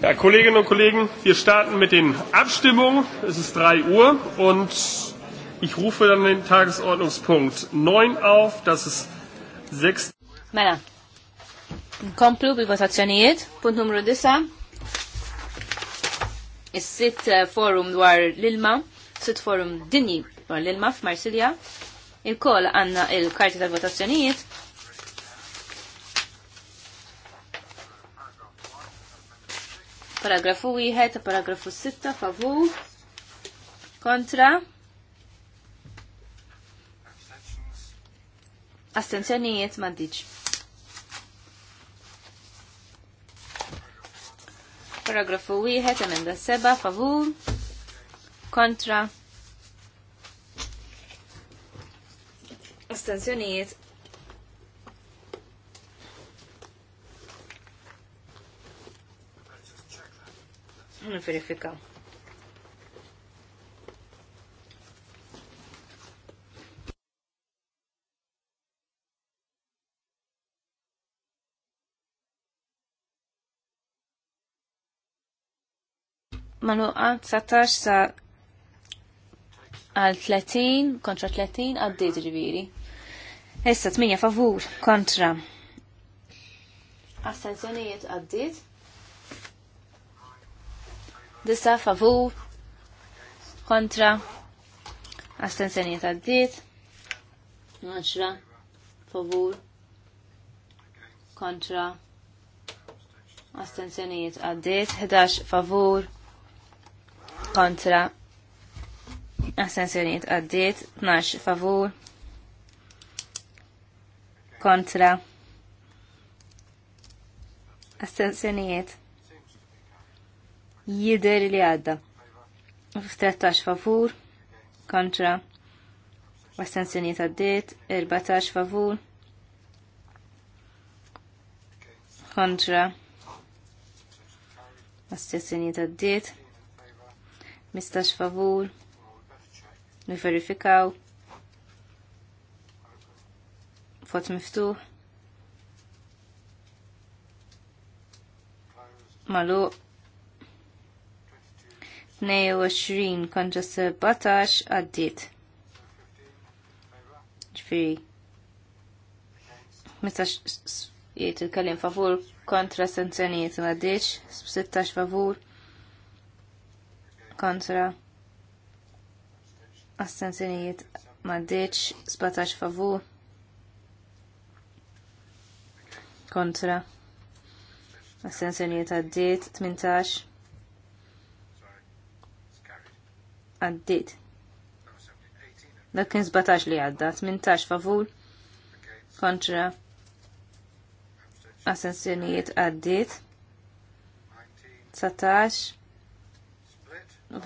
Ja, Kolleginnen und Kollegen, wir starten mit den Abstimmungen. Es ist 3 Uhr und ich rufe dann den Tagesordnungspunkt 9 auf. Das ist 6. Mela, nkomplu bil-votazzjonijiet, punt numru 9, is sit eh, forum dwar l-ilma, Sit forum dinji dwar l-ilma f'Marsilja. Il-kol għanna il-karti tal-votazzjonijiet, Paragrafu 1, paragrafu 6, favur, kontra, astenzjonijiet maddiċ. Paragrafu 1, emenda 7, favur, kontra, astenzjonijiet Manu għad satax sa għal 30 kontra 30 għaddit ġiviri. Issa 8 favur kontra. Astenzjonijiet għaddit disa favur kontra astensjonijiet għaddit 10 favur kontra astensjonijiet għaddit 11 favur kontra astensjonijiet għaddit 12 favur kontra astensjonijiet jider li għadda. f 13 favur kontra astensjoniet għaddit, 14 favur kontra astensjoniet għaddit, 15 favur niverifikaw fot miftuħ maluq 22 kontra 17 għaddit. Ġifiri. Meta jiet il-kalim favur kontra sanzjoniet ma għaddit. 16 favur kontra astenzjoniet ma għaddit. 17 favur kontra astenzjoniet għaddit. 18 għaddit. Dak kien 17 li għadda, 18 favur kontra assenzjonijiet għaddit. 19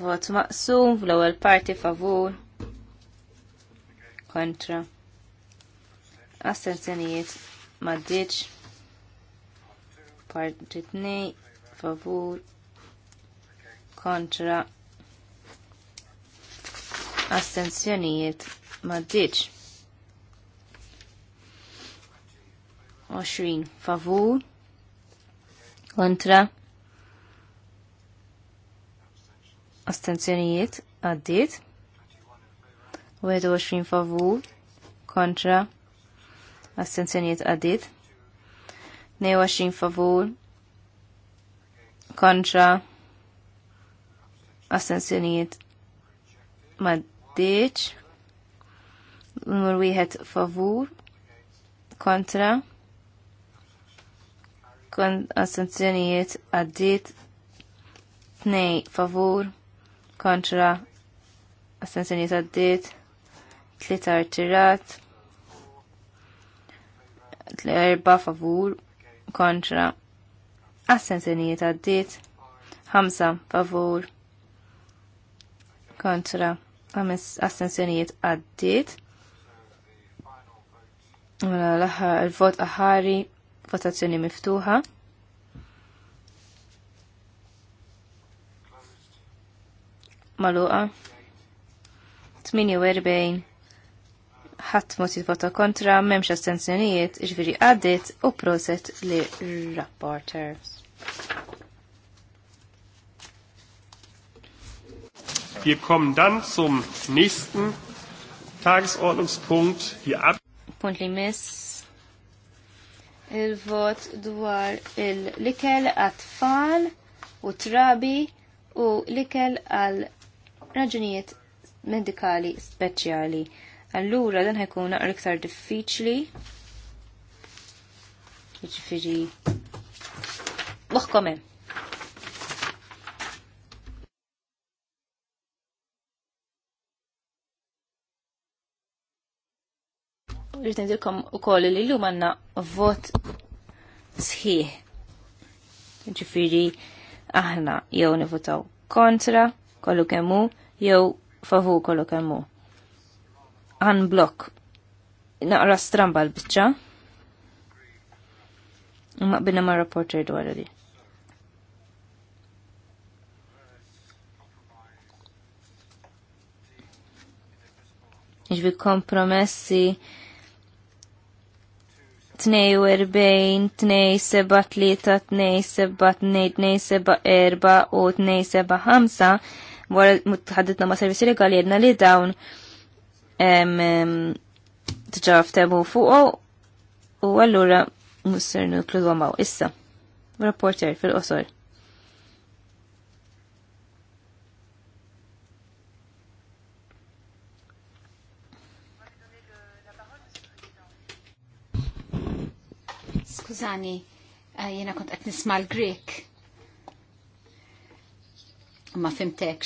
vot maqsum l-ewwel parti favur kontra assenzjonijiet maddiċ parti 2 favur kontra astenzjonijiet maddiċ. 20 favur kontra astenzjonijiet għaddiet 21 favur kontra astenzjonijiet għaddiet 22 favur kontra astenzjonijiet ma maddiċ. Numru wieħed favur kontra kon astenzjonijiet għaddit tnej favur kontra astenzjonijiet għaddit tlita rtirat erba favur kontra astenzjonijiet għaddit ħamsa favur kontra astensjonijiet għaddit. Mela, L-vot aħari, votazzjoni miftuħa. Maluqa. 48 ħadd mod vota kontra, m'hemmx astensjonijiet, ġviri jiġifieri għaddit u proset li rapporters. Wir kommen dann zum nächsten Tagesordnungspunkt. Ab Punt li miss il-vot dwar il-likel għat-tfal u trabi u likel għal raġunijiet medikali speċjali. Allura dan ħajkun naqra iktar diffiċli. Jiġifieri. Moħkom rrit nidilkom u koll li l-lum għanna vot sħiħ. Ġifiri, aħna jew nivotaw kontra, kollu kemmu, jew favu kollu kemmu. Għan blok. Naqra stramba l-bicċa. Ma bina ma' rapporter dwar li. Iġbi kompromessi 272-273-274 u 275 wara mutħadditna ma' servizzi legali jedna li dawn tġa ftemu fuqo u allura musser nuklu issa. Rapporter fil-qosor. Sani, eh, jena kont qed nisma l-Grek. Ma fimtekx.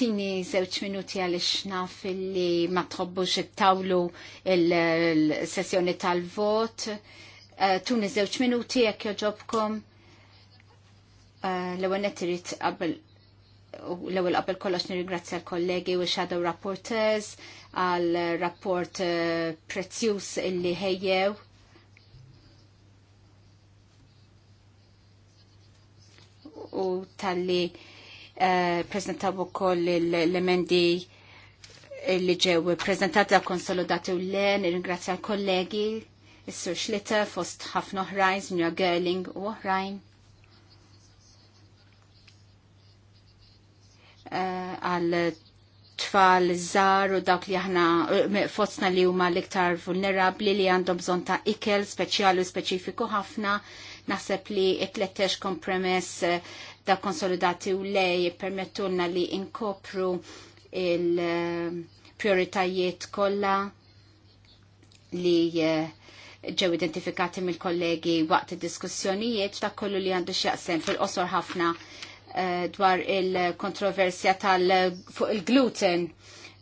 Tini zewċ minuti għalix naf li ma tħobbux il tawlu il-sessjoni tal-vot. Eh, tuni zewċ minuti jek joġobkom. Eh, L-għonet u qabel l-ewwel qabel kollox nirringrazzja l-kollegi u shadow rapporteurs għal rapport prezzjus illi ħejjew u tal-li uh, prezentaw ukoll l-emendi li ġew prezentati għal konsolidati u l-len, ringrazzja l-kollegi, s-sur Schlitter, fost ħafna oħrajn, Zmira Gerling u oħrajn. Eh, għal tfal zar u dawk li aħna eh, fostna li huma l-iktar vulnerabli li għandhom bżonn ta' ikel speċjali u speċifiku ħafna Naħseb li it-tlettex kompromess eh, da konsolidati u lej permettuna li inkopru il-prioritajiet eh, kolla li eh, ġew identifikati mill-kollegi waqt id-diskussjonijiet ta' kollu li għandu xjaqsen fil-qosor ħafna dwar il-kontroversja tal fuq il-gluten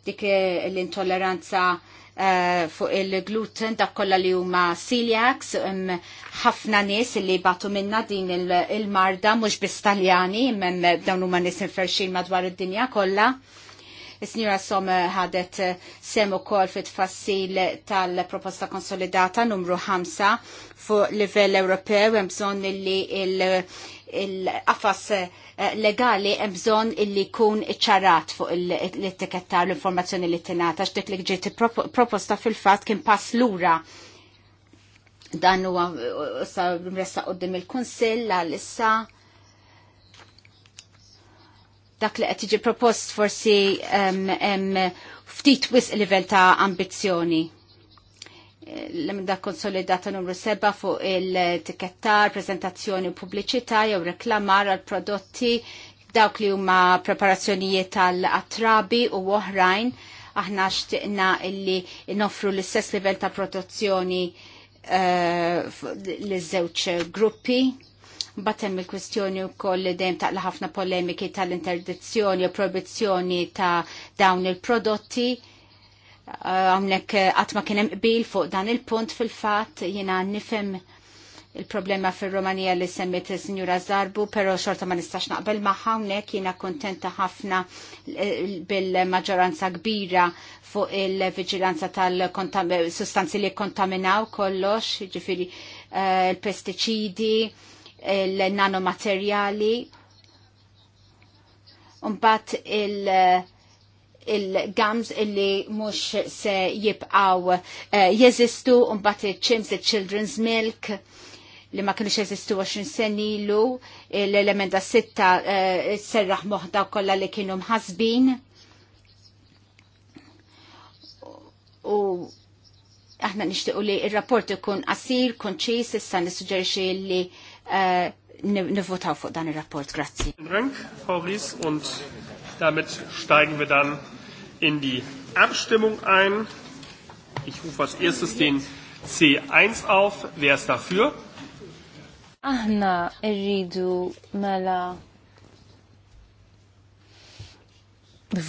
dik l-intolleranza Eh, fuq il-gluten dak kollha li huma celiacs ħafna nies li batu minna din il-marda mhux bistaljani imma dawn huma nies inferxin madwar id-dinja kollha. Is-Sinjura Sommer ħadet eh, sem ukoll fit-tfassil tal-proposta konsolidata numru 5 fuq livell Ewropew hemm bżonn li il-qafas eh, legali hemm bżonn illi jkun iċċarat fuq l-etikettar l-informazzjoni li tingħata x'dik li ġiet proposta fil-fatt kien pass lura dan huwa eh, sa mressa qudiem il-Kunsill għal issa dak li qed tiġi propost forsi ftit wisq livell ta' ambizzjoni l da konsolidata numru seba' fuq il-tikettar, prezentazzjoni u pubbliċità jew reklamar għal prodotti dawk li huma preparazzjonijiet tal-attrabi u oħrajn aħna xtiqna illi noffru l-istess livell ta' produzzjoni uh, l-żewġ gruppi Batem il-kwestjoni u koll li dem taqla ħafna polemiki tal-interdizzjoni u proibizzjoni ta' dawn il-prodotti għamnek uh, għatma uh, kienem qbil fuq dan il-punt fil-fat jena nifem il-problema fil-Romanija li semmit il-Sinjura Zarbu, pero xorta ma nistax naqbel maħħa unnek jena kontenta ħafna bil-maġoranza kbira fuq il-vigilanza tal-sustanzi li kontaminaw kollox, ġifiri uh, il-pesticidi, uh, il-nanomaterjali, unbat il- il-gams illi mux se jibqaw uh, jeżistu bat il-ċims il-children's milk li ma kienux jeżistu 20 senilu l-elementa sitta eh, serraħ moħda kolla li kienu mħasbin u aħna nishtiqu li il-rapport ikun qasir, konċis, issa nissuġerixi li Eh, nivvotaw fuq dan il rapport Grazzi. Dank, Frau und damit steigen wir dann in die Abstimmung ein. Ich rufe als erstes den C1 auf. Wer ist dafür? Aħna irridu mela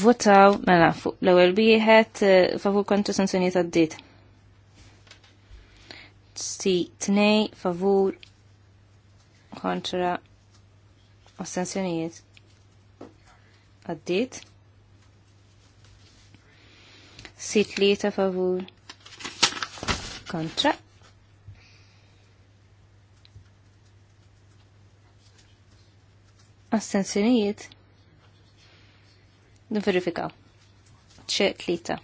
votaw mela fuq l-ewwel wieħed eh, favur kontu sanzjonijiet għaddit. Si tnej favur kontra ostensjonijiet għaddit. Sit li ta' favur kontra. Astensjonijiet verifikaw. ċe tlita.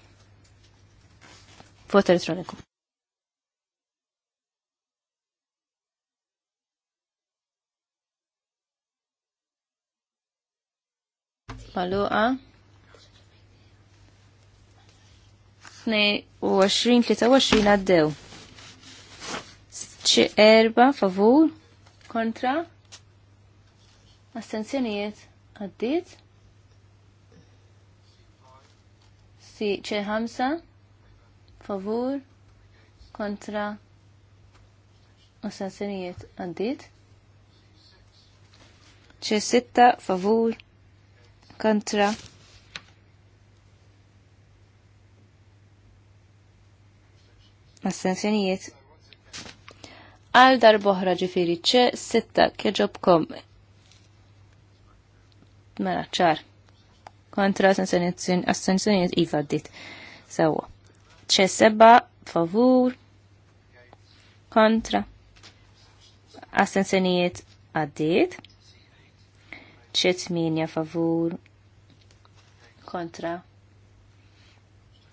Vot elettroniku. maluqa 22-23 għaddew ċi erba favur kontra astenzjonijiet għaddit si ċe ħamsa favur kontra astenzjonijiet għaddit ċe sitta favur kontra astensjonijiet għal darboħra ġifiri ċe sitta keġobkom. mela ċar kontra astensjoniet iva d-dit sewa ċe seba favur kontra astensjoniet għaddit ċe tminja favur kontra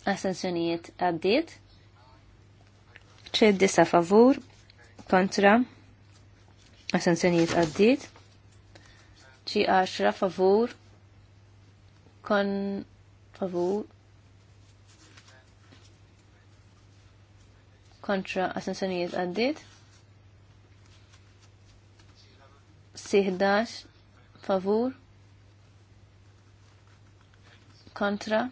assenzjonijiet għaddiet. Ċed disa favur kontra assenzjonijiet għaddiet. Ċi għaxra favur kon favur kontra assenzjonijiet għaddiet. Siħdax favur kontra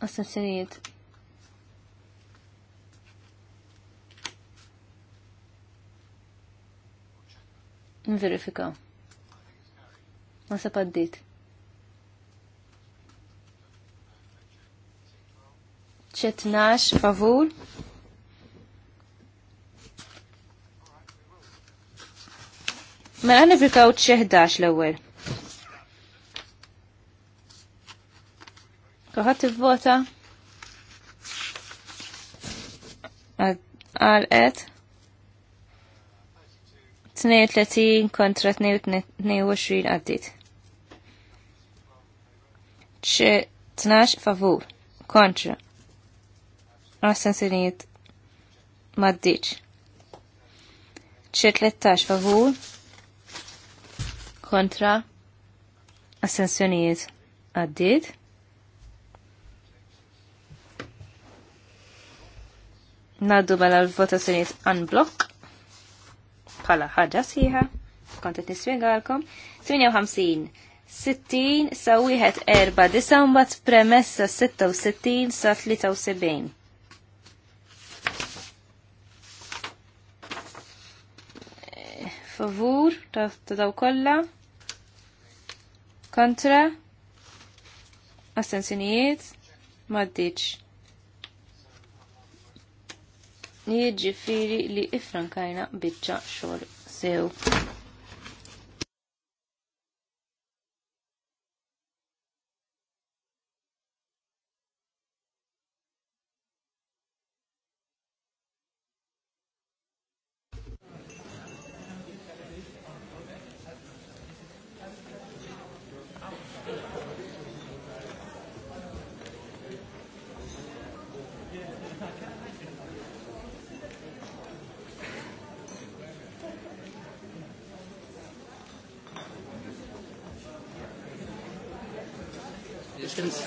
assenzjonijiet Nverifika. Ma sapaddit. Chetnash, favur Mela nifrikaw xi l-ewwel. Kuħat vota għal qed 32 kontra 22 għaddit. ċe 12 favur kontra għas-sensinijiet maddiċ. ċe 13 favur kontra assenzjonijiet għaddit. Naddu bħala mela l-votazzjoniet unblock bħala ħagġa siħa. kont qed 58 60 sa wieħed erba' disa' premessa 66 sa 73. Eh, favur ta' daw kollha kontra astensinijiet maddiċ. Jiġifieri li ifrankajna biċċa xogħol sew.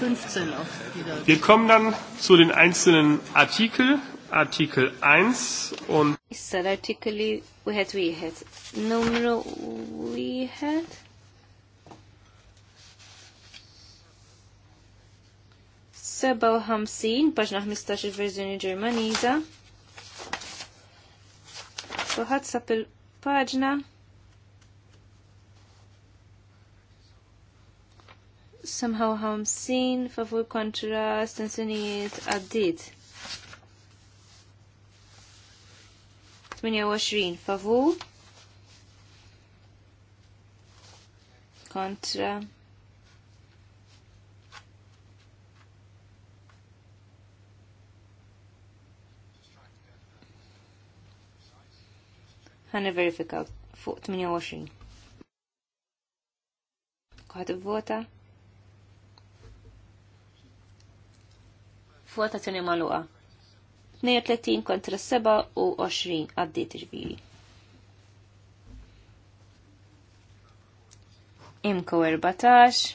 15 auch Wir kommen dann zu den einzelnen Artikel. Artikel 1 und... Issa l-artikli wieħed wieħed. Numru wieħed. Seba u ħamsin, paġna 15 il-verżjoni ġermaniza. Kuħat sab Pajna. somehow 57 favur kontra astensjonijiet għaddit. 28 favur kontra ħana verifika fuq 28. kħad vota? Votazzjoni maluqa. 32 kontra 7 u 20 għaddit ġbiri. Imko 14.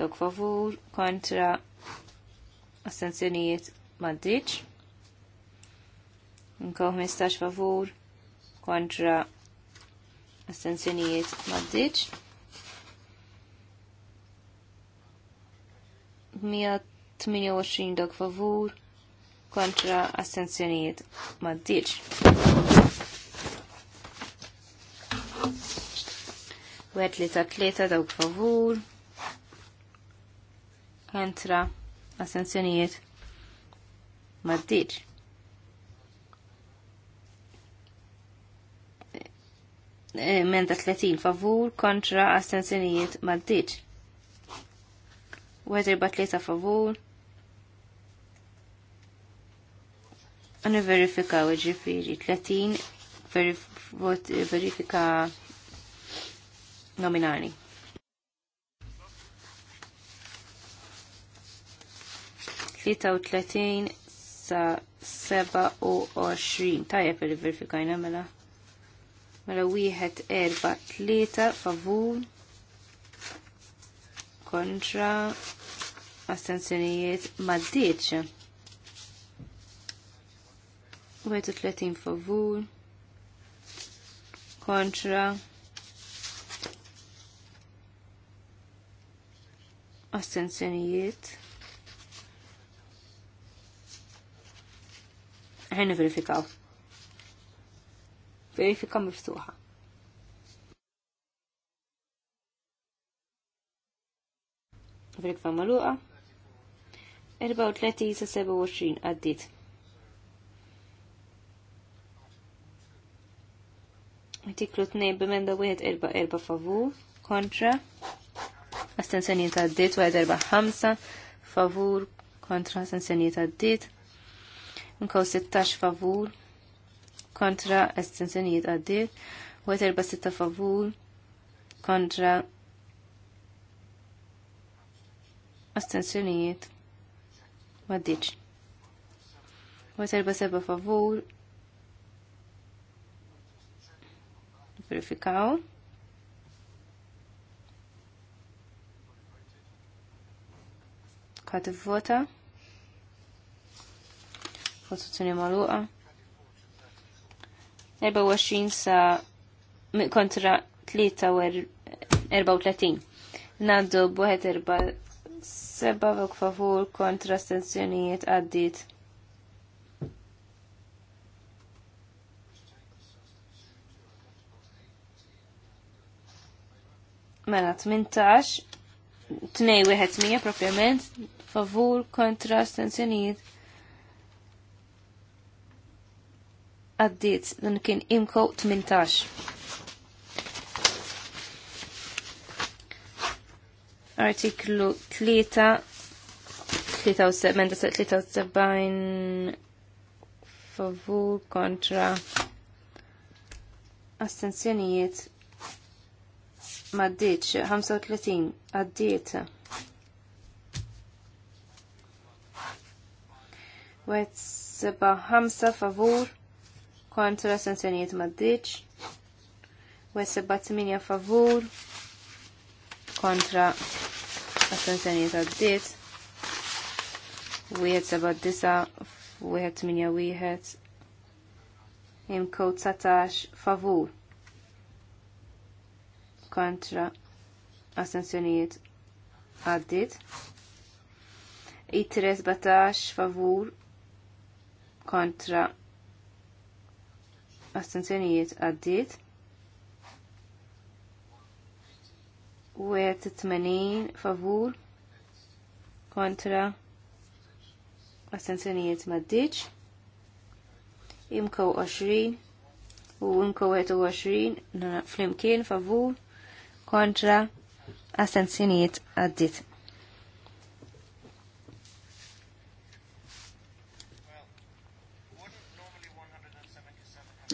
Dok favur kontra astenzjonijiet maddiċ. Imko 15 favur kontra astenzjonijiet maddiċ. 100 28 dok favur kontra astenzjonijiet maddiċ. Wet li ta' tleta dawk favur kontra astenzjonijiet maddiċ. Eh, Menda 30 favur kontra astenzjonijiet maddiċ. Wet erba' tleta favur Un-verifika verifikaw ġifiri 30 verifika nominali. Tlita u tletin sa seba u oxrin. Tajja per verifikajna mela. Mela wieħed erba tlieta favur kontra astenzjonijiet maddieċa. 31 favur kontra astenzjonijiet ħajna verifikaw verifika miftuħa verifika maluqa 34 sa 27 għaddit Artiklu 2 b'emenda 144 favur kontra Astensjoni astensjonijiet għaddit 145 favur kontra astensjoni astensjonijiet dit Nkaw 16 favur kontra astensjoni ta' dit astensjonijiet għaddit. 6 favur kontra astensjoni ta' dit astensjonijiet għaddit. 7 favur verifikaw. Kat vota. Votazzjoni maluqa. 24 sa kontra 34. Er- Naddu b'waħed erba' seba' favur kontra stenzjonijiet għaddit. mela 18, tnej 1 mija propjament, favur kontra stenzjonijiet. Għaddit, dan kien imko 18. Artiklu 3, 73, menda 73, favur kontra astenzjonijiet maddiċ 35 għaddiet. għed seba 5 favur kontra sanzjonijiet maddiċ. Wet seba 8 favur kontra sanzjonijiet għaddiet. għed seba 9 wieħed 8 għed imkow 19 favur kontra astensjonijiet għaddit. i 13 favur kontra astensjonijiet għaddit. U 80 favur kontra astensjonijiet maddiċ. Imkow 20 u imkow 20 flimkien favur kontra astenzjonijiet għaddit.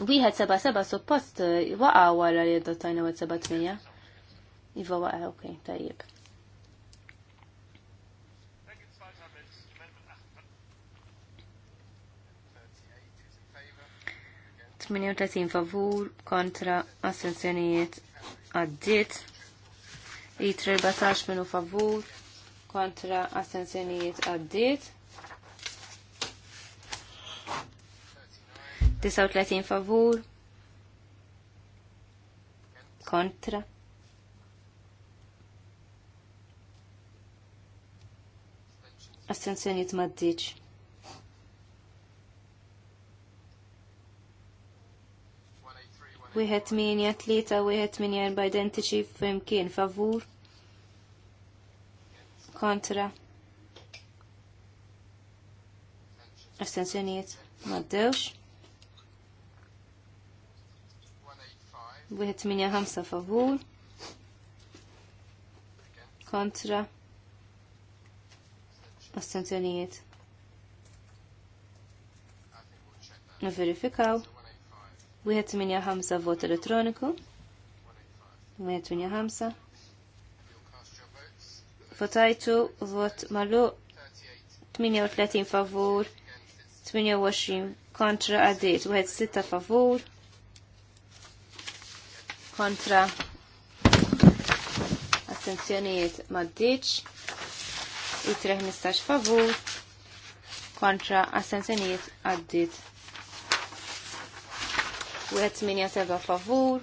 Wieħed seba' seba' suppost uh, waqa' wara li adottajna wieħed seba' tmija. Iva waqa' okej, tajjeb. tretin favur kontra assenzjonijiet għaddit i 13 minu favur kontra astenzjonijiet għaddit 39 favur kontra astenzjonijiet maddiċ wieħed minja tlieta wieħed minja erba' identiċi flimkien favur kontra astensjonijiet M'addewx. Wieħed minja ħamsa favur kontra astensjonijiet. Nverifikaw. verifikaw 185 vot elettroniku. 185. Votajtu vot malu 38 favur, 28 kontra għaddit, 6 favur, kontra astenzjonijiet maddiċ, i 15 favur, kontra astenzjonijiet għaddit minja seba favur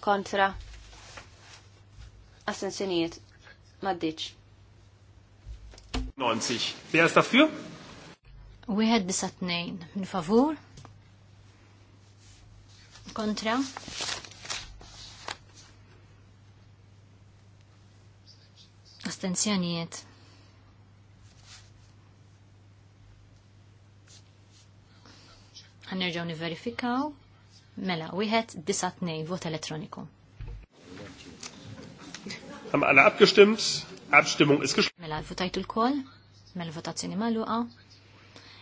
kontra assenzjoniet maddiċ. 90. Wer staffju? dafür? Wieħed disa tnejn. Min favur? Kontra? astenzjoniet. 90. Għannerġaw niverifikaw. Mela, wieħed disat nej, vot elettroniku. Għamma alle abgestimmt? Abstimmung ist geschlossen. Mela, votajtu l-kol. Mela, votazzjoni maluqa.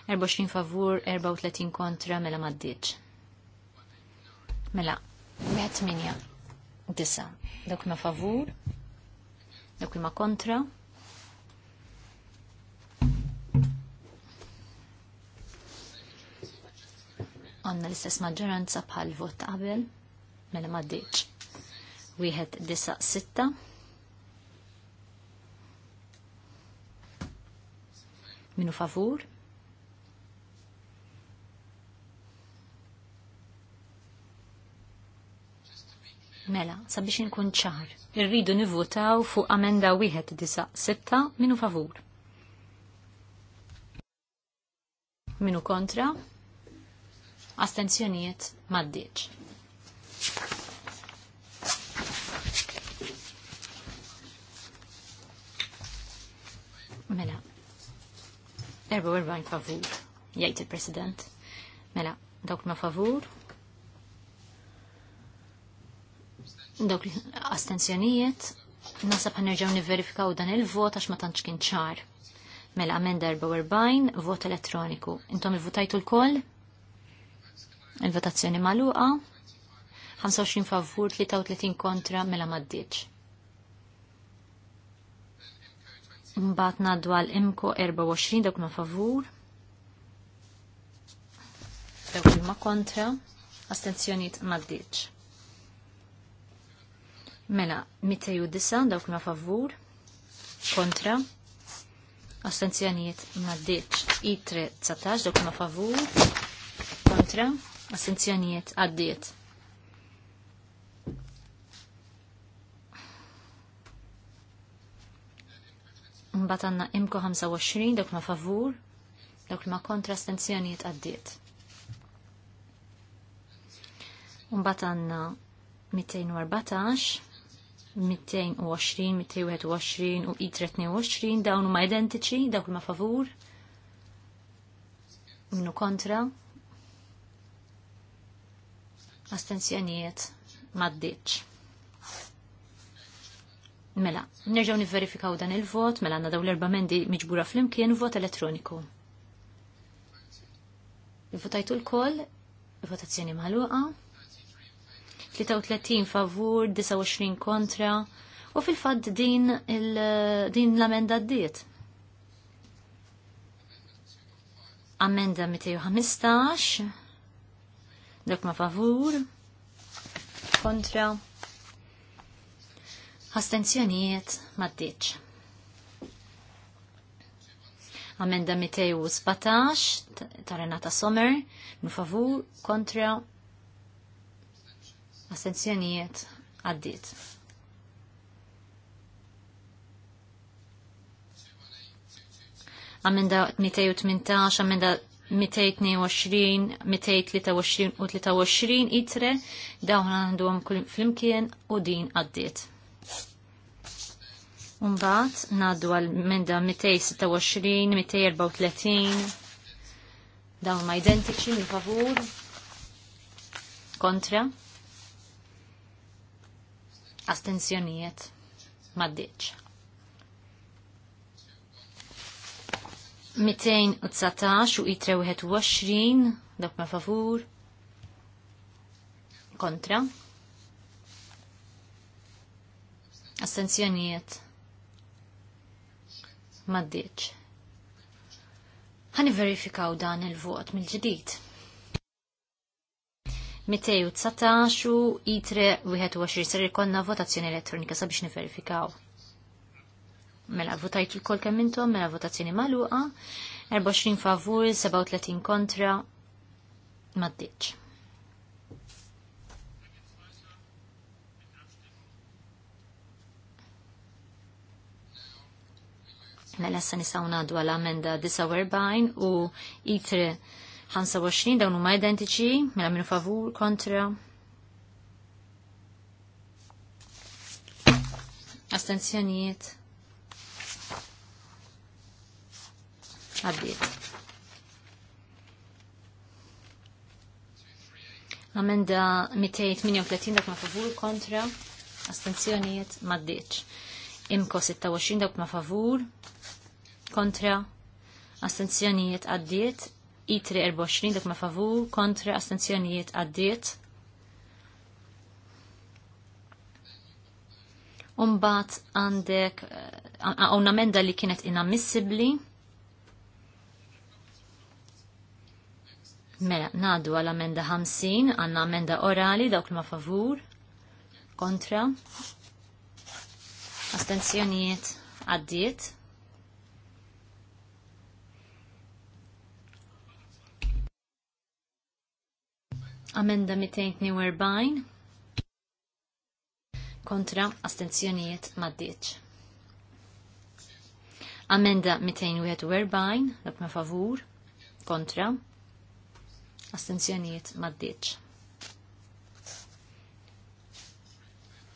24 favur, 34 kontra, mela maddiċ. Mela, wieħed minja. Disa. Dawk ma favur, dawk ma kontra, għanna l-istess maġġoranza bħal vot qabel mela maddiċ. Wieħed disa sitta. Minu favur. Mela, sabiex inkun ċar, irridu nivvotaw fuq amenda wieħed disa sitta minu favur. Minu kontra? astenzjonijiet maddiċ. Mela, 44 favur, jgħid il-President. Mela, dawk ma favur, dawk astenzjonijiet, nasab ħanerġaw niverifikaw dan il-vot għax ma tantx kien ċar. Mela, amenda 44, vot elettroniku. Intom il-votajtu l-koll? Il-votazzjoni maluqa. 25 favur, 33 kontra, mela maddiċ. Mbat naddu għal imko 24, dawk ma favur. Dawk ma kontra, astenzjoniet maddiċ. Mela, Disa, dawk ma favur, kontra, astenzjoniet maddiċ. I3, 19, dawk ma favur, kontra, Assenzjonijiet għaddiet. Mbagħad għandna imko 25 dawk ma favur, dawk ma kontra assenzjonijiet għaddiet. Mbagħad għandna 214, 220, 221 u i-22 dawn huma identiċi dawk ma favur, minnu kontra, astensjonijiet maddiċ. Mela, nerġaw niverifikaw dan il-vot, mela għanna daw l-erba mendi miġbura fl-imkien vot elettroniku. Votajtu l-koll, votazzjoni maħluqa, 33 favur, 29 kontra, u fil-fat din, din l-amenda d-diet. Amenda 215, Dak ma favur. Kontra. Astenzjoniet ma ditx. Amenda 217 ta' Renata Sommer. minn favur. Kontra. Astenzjonijiet għaddit. Amenda 218, amenda 222, 223 u 23 itre dawn għandhom flimkien u din għaddiet. Umbat naddu għal menda 226, 234 dawn ma identiċi minn favur kontra astenzjonijiet maddiċ. 219 u itre 21 dak ma favur kontra assenzjonijiet maddiċ Għani verifikaw dan il-vot mill ġedid 219 u itre 21 ser ikonna votazzjoni elettronika sabiex niverifikaw. verifikaw Mela votajt il-kol kemm intom, mela votazzjoni magħluqa, 24 favur, 37 kontra, maddiċ. Mela s-sani nisaw ngħaddu l amenda 49 u itre 25 dawn huma identiċi, mela minu favur kontra. Astenzjonijiet. Għaddiet. Amenda 238 dak ma favur kontra astenzjonijiet maddiċ. Imko 26 dak ma favur kontra astenzjonijiet għaddiet. i 324 dak ma favur kontra astenzjonijiet għaddiet. Umbat għandek għon li kienet inammissibli Mela, nadu għal amenda 50, għanna amenda orali, dawk ma favur, kontra, astenzjonijiet, għaddiet. Amenda 242, kontra, astenzjonijiet, maddiċ. Amenda 241, dawk ma favur, kontra, astenzjonijiet maddiċ.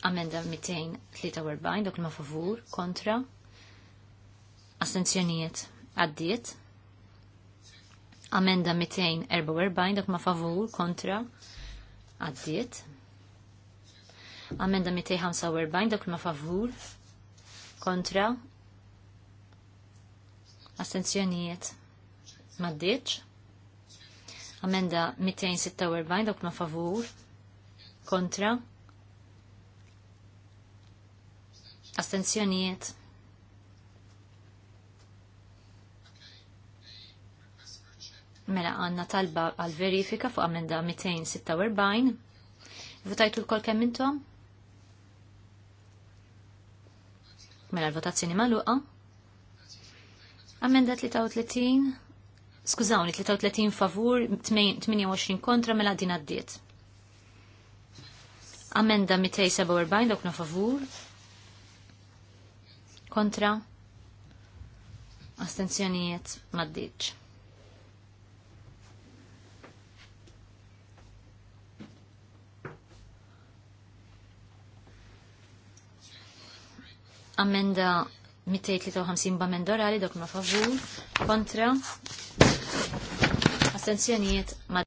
Amenda 243, dok ma favur, kontra, astenzjonijiet għaddiet. Amenda 244, dok ma favur, kontra, għaddiet. Amenda 245, dok ma favur, kontra, astenzjonijiet maddiċ. Amenda 246 dok ma favur kontra astenzjonijiet. Mela għanna talba għal verifika fuq amenda 246. Votajtu l-kol kemm intom? Mela l-votazzjoni maluqa. Amenda 33 Skużawni, 33 favur, 28 kontra mela din għaddiet. Amenda 247 dokna favur. Kontra. Astenzjonijiet maddiċ. Amenda 253 b'amenda orali ma' favur. Kontra astenzjonijiet ma'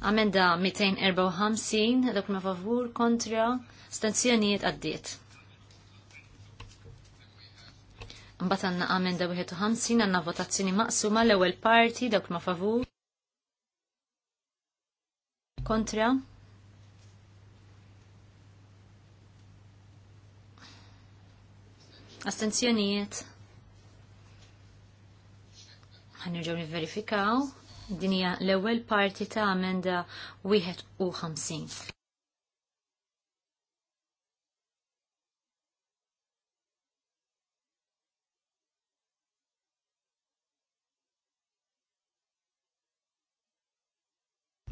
Amenda 254, dak ma favur kontra stanzjonijiet għaddiet. Mbatanna għandna amenda 51 għandna votazzjoni maqsuma l-ewwel parti dak ma favur kontra astenzjonijiet Għanirġaw niverifikaw dinja l-ewwel parti ta' amenda 51.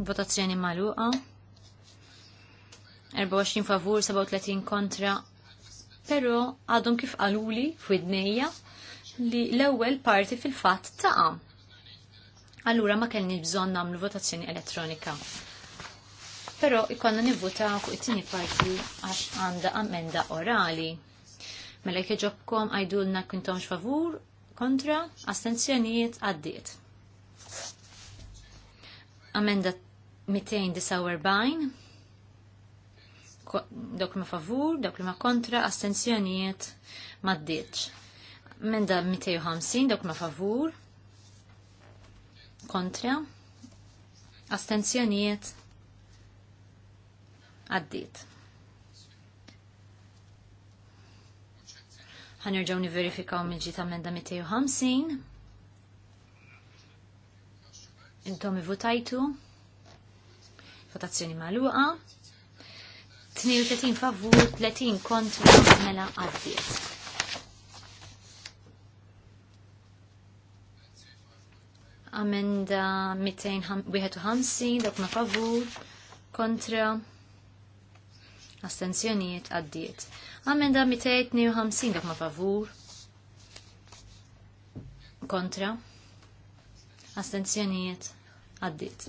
Votazzjoni maluqa. 24 favur, 37 kontra. Pero għadhom kif għaluli f'idnejja li l-ewwel parti fil-fatt taqa. Allura ma kellni bżonn nagħmlu votazzjoni elettronika. Però ikonna nivvuta fuq it-tieni parti għax għandha ammenda orali. Mela jkeġobkom għajdulna kintomx favur, kontra, astenzjonijiet għaddiet. Amenda 249 dok ma favur, dok ma kontra, astenzjonijiet ma ddiċ. Amenda 250 dok ma favur, kontra, astenzjonijiet għaddit. ħanerġaw niverifikaw mill-ġita amenda 250. Intom votajtu. Votazzjoni maluqa. 32 favur, 30 kontra, mela għaddiet. Amenda 251, dak ma favur, kontra, astenzjonijiet għaddiet. Amenda 252, dak ma favur, kontra, astenzjonijiet għaddit.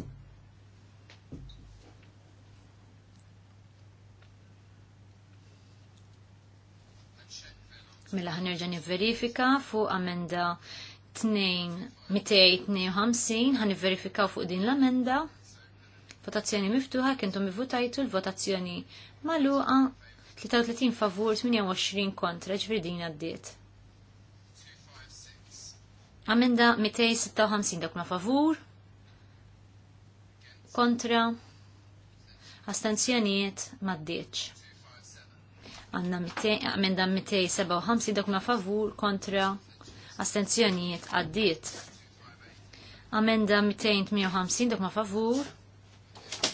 Mela ħanerġa' nivverifika fuq amenda 252 ħan verifikaw fuq din l-amenda. Votazzjoni miftuħa kintom ivvutajtu l-votazzjoni maluqa 33 favur 28 kontra ġverdin għaddiet. Amenda 256 dak ma favur. Kontra. Astenzjonijiet ddeċ. Għanna amenda 257 dak ma favur kontra. Astenzjonijiet għaddiet. Amenda 258 dak ma favur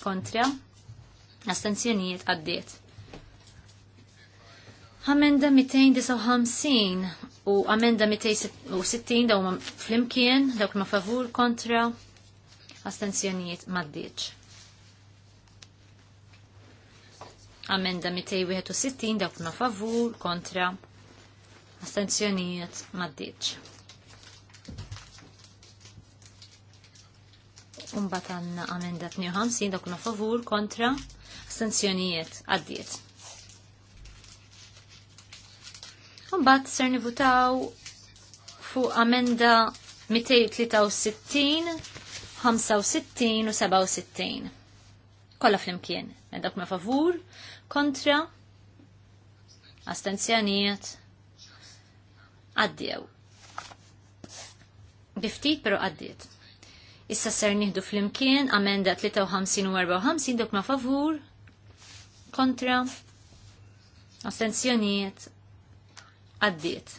kontra. Astenzjonijiet għaddiet. Amenda 259 u amenda 260 daw ma flimkien, dawk ma favur kontra astenzjonijiet maddiċ. Amenda 261 dawk ma favur kontra astenzjonijiet maddiċ. Umbatanna amenda 52 dawk ma favur kontra astenzjonijiet għaddiet. Mbagħad ser nivutaw fuq amenda 263, 65 u 67. Kolla flimkien. għandak ma favur, kontra, astenzjonijiet, għaddew. Biftit pero għaddiet. Issa ser nieħdu flimkien amenda 53 u 54 dok ma favur, kontra, astenzjonijiet, għaddiet.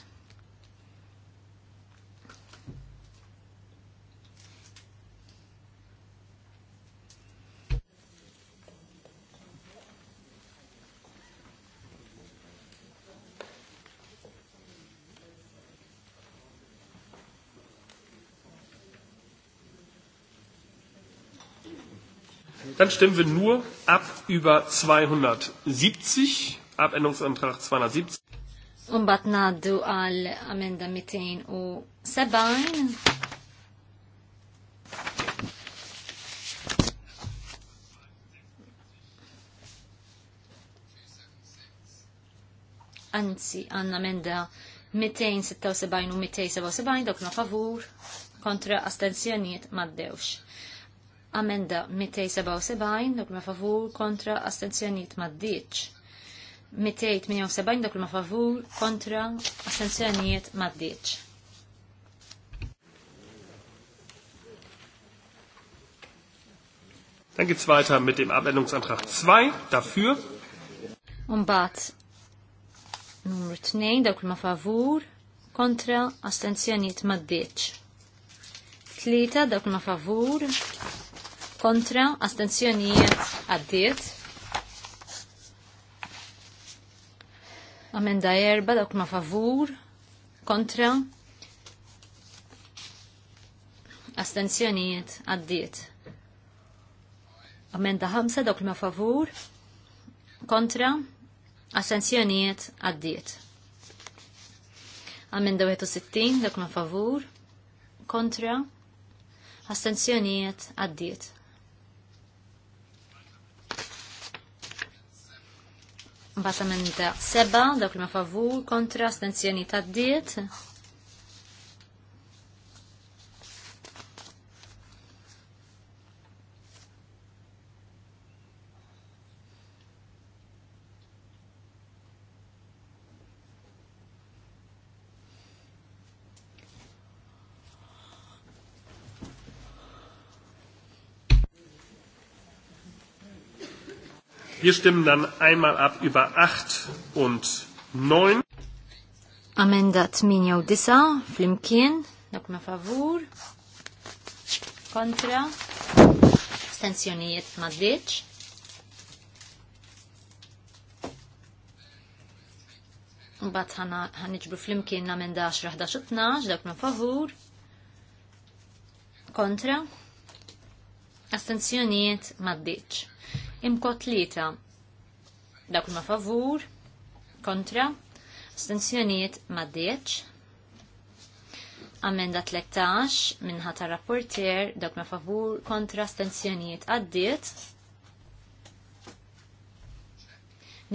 Dann stimmen wir nur ab über 270, Abänderungsantrag 270. Umbat naddu għal amenda 270. Anzi, għanna amenda 276 u 277 dokna favur kontra astenzjoniet maddewx. Amenda 277 dokna favur kontra astenzjoniet maddiċ. 278 dak li ma favur kontra astenzjonijiet maddiċ. Dan geht's weiter mit dem Abwendungsantrag 2 dafür. Umbat numru 2 dak li ma favur kontra astenzjonijiet maddiċ. Tlieta dak li ma favur kontra astenzjonijiet għaddiet. Amenda erba dak ma favur, kontra, astenzjonijiet għaddiet. Amenda ħamsa dak ma favur, kontra, astenzjonijiet għaddiet. Amenda 61 dak ma favur, kontra, astenzjonijiet għaddiet. Basa minn seba, dawk li ma' favur, kontra, astenzjoni ta' diet. Wir stimmen dann einmal ab über 8 und 9. Amenda 8 u 9 flimkien, ma' favur, kontra, stenzjonijiet maddiċ. Mbatt ħanġbru flimkien amenda 10, 11, 12, ma favur. Kontra. Astenzjonijiet maddiċ. Imkot tlieta. Dak ma favur, kontra, stenzjoniet ma deċ. Amenda 13 minnħata rapporter dak ma favur kontra astensjonijiet għaddiet.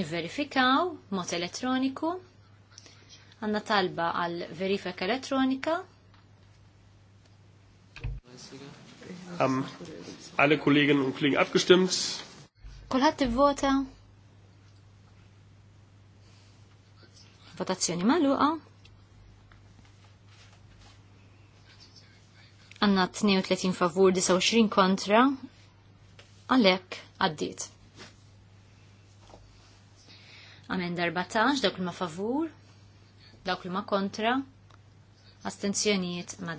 Niverifikaw mot elettroniku. Għanna talba għal verifika elettronika. Haben alle Kolleginnen und Kollegen abgestimmt? Kulħadd ivvota. Votazzjoni magħluqa. Għanna 32 favur, 29 kontra. Għalhekk għaddiet. Amenda 14, dawk ma favur, dawk li ma kontra. Astenzjonijiet ma'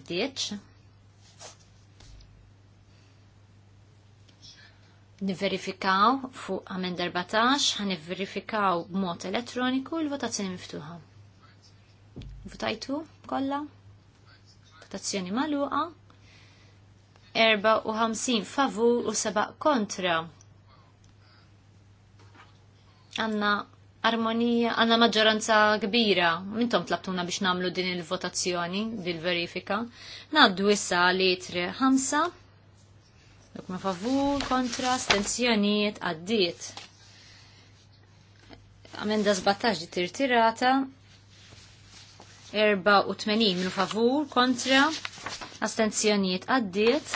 Niverifikaw fuq għamen 14, għan verifikaw mot elektroniku il-votazzjoni miftuħa. Votajtu kolla? Votazzjoni maluqa? 54 favur u 7 kontra. Għanna armonija, għanna maġġoranza kbira. Mintom tlabtuna biex namlu din il-votazzjoni, bil-verifika. Naddu issa li 3, 5 Dak ma favur kontra stenzjonijiet għaddiet. Amenda zbattax di tirtirata. 84 minu favur kontra astenzjonijiet għaddiet.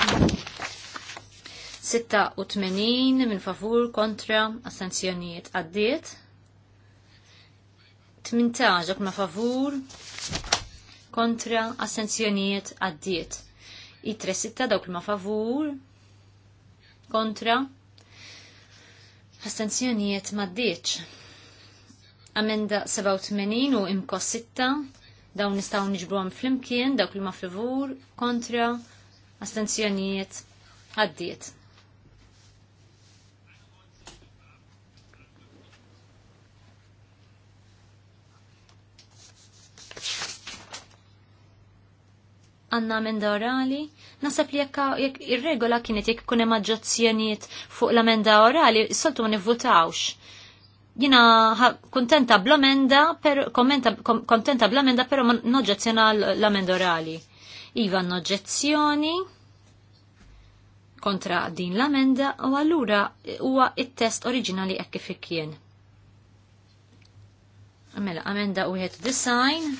86 minn favur kontra astenzjonijiet għaddiet. 18 ma favur kontra astenzjonijiet għaddiet. I sitta dawk ma favur kontra astenzjonijiet maddiċ. Amenda 87 u imko 6 dawn nistaw nġbruhom flimkien dawk li ma favur kontra astenzjonijiet għaddiet. Għanna amenda orali Nasab li jekk ir-regola kienet jekk kunem aġġazzjonijiet fuq l-amenda orali, s-soltu ma nivvutawx jina kontenta bl-amenda, per, kommenta, kontenta bl-amenda, pero noġezzjona l-amenda orali. Iva noġezzjoni kontra din l-amenda u allura huwa it-test oriġinali hekk kif kien. Mela, amenda u jħed design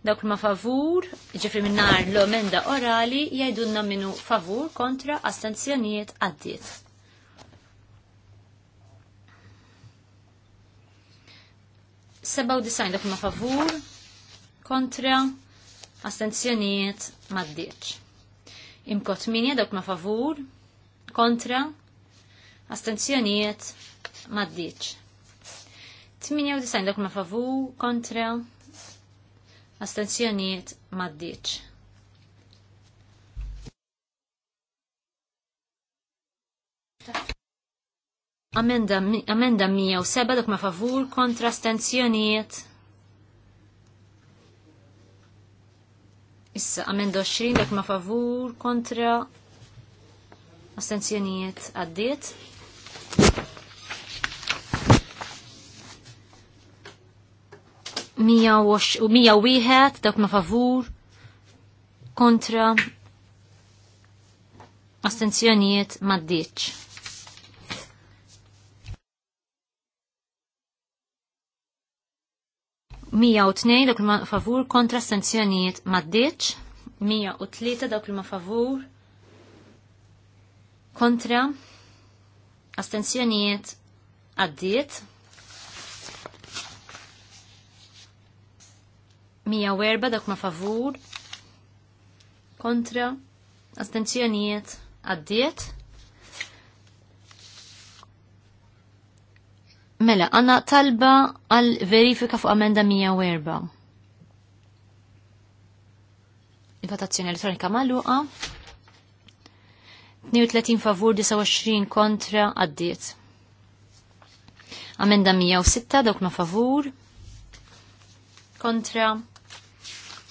Dawk ma favur, ġifri minnar l-omenda orali jajdunna minnu favur kontra astenzjonijiet għaddiet. Seba u disajn dak ma favur kontra astenzjonijiet maddiċ. Imkot minja dawk ma favur kontra astenzjonijiet maddiċ. disajn dawk ma favur kontra astenzjonijiet maddiċ. Amenda, amenda 107 dak ma favur kontra astensjonijiet. Issa, amenda 20 dak ma favur kontra astenzjonijiet għaddiet. wieħed dak ma favur kontra astenzjonijiet ddiċ. Mija u tnej dak ma favur kontra astenzjonijiet ddiċ. Mija u tlieta dak ma favur kontra astenzjonijiet għaddiet. werba dak ma favur kontra astenzjonijiet għaddiet. Mela, għanna talba għal verifika fuq amenda 104. Il-votazzjoni elettronika maluqa. 32 favur, 29 kontra, għaddiet. Amenda 106, dawk ma favur. Kontra,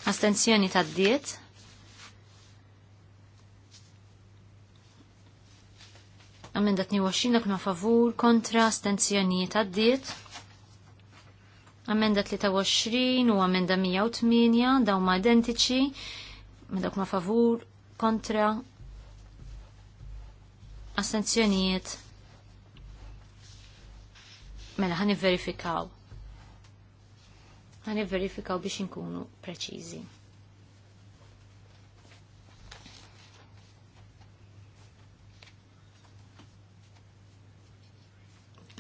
Astenzjoni tad-diet. Amenda 22 kuna favur kontra astenzjonijiet għaddiet. Amenda 23 u amenda 108 daw ma identiċi. Amenda kma favur kontra astenzjoni Mela ħani verifikaw. Għani verifikaw biex inkunu preċizi.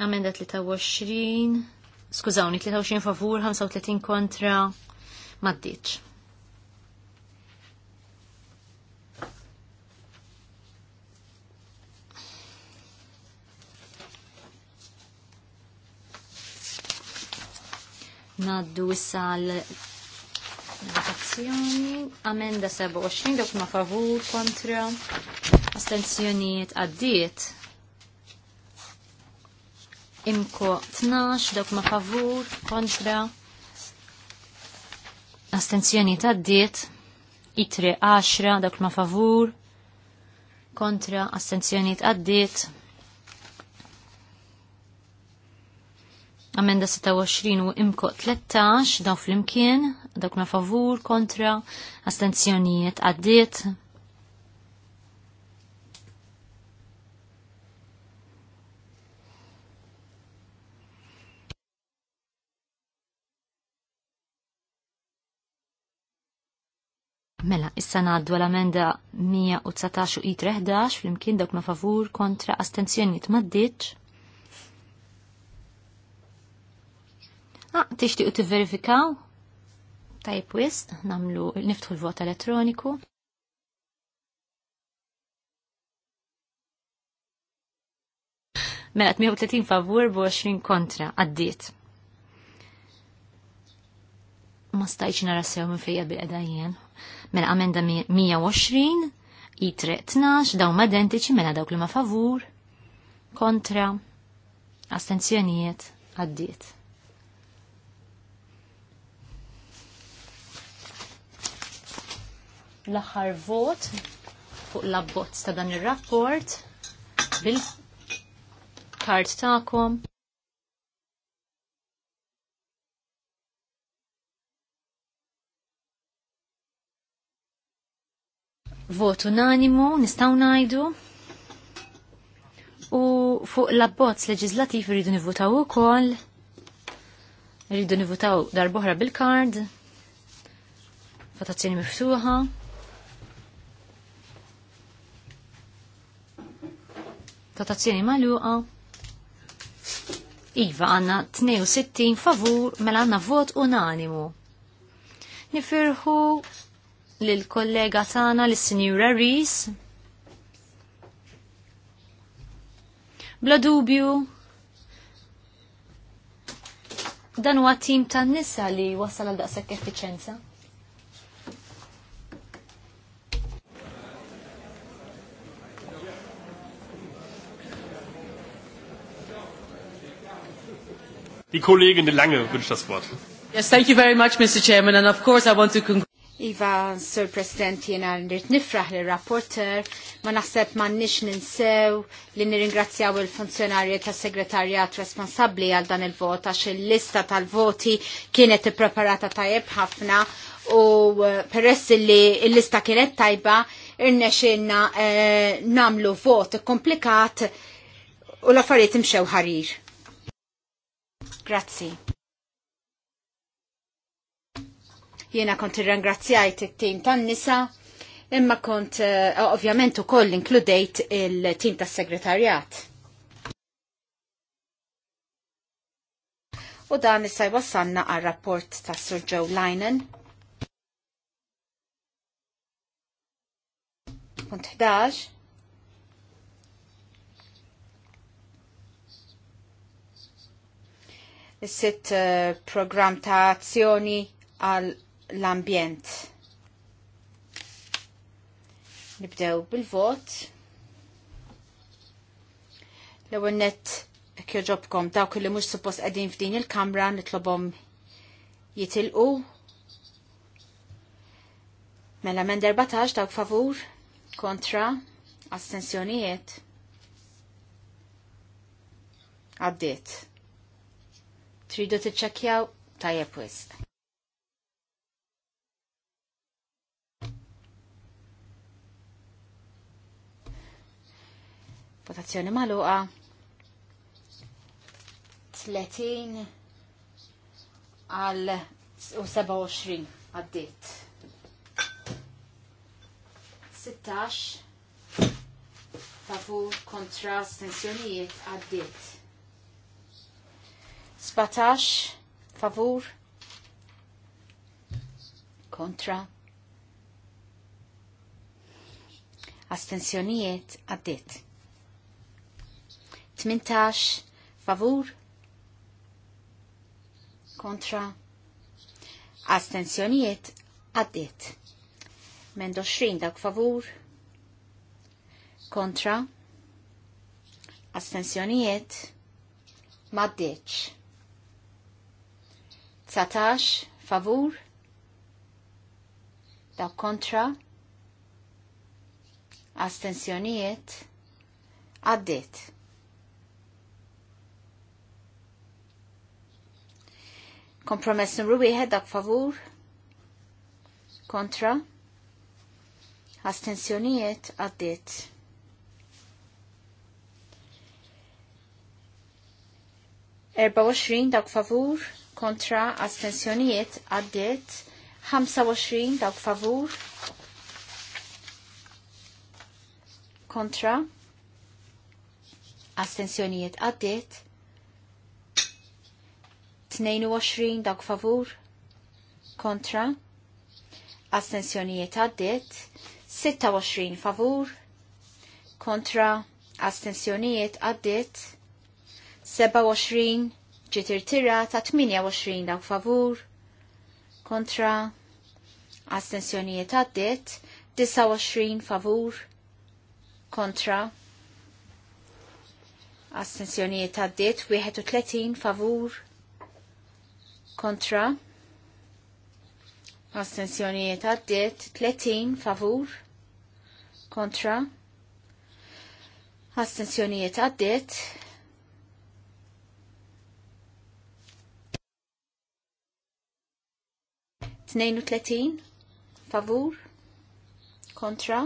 Amenda 23, skużawni, 23 favur, 35 kontra, maddiċ. Naddu issa l-votazzjoni. Amenda 27, dok ma favur, kontra, astenzjonijiet għaddiet. Imko 12, dok ma favur, kontra, astenzjonijiet għaddiet. Itri 10, dok ma favur, kontra, astenzjonijiet għaddiet. Amenda 26 u imko 13 daw fl-imkien, ma favur, kontra, astenzjonijiet għaddiet. Mela, issa għaddu l-amenda 119 u 11 fl-imkien dawk ma favur kontra astenzjonijiet maddiċ. Ah, tixtiqu t-verifikaw? Tajb wist, namlu, niftħu l-vot elettroniku. Mela 30 favur bu 20 kontra, għaddit. Ma stajċ nara sew minn fejja bil edajjen Mela amenda 120, jitre 12, daw madentiċi, mela dawk li ma favur, kontra, astenzjonijiet, għaddit. l-aħħar vot fuq l-abbozz ta' dan ir-rapport bil-kart tagħkom. Vot unanimu, nistaw najdu. U fuq l-abbozz leġislattiv rridu nivutaw ukoll. Rridu nivutaw darboħra bil-kard. Votazzjoni miftuħa. Votazzjoni maluqa. Iva għanna 62 favur mela għanna vot unanimu. Nifirħu l-kollega tana l-Sinjura Rees. Bla dubju, dan huwa tim tan-nisa li wasal għal daqshekk effiċenza. Die Kollegin Lange wünscht das Wort. Yes, thank you very much, Mr. Chairman, and of course I want to congratulate Iva, Sir President, jena nirt nifraħ li rapporter, ma naħseb ma nix ninsew li nirringrazzjaw il-funzjonarji ta' segretarjat responsabli għal dan il-vot, għax il-lista tal-voti kienet preparata tajjeb ħafna u eh, peress li il-lista kienet tajba, irnexinna eh, namlu vot komplikat u l-affarijiet imxew ħarir. Grazzi. Jiena kont irrangrazzjajt it-tim tan-nisa imma kont uh, ovvjament ukoll inkludejt il-tim tas-segretarjat. U dan issa jwassanna għal rapport tas Sir Joe Linen. Punt 11. sitt eh, program ta' azzjoni għal l-ambjent. Nibdew bil-vot. L-ewwel nett kjoġobkom dawk li mhux suppost qegħdin f'din il-kamra nitlobhom jitilqu. Mela men 14 dawk favur kontra astensjonijiet. Għaddiet. Tridu t-ċakjaw tajjeb wisq. Votazzjoni maluqa. 30 għal 27 għaddit. 16 tafu kontra stensjonijiet għaddit. Spatax, favur kontra astensjonijiet għaddit 18 favur kontra astensjonijiet għaddit Mendo 20 dak favur kontra astensjonijiet maddeċ Satax favur daw kontra astensjonijiet għaddit. Kompromess numru wieħed dak favur kontra astensjonijiet għaddit. Erba' 24 dak favur kontra astensjonijiet għaddiet 25 dawk favur kontra astensjonijiet għaddiet 22 dawk favur kontra astensjonijiet għaddiet 26 favur kontra astensjonijiet għaddiet 27 ġitirtira ta' 28 dawk favur kontra astensjonijiet għaddit 29 favur kontra astensjonijiet għaddit 31 favur kontra astensjonijiet għaddit 30 favur kontra astensjonijiet għaddit 32 favur kontra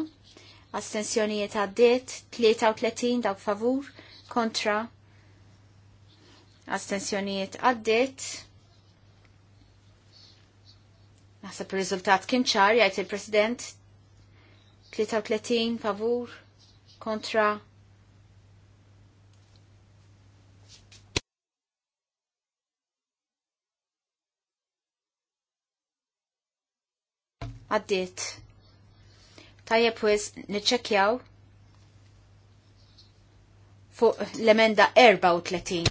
astensjonijiet għaddiet 33 dawk favur kontra astensjonijiet għaddiet Naħseb il-riżultat kien ċar jgħid il-President 33 favur kontra għaddiet. Tajjeb wis niċċekjaw fuq l-emenda 34.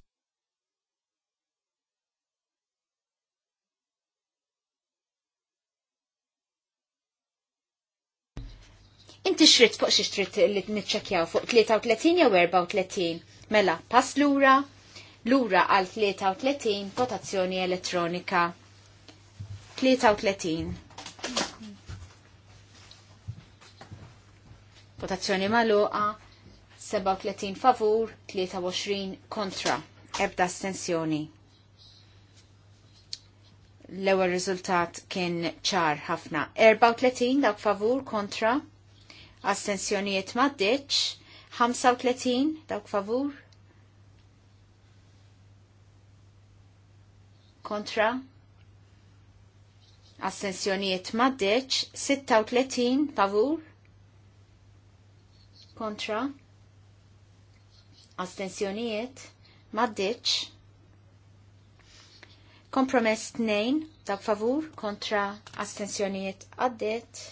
Inti xrit fuq xi xrit li niċċekjaw fuq 33 jew 34. Mela, pass lura, lura għal 33 votazzjoni elettronika. 33. Votazzjoni maluqa 37 favur, 23 kontra. Ebda astensjoni. L-ewwel riżultat kien ċar ħafna. 34 dak favur kontra. Astensjonijiet ma' 35 dak favur, kontra assenzjonijiet maddeċ 36 favur? kontra astensjonijiet maddiċ kompromess t-nejn ta' favur kontra astensjonijiet għaddit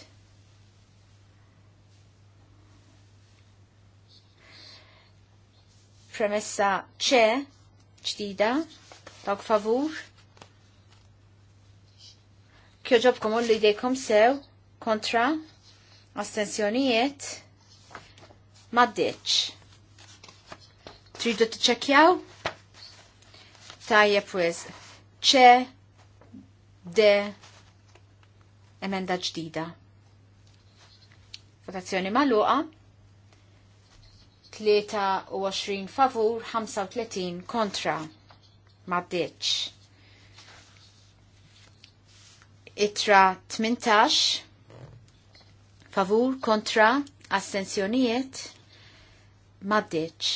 premessa ċe ġdida ta' favur kjoġobkom u l-idejkom sew kontra astensjonijiet maddeċ. Tridu t-ċekjaw? Tajjeb pwiz. ċe, de, emenda ġdida. Votazzjoni maluqa. 23 favur, 35 kontra. Maddeċ. Itra 18 favur kontra astensjonijiet maddiċ.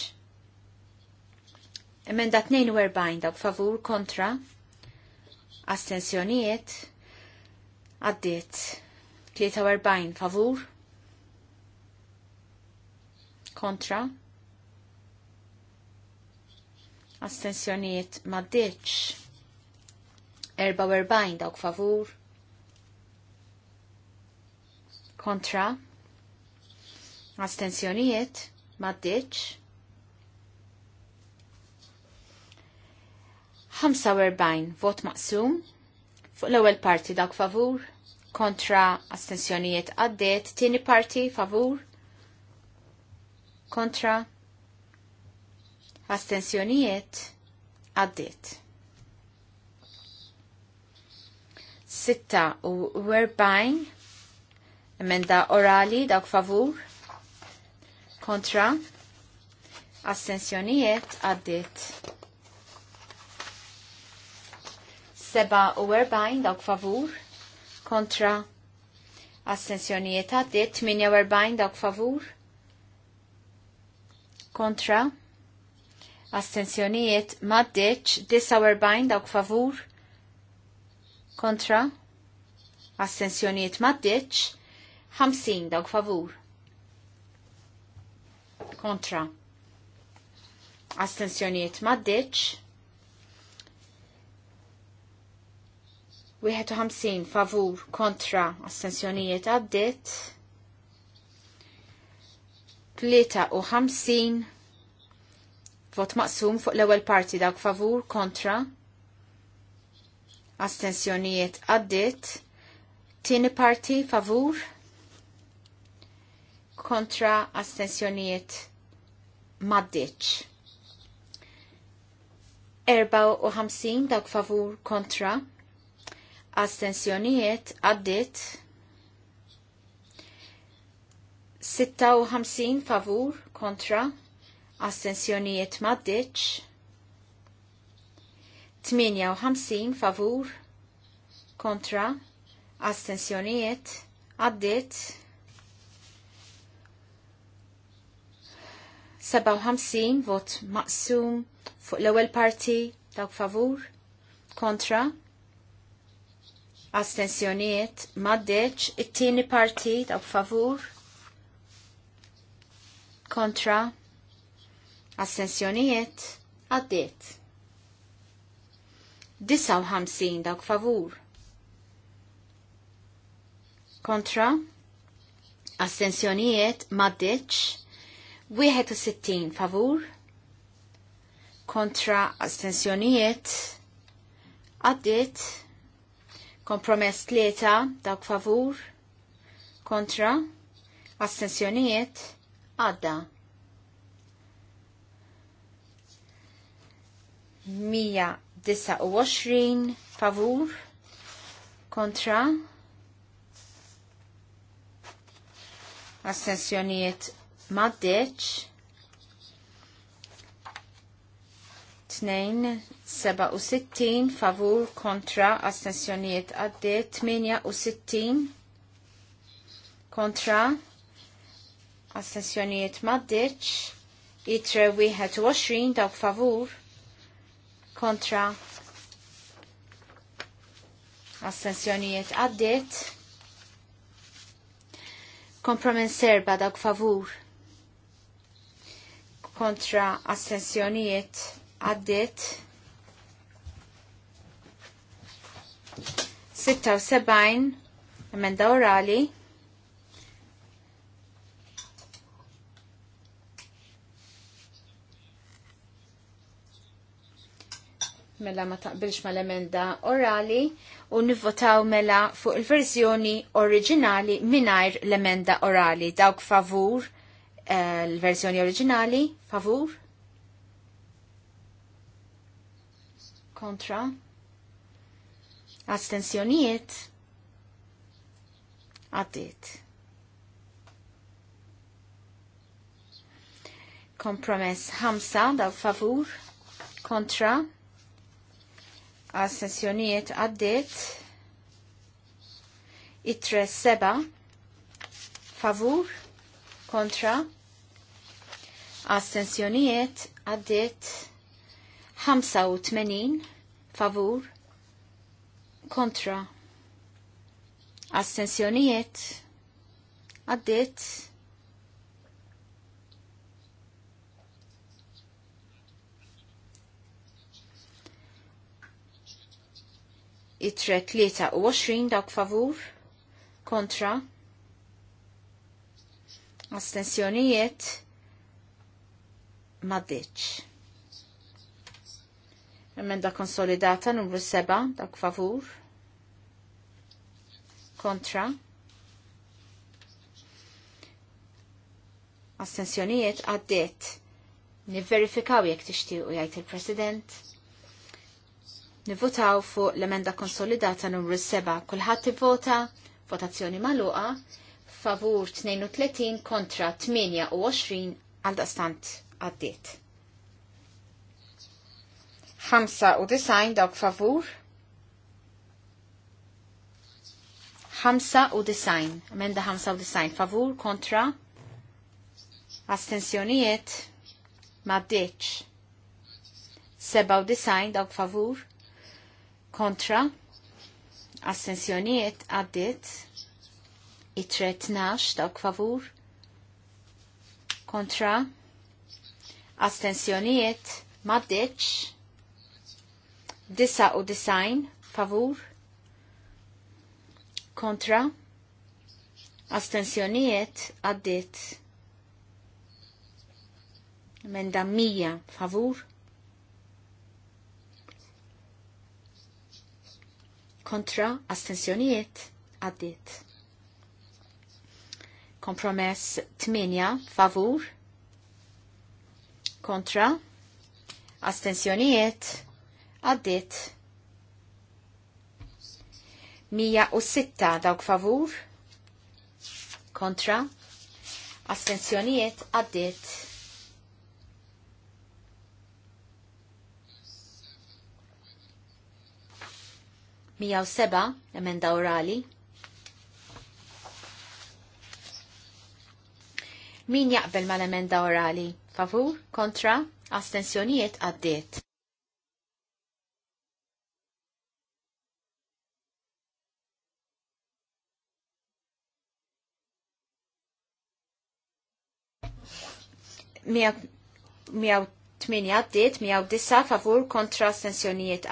Emenda 42 dawk favur kontra astensjonijiet għaddiet 43 favur kontra astensjonijiet maddiċ 44 dawk favur kontra astensjonijiet maddiċ. 45 vot maqsum fuq l-ewwel parti dak favur, kontra astensjonijiet għaddiet, tieni parti favur, kontra astensjonijiet għaddiet. Sitta u werbajn emenda orali dawk favur kontra assenzjonijiet għaddit 47 dawk favur kontra assenzjonijiet għaddit 48 dawk favur kontra assenzjonijiet maddeċ 49 dawk favur kontra assenzjonijiet maddeċ 50 dawk favur kontra astensjoniet maddiċ 51 favur kontra astensjoniet għaddit 53 vot maqsum fuq l-ewwel parti dak favur kontra astensjonijiet għaddit, tieni parti favur kontra astensjonijiet maddiċ. 54 dawk favur kontra astensjonijiet għaddit 56 favur kontra astensjonijiet maddiċ 58 favur kontra astensjonijiet għaddit 57 vot maqsum fuq l-ewwel parti dawk favur kontra astensjonijiet maddeċ it-tieni parti dawk favur kontra astensjonijiet għaddiet. 59 dawk favur. Kontra, astensjonijiet maddiċ, 61 favur kontra astensjonijiet għaddit kompromess tlieta dawk favur kontra astensjonijiet għadda 129 favur kontra astensjonijiet maddeċ 267 favur kontra astensjonijiet għaddiet 68 kontra astensjonijiet maddiċ itre 21 dawk favur kontra astensjonijiet għaddiet kompromess serba dawk favur kontra astensjonijiet għaddit 76 emenda orali mela ma taqbilx mal-emenda orali u nivvotaw mela fuq il-verżjoni oriġinali minajr l-emenda orali dawk favur l-verżjoni oriġinali, favur, kontra, astensjonijiet, għaddit. Kompromess ħamsa daw favur, kontra, astensjonijiet għaddit. Itre seba, favur, kontra astensjonijiet għaddit 85 favur kontra astensjonijiet għaddit it 23 dak favur kontra astensjonijiet maddiċ. Emenda konsolidata numru 7, dak favur. Kontra. Astensjonijiet għaddiet. Nivverifikaw jekk tixtiequ jgħid il-President. Nivvotaw fuq l-emenda konsolidata numru 7. Kulħadd vota, votazzjoni magħluqa, favur 32 kontra 28 għal daqstant għaddiet. 95 dawk favur. 95, emenda 95 favur kontra astensjonijiet ma ddeċ. 97 dawk favur kontra astensjonijiet għaddiet it-tretnax dawk favur kontra astensjonijiet maddeċ disa u design favur kontra astensjonijiet għaddit menda mija favur kontra astensjonijiet għaddit Kompromess 8 favur kontra astensjonijiet għaddit 106 dawk favur kontra astensjonijiet għaddit Mijaw seba' emenda orali Min jaqbel mal-emenda orali? Favur? Kontra? Astensjonijiet għaddiet. Mijaw 8 għaddit, disa favur kontra astensjonijiet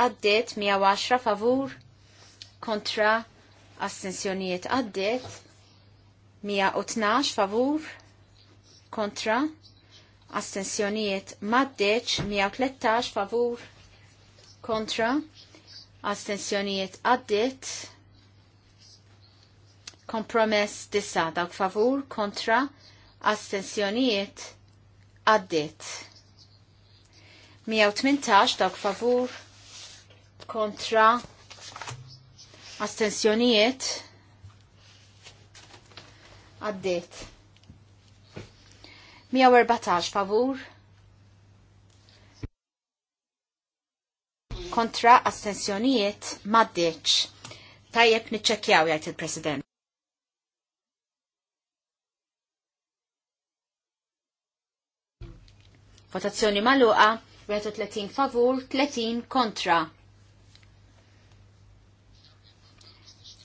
Mija 110 favur kontra astensjonijiet Mija 112 favur kontra, astensjonijiet maddeċ 113 favur kontra, astensjonijiet għaddit, kompromess disa dawk favur kontra, astensjonijiet għaddit. 118 dawk favur kontra astensjonijiet għaddit. 114 favur. Kontra astensjonijiet maddeċ. Tajjeb niċċekjaw jgħid il-President. Votazzjoni maluqa, 30 favur, 30 kontra.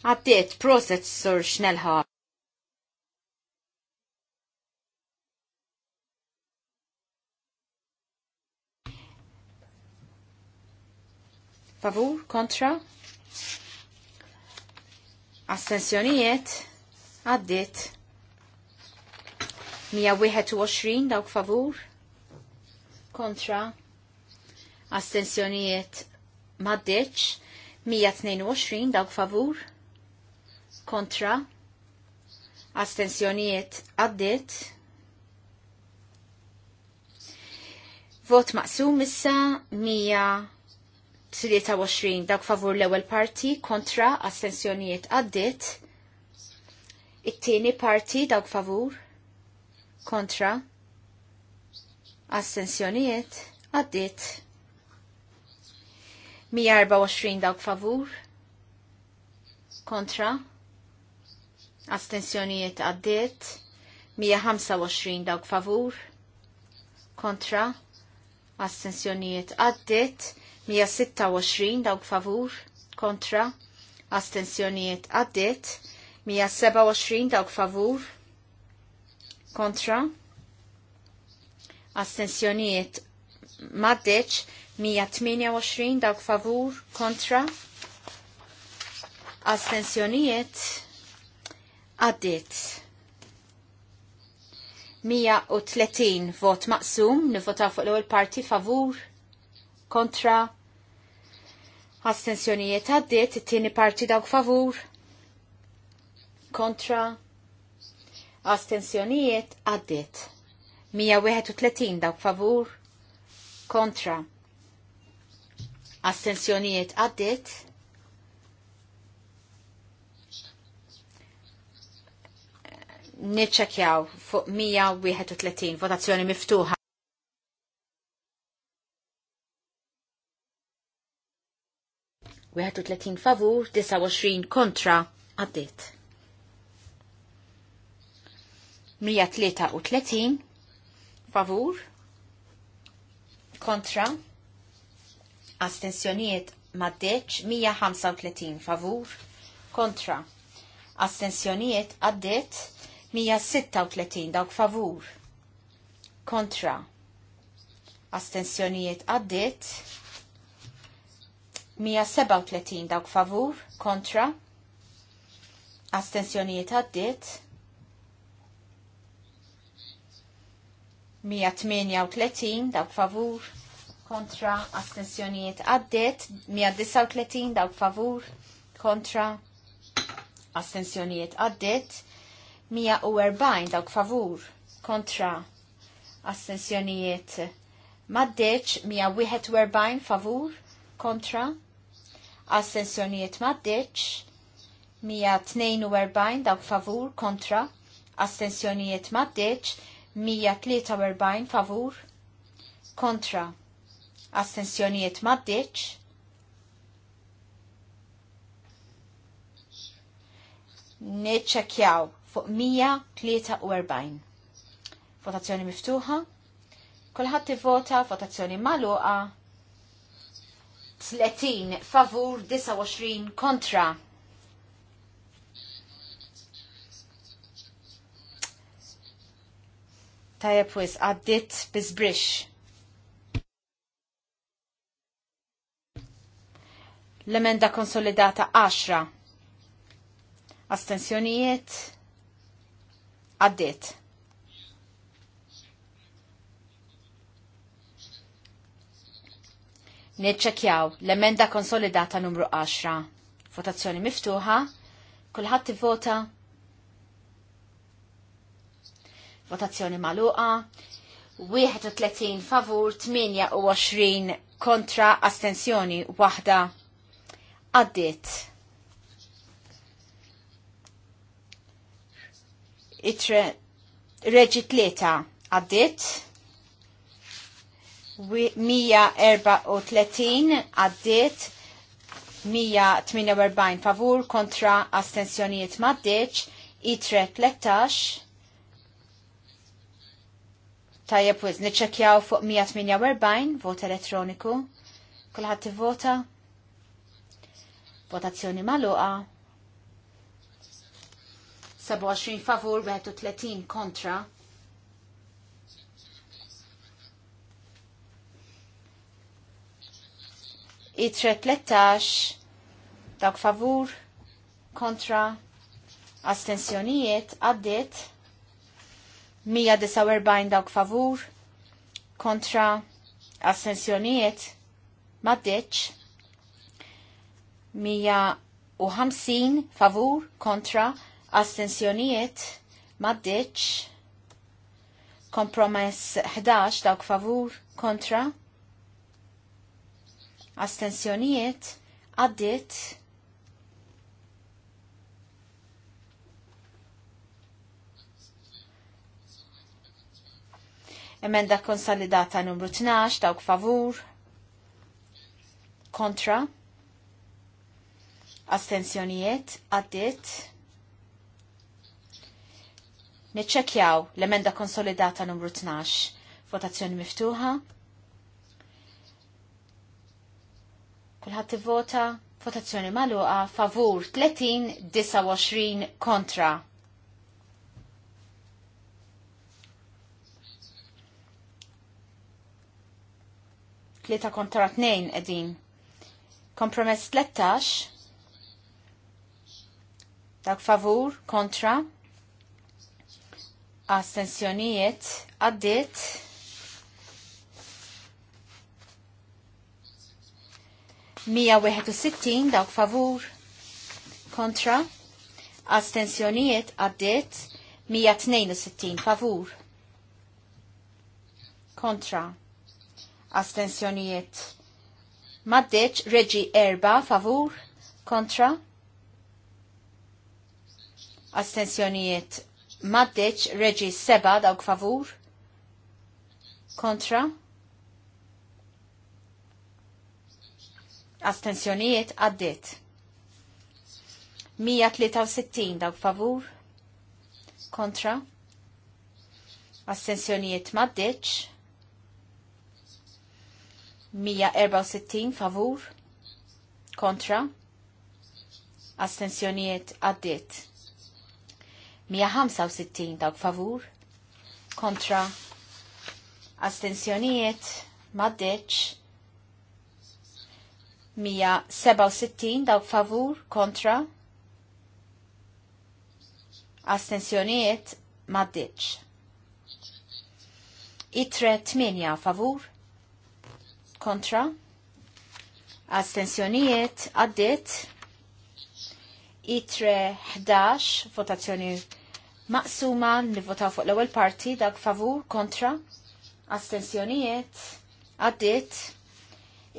Għaddiet, proset sur xnelħar. favur kontra astensjonijiet għaddit 121 dawk favur kontra astensjonijiet maddeċ 122 dawk favur kontra astensjonijiet għaddit Vot maqsum issa 100 23 dawk favur l-ewwel parti kontra astensjonijiet għaddit. It-tieni parti dawk favur kontra astensjonijiet għaddit. 124 dawk favur kontra astensjonijiet għaddit. 125 dawk favur kontra astensjonijiet għaddit. 126 dawk favur kontra astensjonijiet għaddit 127 dawk favur kontra astensjonijiet maddeċ 128 dawk favur kontra astensjonijiet għaddit 130 vot maqsum nivota fuq l-ewwel parti favur kontra Astensjonijiet għaddiet, it-tieni parti dawk favur. Kontra. Astensjonijiet għaddiet. 131 dawk favur. Kontra. Astensjonijiet għaddiet. Niċċekjaw fuq 131 votazzjoni miftuħa. 31 favur, 29 kontra, għaddit. 133 favur, kontra, astensjonijiet maddeċ, 135 favur, kontra, astensjonijiet għaddit, 136 dawk favur, kontra, astensjoniet għaddit, 137 dawk favur kontra astensjonijiet għaddit 138 dawk favur kontra astensjonijiet għaddit 139 dawk favur kontra astensjonijiet għaddit 140 dawk favur kontra astensjonijiet maddeċ 141 favur kontra assenzjonijiet maddeċ, 142 dawk favur kontra, assenzjonijiet maddeċ, 143 favur kontra, assenzjonijiet maddeċ. Neċċekjaw fuq 143. Votazzjoni miftuħa. Kulħadd ivvota votazzjoni magħluqa 30 favur 29 kontra. Tajab wis għaddit bizbrix. L-emenda konsolidata 10. Astensjonijiet għaddit. Niċċekjaw l-emenda konsolidata numru 10. Votazzjoni miftuħa. Kulħadd tivvota. Votazzjoni magħluqa. 31 favur, 28 kontra, astensjoni waħda għaddit. Itre reġi tlieta għaddit. 134 għaddiet 148 favur kontra astensjonijiet maddiċ, itre 13 tajjeb wiz niċċekjaw fuq 148 vot elettroniku. Kulħadd tivvota. Votazzjoni magħluqa. 27 favur, 30 kontra I-13 dak favur kontra astensjonijiet għaddit 149 dawk favur kontra astensjonijiet maddeċ 150 favur kontra astensjonijiet maddeċ kompromess 11 dawk favur kontra astensjonijiet għaddit emenda konsolidata numru 12 dawk favur kontra astensjonijiet għaddit Niċċekjaw l-emenda konsolidata numru 12. Votazzjoni miftuħa. Kulħadd vota votazzjoni magħluqa favur 30 29 kontra. Tlieta kontra tnejn qegħdin. Kompromess 13 dak favur, kontra, astensjonijiet, għaddit, 161 dawk favur kontra astensjonijiet għaddiet 162 favur kontra astensjonijiet maddeċ reġi erba favur kontra astensjonijiet maddeċ reġi seba dawk favur kontra Astenzjonijiet għaddit. 163 dawk favur kontra astensjonijiet maddiċ 164 favur kontra astensjonijiet għaddit 165 dawk favur kontra astensjonijiet maddiċ Mija sittin dawk favur kontra astensjoniet maddiċ. Itre 8 favur kontra astensjoniet għaddit. Itre 11 votazzjoni maqsuma nivvotaw fuq l-ewwel parti dak favur kontra astensjonijiet għaddit.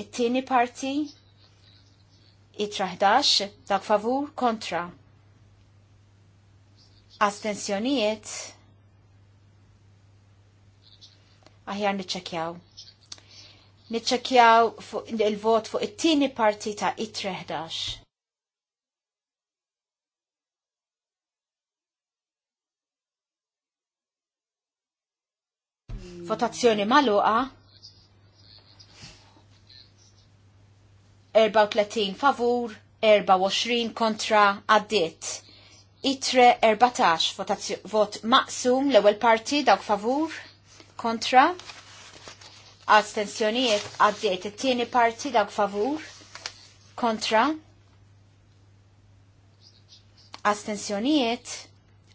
It-tieni parti Itra traħdax dak favur kontra. Astensjonijiet aħjar niċċekjaw. Niċċekjaw il-vot fuq it-tieni parti ta' it 11. Votazzjoni maluqa 34 favur, 24 kontra għaddit. Itre 14 vot maqsum l ewwel parti dawk favur, kontra, astensjonijiet għaddit it-tieni parti dawk favur, kontra, Astenzjonijiet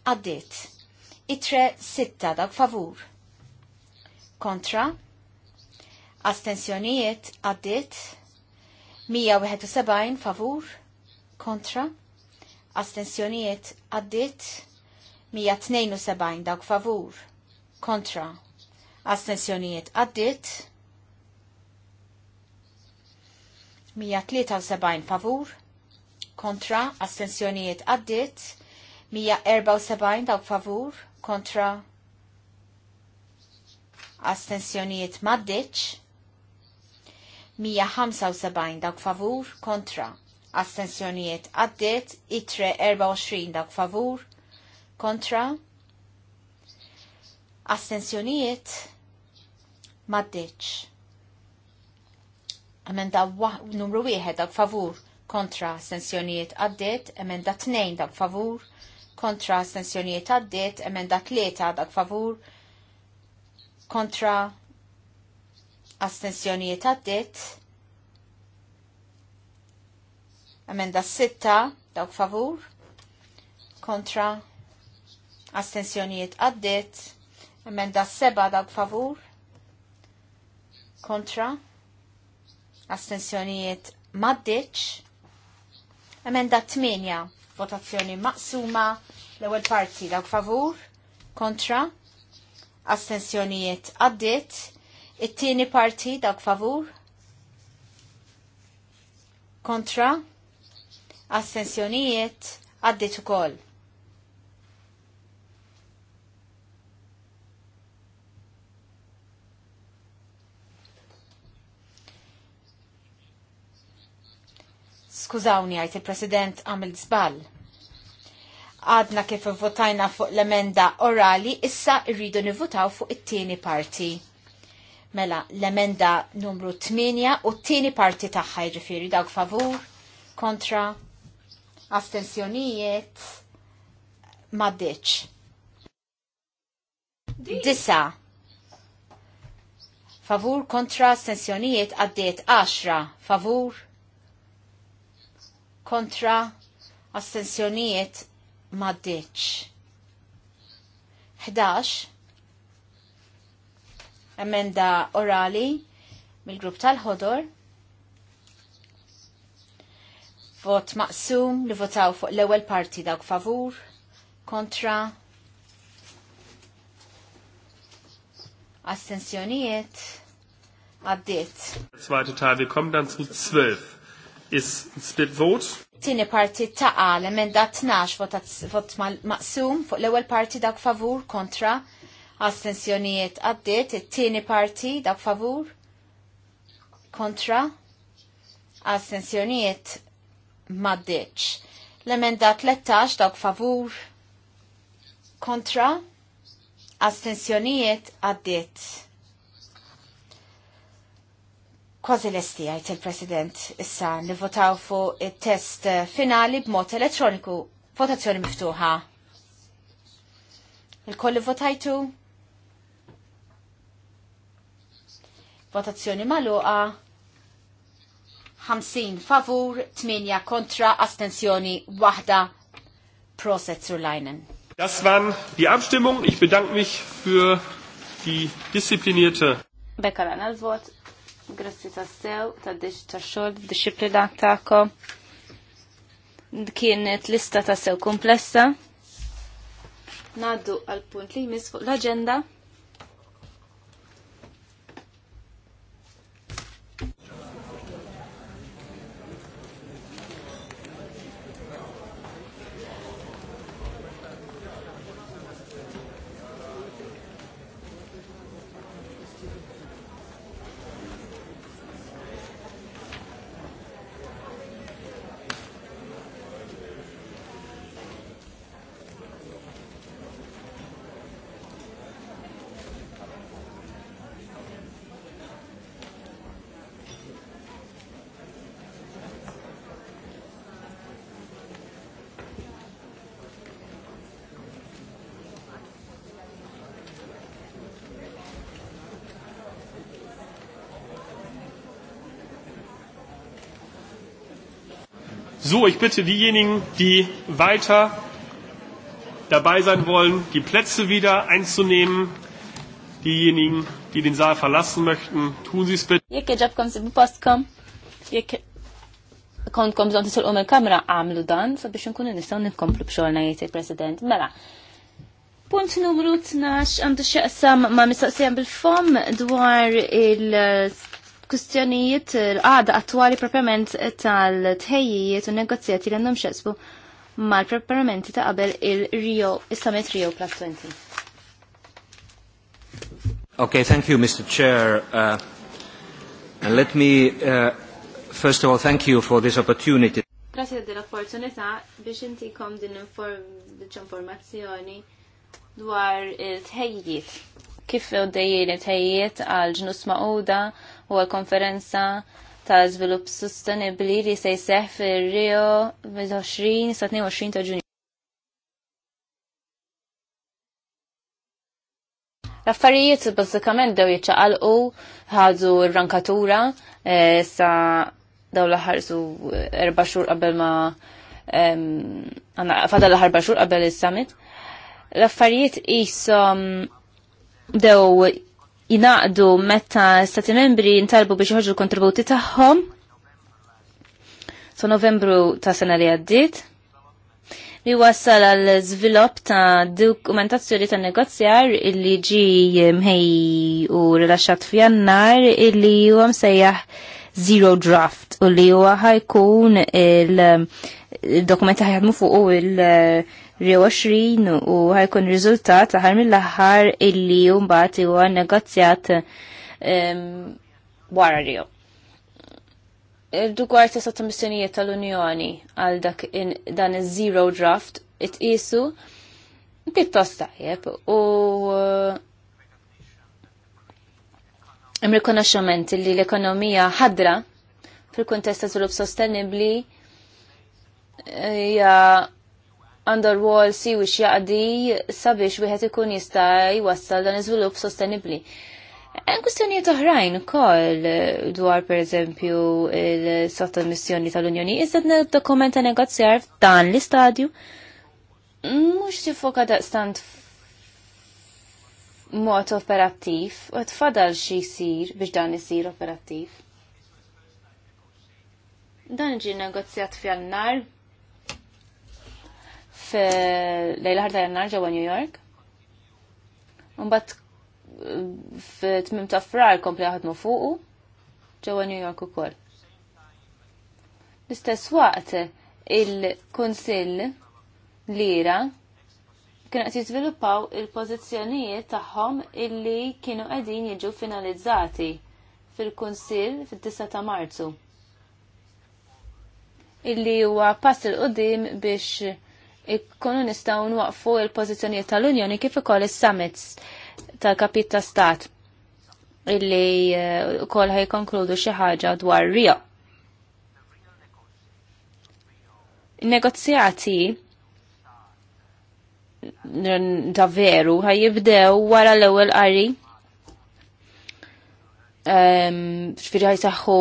għaddit. Itre 6 dawk favur, kontra, astensjonijiet għaddiet 171 favur kontra astensjonijiet għaddit 172 dawk favur kontra astensjonijiet għaddit 173 favur kontra astensjonijiet għaddit 174 dawk favur kontra astensjonijiet maddiċ 175 dawk favur kontra. Astensjonijiet għaddiet itre 24 dawk favur kontra. Astensjonijiet maddiċ. Amenda numru 1 dawk favur kontra astensjonijiet għaddiet, emenda 2 dawk favur kontra astensjonijiet għaddiet, emenda 3 dawk favur kontra astensjonijiet għaddit. Amenda sitta dawk favur kontra astensjonijiet għaddit. Amenda seba dawk favur kontra astensjonijiet maddiċ. Amenda tminja, votazzjoni maqsuma, l-ewel parti dawk favur, kontra, astensjonijiet għaddit, It-tieni parti dak favur? Kontra? Astensjonijiet għaddit ukoll. skużawni għajt il-President għamil zbal. Għadna kif votajna fuq l-emenda orali, issa irridu nivutaw fuq it-tieni parti. Mela, l-emenda numru 8 u t-tieni parti tagħha jiġifieri dawk favur, kontra, astensjonijiet, maddeċ. Disa. Favur kontra astensjonijiet għaddiet 10. Favur kontra astensjonijiet maddeċ. 11 emenda orali mill-grupp tal-ħodor. Vot maqsum li votaw fuq l-ewwel parti dawk favur, kontra, astensjonijiet, għaddiet. Zweite tal, wir kommen dann zu 12. Is split vote. Tini parti ta' l-emenda 12 vot maqsum fuq l-ewwel parti dawk favur, kontra, astensjonijiet għaddiet, it-tieni parti dak favur kontra astensjonijiet maddiċ. L-emenda 13 dak favur kontra astensjonijiet għaddiet. Kważi l-esti għajt il-President issa nivvotaw fuq il-test finali b'mod elettroniku. Votazzjoni miftuħa. Il-kolli votajtu? Votazzjoni maluqa. 50 favur, 8 kontra, astensjoni wahda Proset sur Leinen. Das waren die Abstimmung. Ich bedanke mich für die disziplinierte. Bekka l l-vot. Grazzi ta' sew, ta' xogħol, disciplina ta'kom. Kienet lista ta' sew komplessa. Naddu għal punt li jmiss fuq l-agenda. So, ich bitte diejenigen, die weiter dabei sein wollen, die Plätze wieder einzunehmen. Diejenigen, die den Saal verlassen möchten, tun Sie es bitte. Jekk ġabkom sibu postkom, jekk kontkom bżon tisul um il-kamra għamlu dan, sabiex nkunu nistaw nitkomplu bxolna jiet il-President. Mela, punt numru 12 għandu xaqsam ma' mistoqsijan bil-fom dwar il- kustjonijiet l-għada attuali propriament tal-tħejjiet u negozjati li għandhom xesbu mal-preparamenti ta' qabel il-Rio, il-Summit Rio Plus 20. Okay, thank you, Mr. Chair. Uh, and let me, uh, first of all, thank you for this opportunity. Grazie l'opportunità, biex intikom din informazzjoni dwar il-tħejjiet kif dejjien it tħejjiet għal ġnus maquda u għal-konferenza ta' żvilupp sustenibli li se jseħ fil rio 20 sa 22 ta' Ġunju. L-affarijiet bażikament dew jiċċaqalqu ħadu r-rankatura eh, sa daw l-ħarsu eh, erba' xhur qabel ma fada l-ħarba xhur qabel is-summit. L-affarijiet qishom dew jinaqdu meta stati membri jintalbu biex joħorġu l-kontributi tagħhom sa novembru ta' sena li għaddit li wassal għal żvilupp ta' dokumentazzjoni ta' negozjar illi ġi mħej u rilaxxat f'jannar illi huwa msejjaħ zero draft u li huwa ħajkun il-dokumenti ħajħadmu fuq il-20 eh, u ħajkun riżultat aħar mill-aħħar illi mbagħad huwa negozjat wara riju. Dugwar tista' missjonijiet tal-Unjoni għal dak dan iż-zero draft itqisu pjuttost tajjeb u hemm rikonoxxament li l-ekonomija ħadra fil-kuntest ta' żvilupp sostenibbli eh, hija underwall siwi jaqdi sabiex wieħed ikun jista' jwassal dan iżvilupp sostenibbli. Hemm kwistjonijiet oħrajn ukoll eh, dwar pereżempju il missjoni tal-Unjoni iżda dokument ta' negozjar f'dan l-istadju mhux tiffoka daqstant mod operattiv u tfadal xi jsir biex dan isir operattiv. Dan ġi negozjat f'jannar lejla ħarta jannar ġewwa New York. Mbagħad eh, mim ta' frar kompli ħadmu fuqu ġewwa New York ukoll. L-istess waqt il-Kunsill lira kienu qed jiżviluppaw il-pożizzjonijiet tagħhom illi kienu qegħdin jiġu finalizzati fil-Kunsill fid-9 ta' Marzu. Illi huwa pass il qudiem biex ikkunu nistgħu nwaqfu il-pożizzjonijiet tal-Unjoni kif ukoll is-summits tal-kapit ta' stat illi uh, ħajkonkludu xi ħaġa dwar Rio. Negozjati ta' veru ħaj jibdew wara l-ewwel qari. ħaj saħħu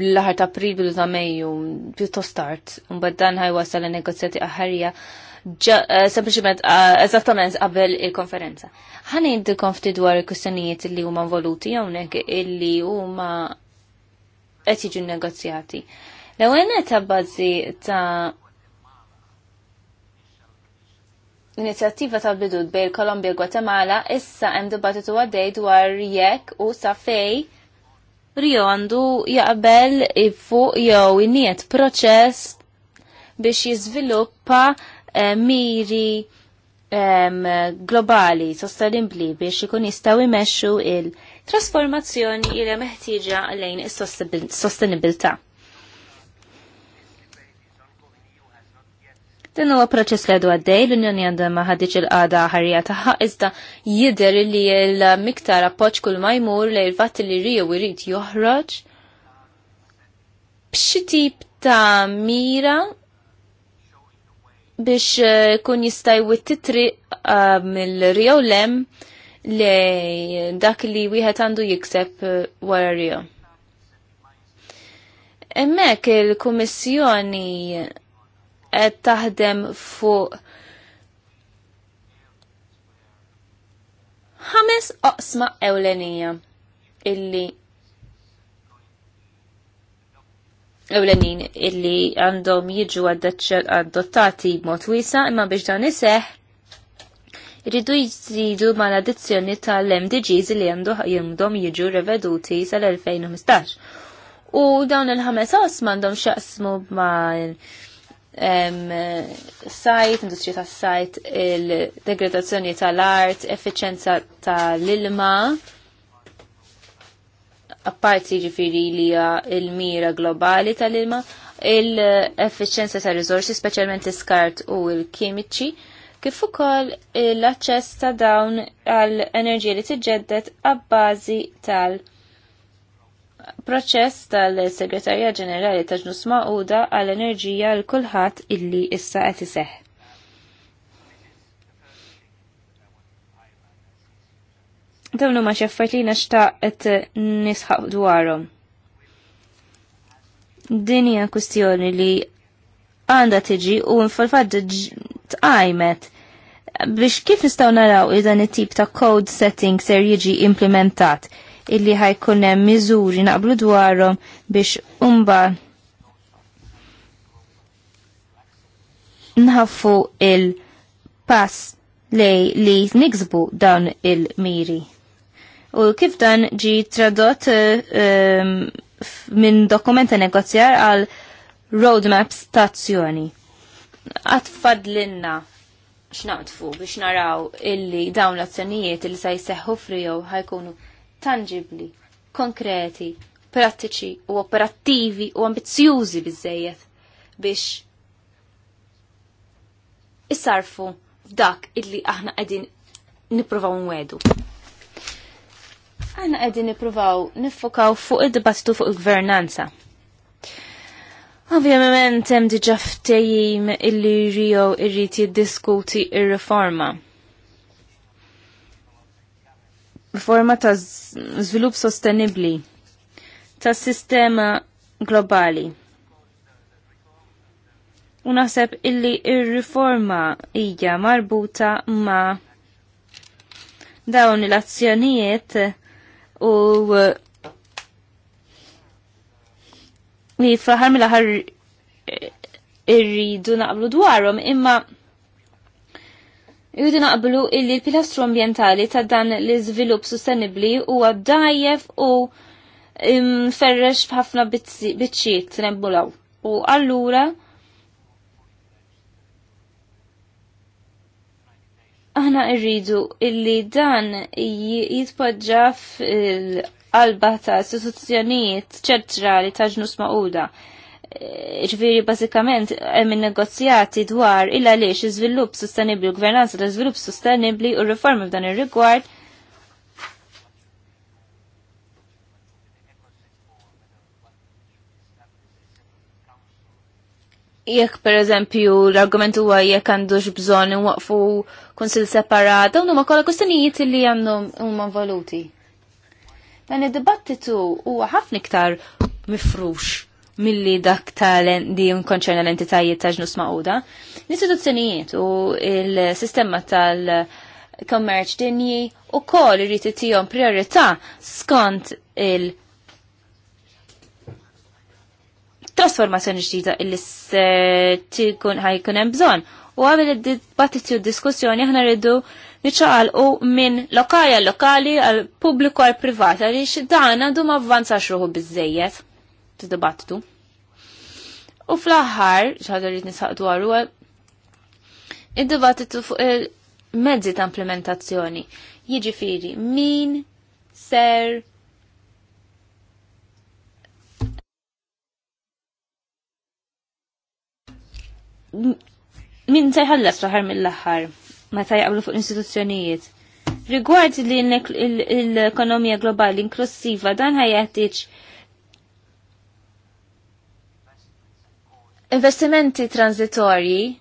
l ħar ta' April bidu ta' Mejju, pjuttost baddan mbagħad dan ħajwasal negozjati aħarja eh, sempliciment eh, eżattament qabel il-konferenza. Ħani jiddikom ftit dwar il-kustanijiet li huma involuti hawnhekk illi huma qed jiġu negozjati. L-ewwel ta' bażi ta' l-inizjattiva tal-bidud bejn Kolombja u Gwatemala issa hemm dibattitu għaddej dwar jekk u sa fej Rio għandu jaqbel fuq jew iniet proċess biex jiżviluppa eh, miri globali sostenibli biex ikun jistgħu jmexxu il-trasformazzjoni li meħtieġa lejn is-sostenibilità. Din huwa proċess li għadu għaddej l-Unjoni għandha ma ħadiġ il-qada ħarija tagħha iżda jidher li l-miktar appoġġ kull ma jmur li l-fatt li riju jrid joħroġ b'xi tip ta' mira biex eh, kun jista' jwittitri eh, mill-Rio Lem li dak li wieħed għandu jikseb eh, wara Rio. Emmek il-Kummissjoni qed taħdem fuq ħames oqsma ewlenija illi ewlenin illi għandhom jiġu adottati b'mod wiesa imma biex dan iseħ irridu jżidu ma l-addizzjoni tal-MDGs li għandhom jiġu reveduti sal-2015. U dawn il-ħames os mandom xaqsmu ma' sajt, industrija tas sajt, il-degradazzjoni tal-art, effiċenza tal-ilma, apparti ġifiri li il-mira globali tal-ilma, il-effiċenza ta' rizorsi specialment l-skart u il-kimiċi, kif ukoll l-aċċess ta' dawn għall enerġija li tiġġedded għabbażi tal proċess tal-Segretarja Ġenerali ta' Ġnus Maquda għall enerġija l kulħadd illi issa qed iseħ. Dawn huma xeffert li qed nisħaq dwarhom. Din hija kwistjoni li għandha tiġi u infalfat tqajmet biex kif nistgħu naraw dan it-tip ta' code setting ser jiġi implementat illi ħajkun hemm miżuri naqblu dwarhom biex umba nħaffu il-pass lej li niksbu dawn il-miri. U kif dan ġi tradott um, minn dokumenta negozjar għal roadmaps tazzjoni. Għatfadlinna x'naqtfu biex naraw illi dawn l-azzjonijiet li se jseħħu frijow ħajkunu tangibli, konkreti, prattiċi u operattivi u ambizzjużi biżejjed biex isarfu f'dak illi aħna qegħdin nippruvaw nwedu. Aħna qegħdin nippruvaw niffokaw fuq id-dibattitu fuq il-gvernanza. Ovvjament hemm diġà ftehim illi Rio irrid jiddiskuti ir-riforma. Il forma ta' żvilupp sostenibbli tas sistema globali. U naħseb illi il riforma hija marbuta ma' dawn il-azzjonijiet u li fl-ħar mill-ħar irridu naqblu dwarhom imma Jridu naqblu illi l-pilastru ambientali ta' dan l-iżvilupp sostenibbli huwa dajjef u ferrex b'ħafna biċċiet nebbulaw. U allura aħna rridu illi dan jitpoġġa fil qalba ta' istituzzjonijiet ċentrali ta' ġnus ma'uda ġviri basikament minn negozjati dwar illa lix iżvilupp sostenibli u gvernanza ta' iżvilupp sostenibli u riformi f'dan ir-rigward jekk per eżempju l-argument huwa jekk għandux bżonn waqfu kunsil separat, dawn huma kollha kustanijiet li għandhom huma valuti. Dan id-dibattitu huwa ħafna iktar mifrux milli dak talent di konċerna l-entitajiet ta' ġnus ma'uda. L-istituzzjonijiet u il-sistema tal-kommerċ dinji u kol irrit tijom priorita skont il- trasformazzjoni ġdida illi eh, tikun ħajkun hemm bżonn. U għamil id-dibattiti u diskussjoni aħna rridu u minn lokali għal lokali għal pubbliku għal privat għaliex dan għandu ma avvanza xruħu biżejjed t-dibattu. U fl-aħħar, xaħġa li nisaq dwaru, id dibattu fuq il-mezzi ta' implementazzjoni. firri, jiġifieri, min ser min se jħallas fl-aħħar mill-aħħar meta jaqblu fuq istituzzjonijiet. Rigward li l-ekonomija globali inklusiva dan ħajjeħtieġ investimenti transitorji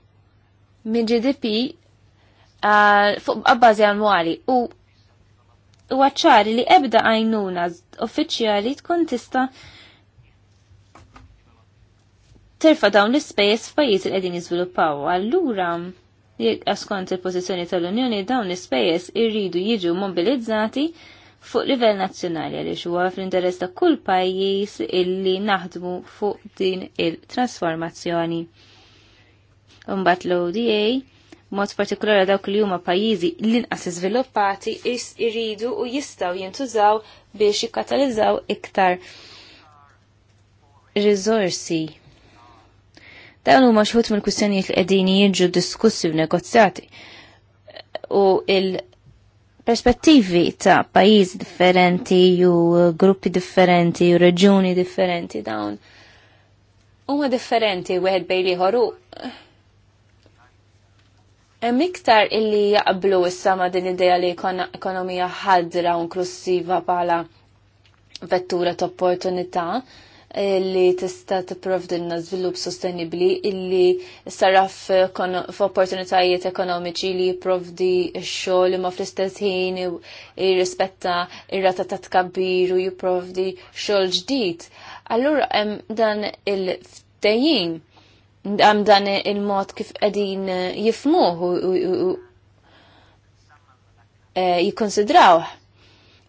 minn GDP uh, fuq għabbażi annwali u għacċari li ebda għajnuna uffiċjali tkun tista terfa dawn l-ispejjeż f'pajjiżi li qegħdin jiżviluppaw. Allura skont il-pożizzjoni tal-Unjoni dawn l-ispejjeż irridu jiġu mobilizzati fuq livell nazzjonali għaliex huwa fl-interess ta' kull pajjiż illi naħdmu fuq din il-trasformazzjoni. Imbagħad l-ODA mod partikolari dawk li huma pajjiżi l-inqas iżviluppati iridu u jistgħu jintużaw biex jikkatalizzaw iktar riżorsi. Dawn huma xħut mill-kwistjonijiet li qegħdin jiġu diskussi u negozjati u il- perspettivi ta' pajjiż differenti u gruppi differenti u reġuni differenti dawn. Huma differenti wieħed bejn ieħor u hemm iktar illi jaqblu issa ma' din idea li ekonomija ħadra u inklusiva bħala vettura ta' opportunità li tista' tipprovdilna żvilupp sostenibbli illi saraf opportunitajiet ekonomiċi li jipprovdi x-xogħol ma fl-istess ħin jirrispetta ir-rata ta' tkabbir u jipprovdi xogħol ġdid. Allura hemm dan il-ftejjin hemm dan il-mod kif qegħdin jifmuh u eh,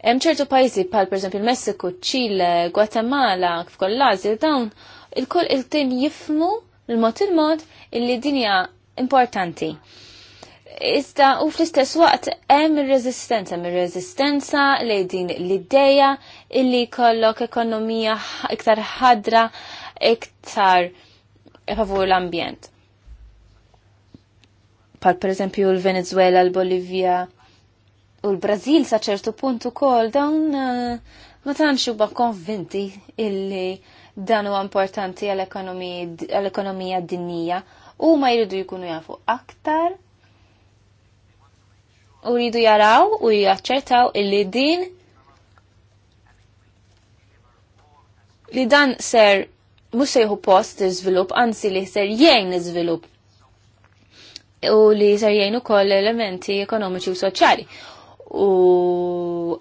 Hemm ċertu pajjiżi bħal pereżempju l-Messiku, ċile, Gwatemala, kif kollha dawn il kull il-tin jifmu l-mod il-mod illi dinja importanti. Iżda u fl-istess waqt hemm ir-reżistenza, hemm ir-reżistenza lejn din l-idea illi kollok ekonomija iktar ħadra, iktar favur l-ambjent. Pal pereżempju l-Venezuela, l-Bolivja, u l-Brazil sa ċertu punt ukoll dawn eh, ma tantx ba konvinti illi dan huwa importanti għall-ekonomija dinjija u ma jridu jkunu jafu aktar u jridu jaraw u jaċċertaw illi din li dan ser mhux se post iżvilupp, anzi li ser jgħin iżvilupp u li ser jgħin ukoll elementi ekonomiċi u soċjali u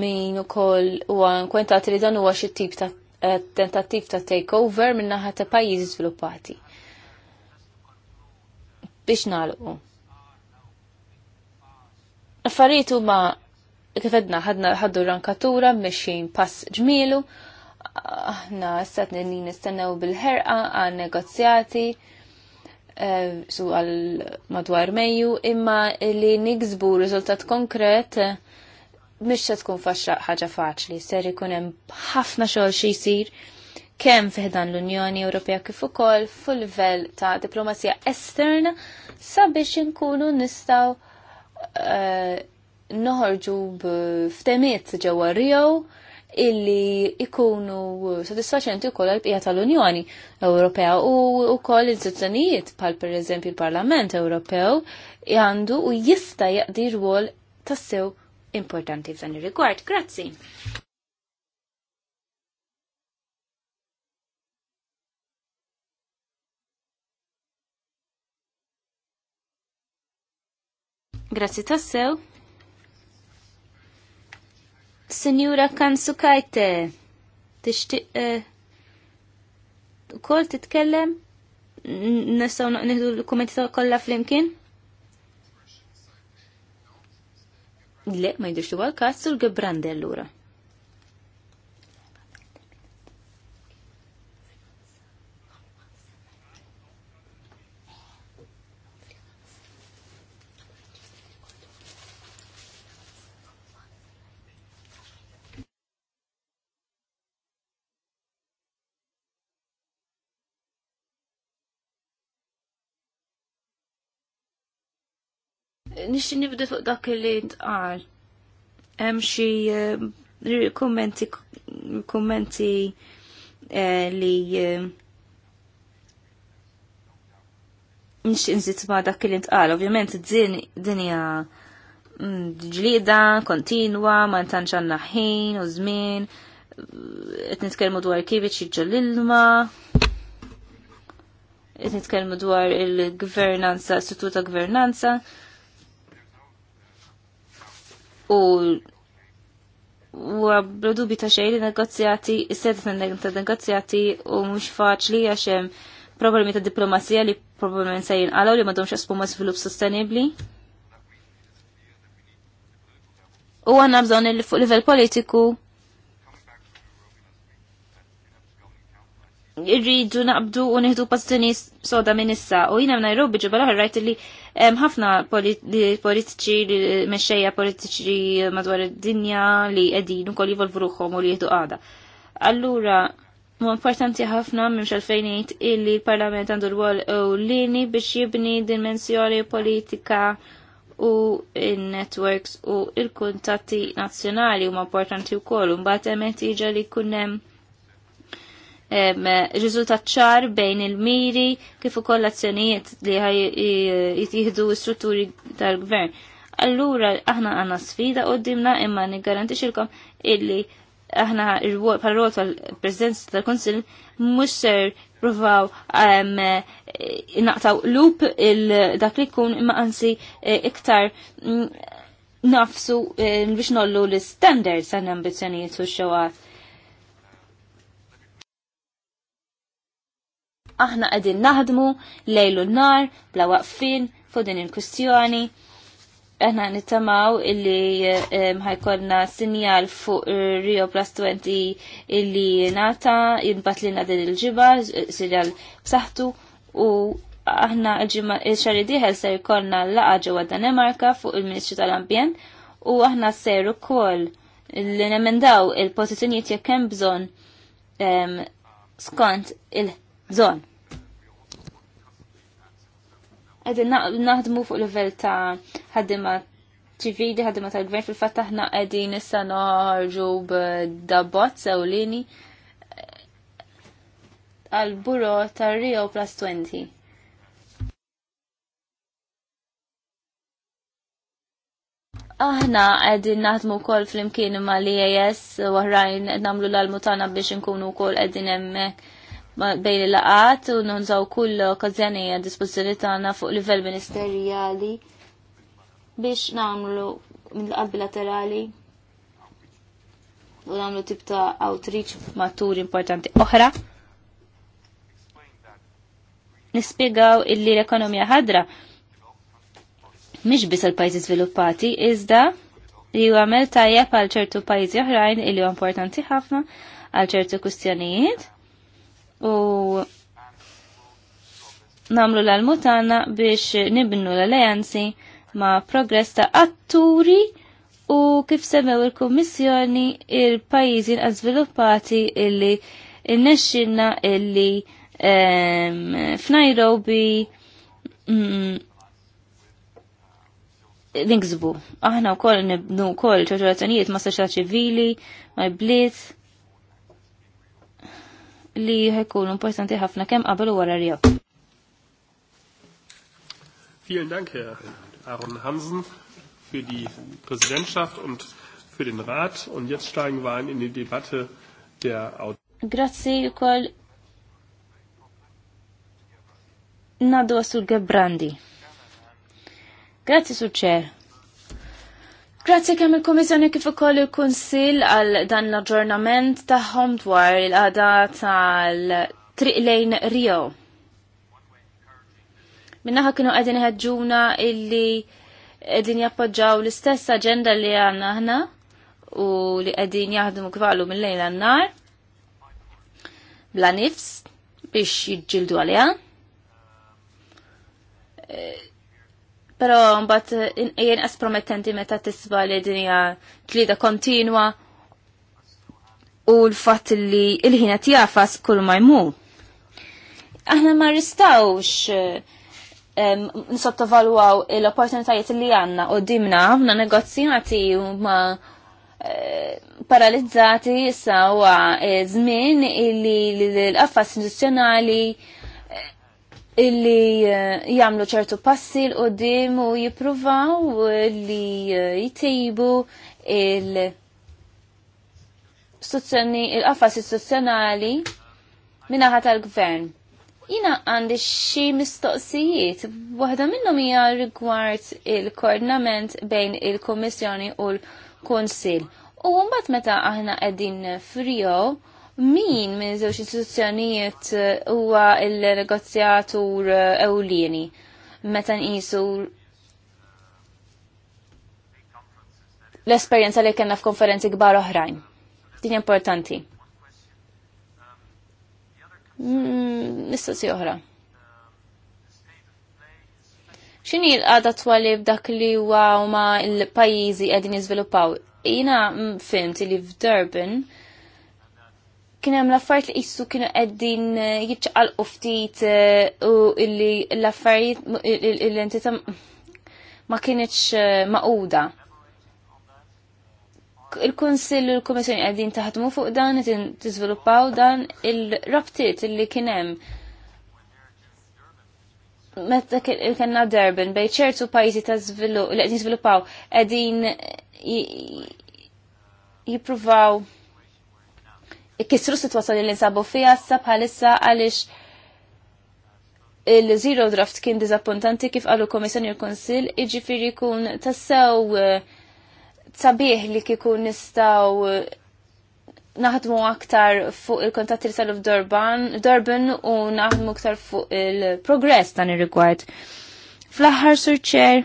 min ukoll huwa nkwentat li dan huwa xi tip ta' eh, tentattiv ta' takeover minn naħa ta' pajjiżi żviluppati. Biex nagħlqu. Affarijiet huma kif edna ħadna ħaddu rankatura mexxin pass ġmielu, aħna issa nistennew bil-ħerqa għan negozjati Eh, su għal madwar Mejju, imma li nigzbu riżultat konkret eh, mhix se tkun ħaġa faċli, ser ikun hemm ħafna xogħol xi jsir kemm fiħdan l-Unjoni Ewropea kif ukoll fuq livell ta' diplomazija esterna sabiex inkunu nistgħu eh, noħorġu b'ftemiet ġewwa Rio illi ikunu sodisfaċenti wkoll għal bqija tal-Unjoni Ewropea u wkoll pal bħal pereżempju l-Parlament Ewropew għandu u jista' jaqdi rwol tassew importanti f'dan ir-rigward. Grazzi. Grazzi tassew. Sinjura Kansukajte, tishti, eh, kol titkellem? Nistgħu nieħdu l kommenti ta' kolla flimkin? Le, ma jidux tu għal-kas sul-Gebrandel l-ura. nixti nibda fuq dak li ntqal. Hemm xi eh, kummenti kummenti eh, li eh, nix nżit ma dak li ntqal. Ovvjament dinja mm, ġlida kontinwa ma ntantx għandna ħin u żmien qed nitkellmu dwar kif iċċiġġol l-ilma nitkellmu dwar il-gvernanza, istituta gvernanza, u u dubi ta' xej li negozjati, s-sedis ta' negozjati u mux faċli għaxem problemi ta' diplomazija li probablement se għalaw li madomx għasbu ma' svilup sostenibli. U għanna bżon li fuq livell politiku irridu naqbdu u nieħdu pazzjoni soda minn issa u jina Nairobi ġibal aħar rajt li ħafna politiċi li mexxejja politiċi madwar id-dinja li qegħdin ukoll jivolvu ruħhom u li jieħdu għada. Allura mu importanti ħafna mimx għalfejn ngħid illi l-Parlament għandu rwol ewlieni biex jibni dimensjoni politika u in-networks u il-kuntatti nazzjonali huma importanti wkoll u mbagħad hemm li jkun hemm riżultat ċar bejn il-miri kif ukoll azzjonijiet li jitieħdu strutturi tal-gvern. Allura aħna għandna sfida qudiemna imma niggarantixilkom illi aħna pal tal-Presidenza tal-Konsil mhux ser provaw naqtaw lup il-dak li kun imma ansi e, iktar mm, nafsu e, biex nollu l-standards għan ambizjonijiet u xewat aħna qegħdin naħdmu lejlu n-nar bla waqfin fuq din il kustjoni Aħna nittamaw illi mħajkonna sinjal fuq Rio Plus 20 illi nata jimbat li din il-ġiba, sinjal b'saħħtu u aħna il-xar diħel ser jkollna laqa ġewwa Danemarka fuq il-Ministru tal-Ambjent u aħna ser ukoll li nemendaw il pozizjoniet jekk hemm bżonn skont il zon. Għedin naħdmu fuq level ta' ħaddima ċivili, ħaddima tal-gvern, fil fattaħna taħna għedin issa noħarġu sew lini għal-buro tar Rio Plus 20. Aħna għedin naħdmu kol fl-imkien ma li ias u namlu l-almutana biex nkunu kol għedin emmek bejn il-laqat u nunżaw kull okkazjoni għad dispożizzjoni tagħna fuq livell ministerjali biex nagħmlu mill-laqat bilaterali u nagħmlu tip ta' outreach matur importanti oħra. Nispjegaw illi l-ekonomija ħadra mhix biss il-pajjiżi żviluppati iżda li għamel tajjeb għal ċertu pajjiżi oħrajn illi huwa importanti ħafna għal ċertu kustjonijiet u namlu l-almutana biex nibnu l-alleanzi ma' progress ta' atturi u kif semmew il-Kommissjoni il-pajjiżi l illi illi innexxinna illi ehm, f'Nairobi mm, ninkzbu. Aħna wkoll nibnu wkoll ċoċolazzjonijiet ma' soċjetà ċivili, ma' bliet li ħekun importanti ħafna kemm qabel u wara rjab. Vielen Dank, Herr Aaron Hansen, für die Präsidentschaft und für den Rat. Und jetzt steigen wir ein in die Debatte der Autoren. Grazie, Kol. Nadu Asul Gebrandi. Grazie, Sucer. Grazzi kemm il-Komissjoni kif ukoll il-Kunsill għal dan l-aġġornament tagħhom dwar il-qada tal-triq lejn Rio. Minnaħa kienu qegħdin ħeġġuna illi qegħdin jappoġġaw l-istess aġenda li għandna aħna u li qegħdin jaħdmu kvalu mill-lejl għan-nar bla nifs biex jiġġildu għaliha Pero mbagħad jien qas promettenti meta tisba li dinja tlida kontinwa u l-fatt li il-ħina tjafas kull ma jmu. Aħna ma ristawx nisottovalwaw l-opportunitajiet li għanna u dimna għavna negozjati ma eh, paralizzati issa huwa eh, żmien li l-qaffas istituzzjonali illi eh, jamlu ċertu passi l-qoddim u jipruvaw eh, li eh, jitibu il- il istuzzjonali minna minnaħa tal-gvern. Jina għandi xi mistoqsijiet, waħda minnhom hija rigward il-koordinament bejn il komissjoni u l-Kunsill. U mbagħad meta aħna qegħdin frijo, min minn żewġ istituzzjonijiet eh, huwa il-negozjatur eh, ewlieni meta nqisu l-esperjenza li kellna f'konferenzi kbar oħrajn. Din importanti. Mm, Mistaqsi oħra. X'inhi l-qada twali dak li huwa huma l-pajjiżi qegħdin jiżviluppaw? Jiena mm, fimt li f'Durban kien hemm l-affarijiet li qisu kienu qegħdin eh, jiċċaqalqu ftit eh, u illi l-affarijiet l-entità ma kienitx eh, maquda. Il-Kunsill u l-Kummissjoni qegħdin taħdmu fuq dan, qed tiżviluppaw dan il-rabtiet illi kien hemm meta kellna Durban bejn ċertu pajjiżi ta' żvilupp li qegħdin jiżviluppaw qegħdin jippruvaw ikkisru situazzjoni li nsabu fija sa bħalissa għaliex il-zero draft kien dizappuntanti kif għallu komissjoni u konsil iġifiri kun tassew eh, sabieħ li kikun nistaw eh, naħdmu aktar fuq il-kontatti li salu f'Durban, Durban u naħdmu aktar fuq il-progress dan ir-rigward. Fl-aħħar surċer,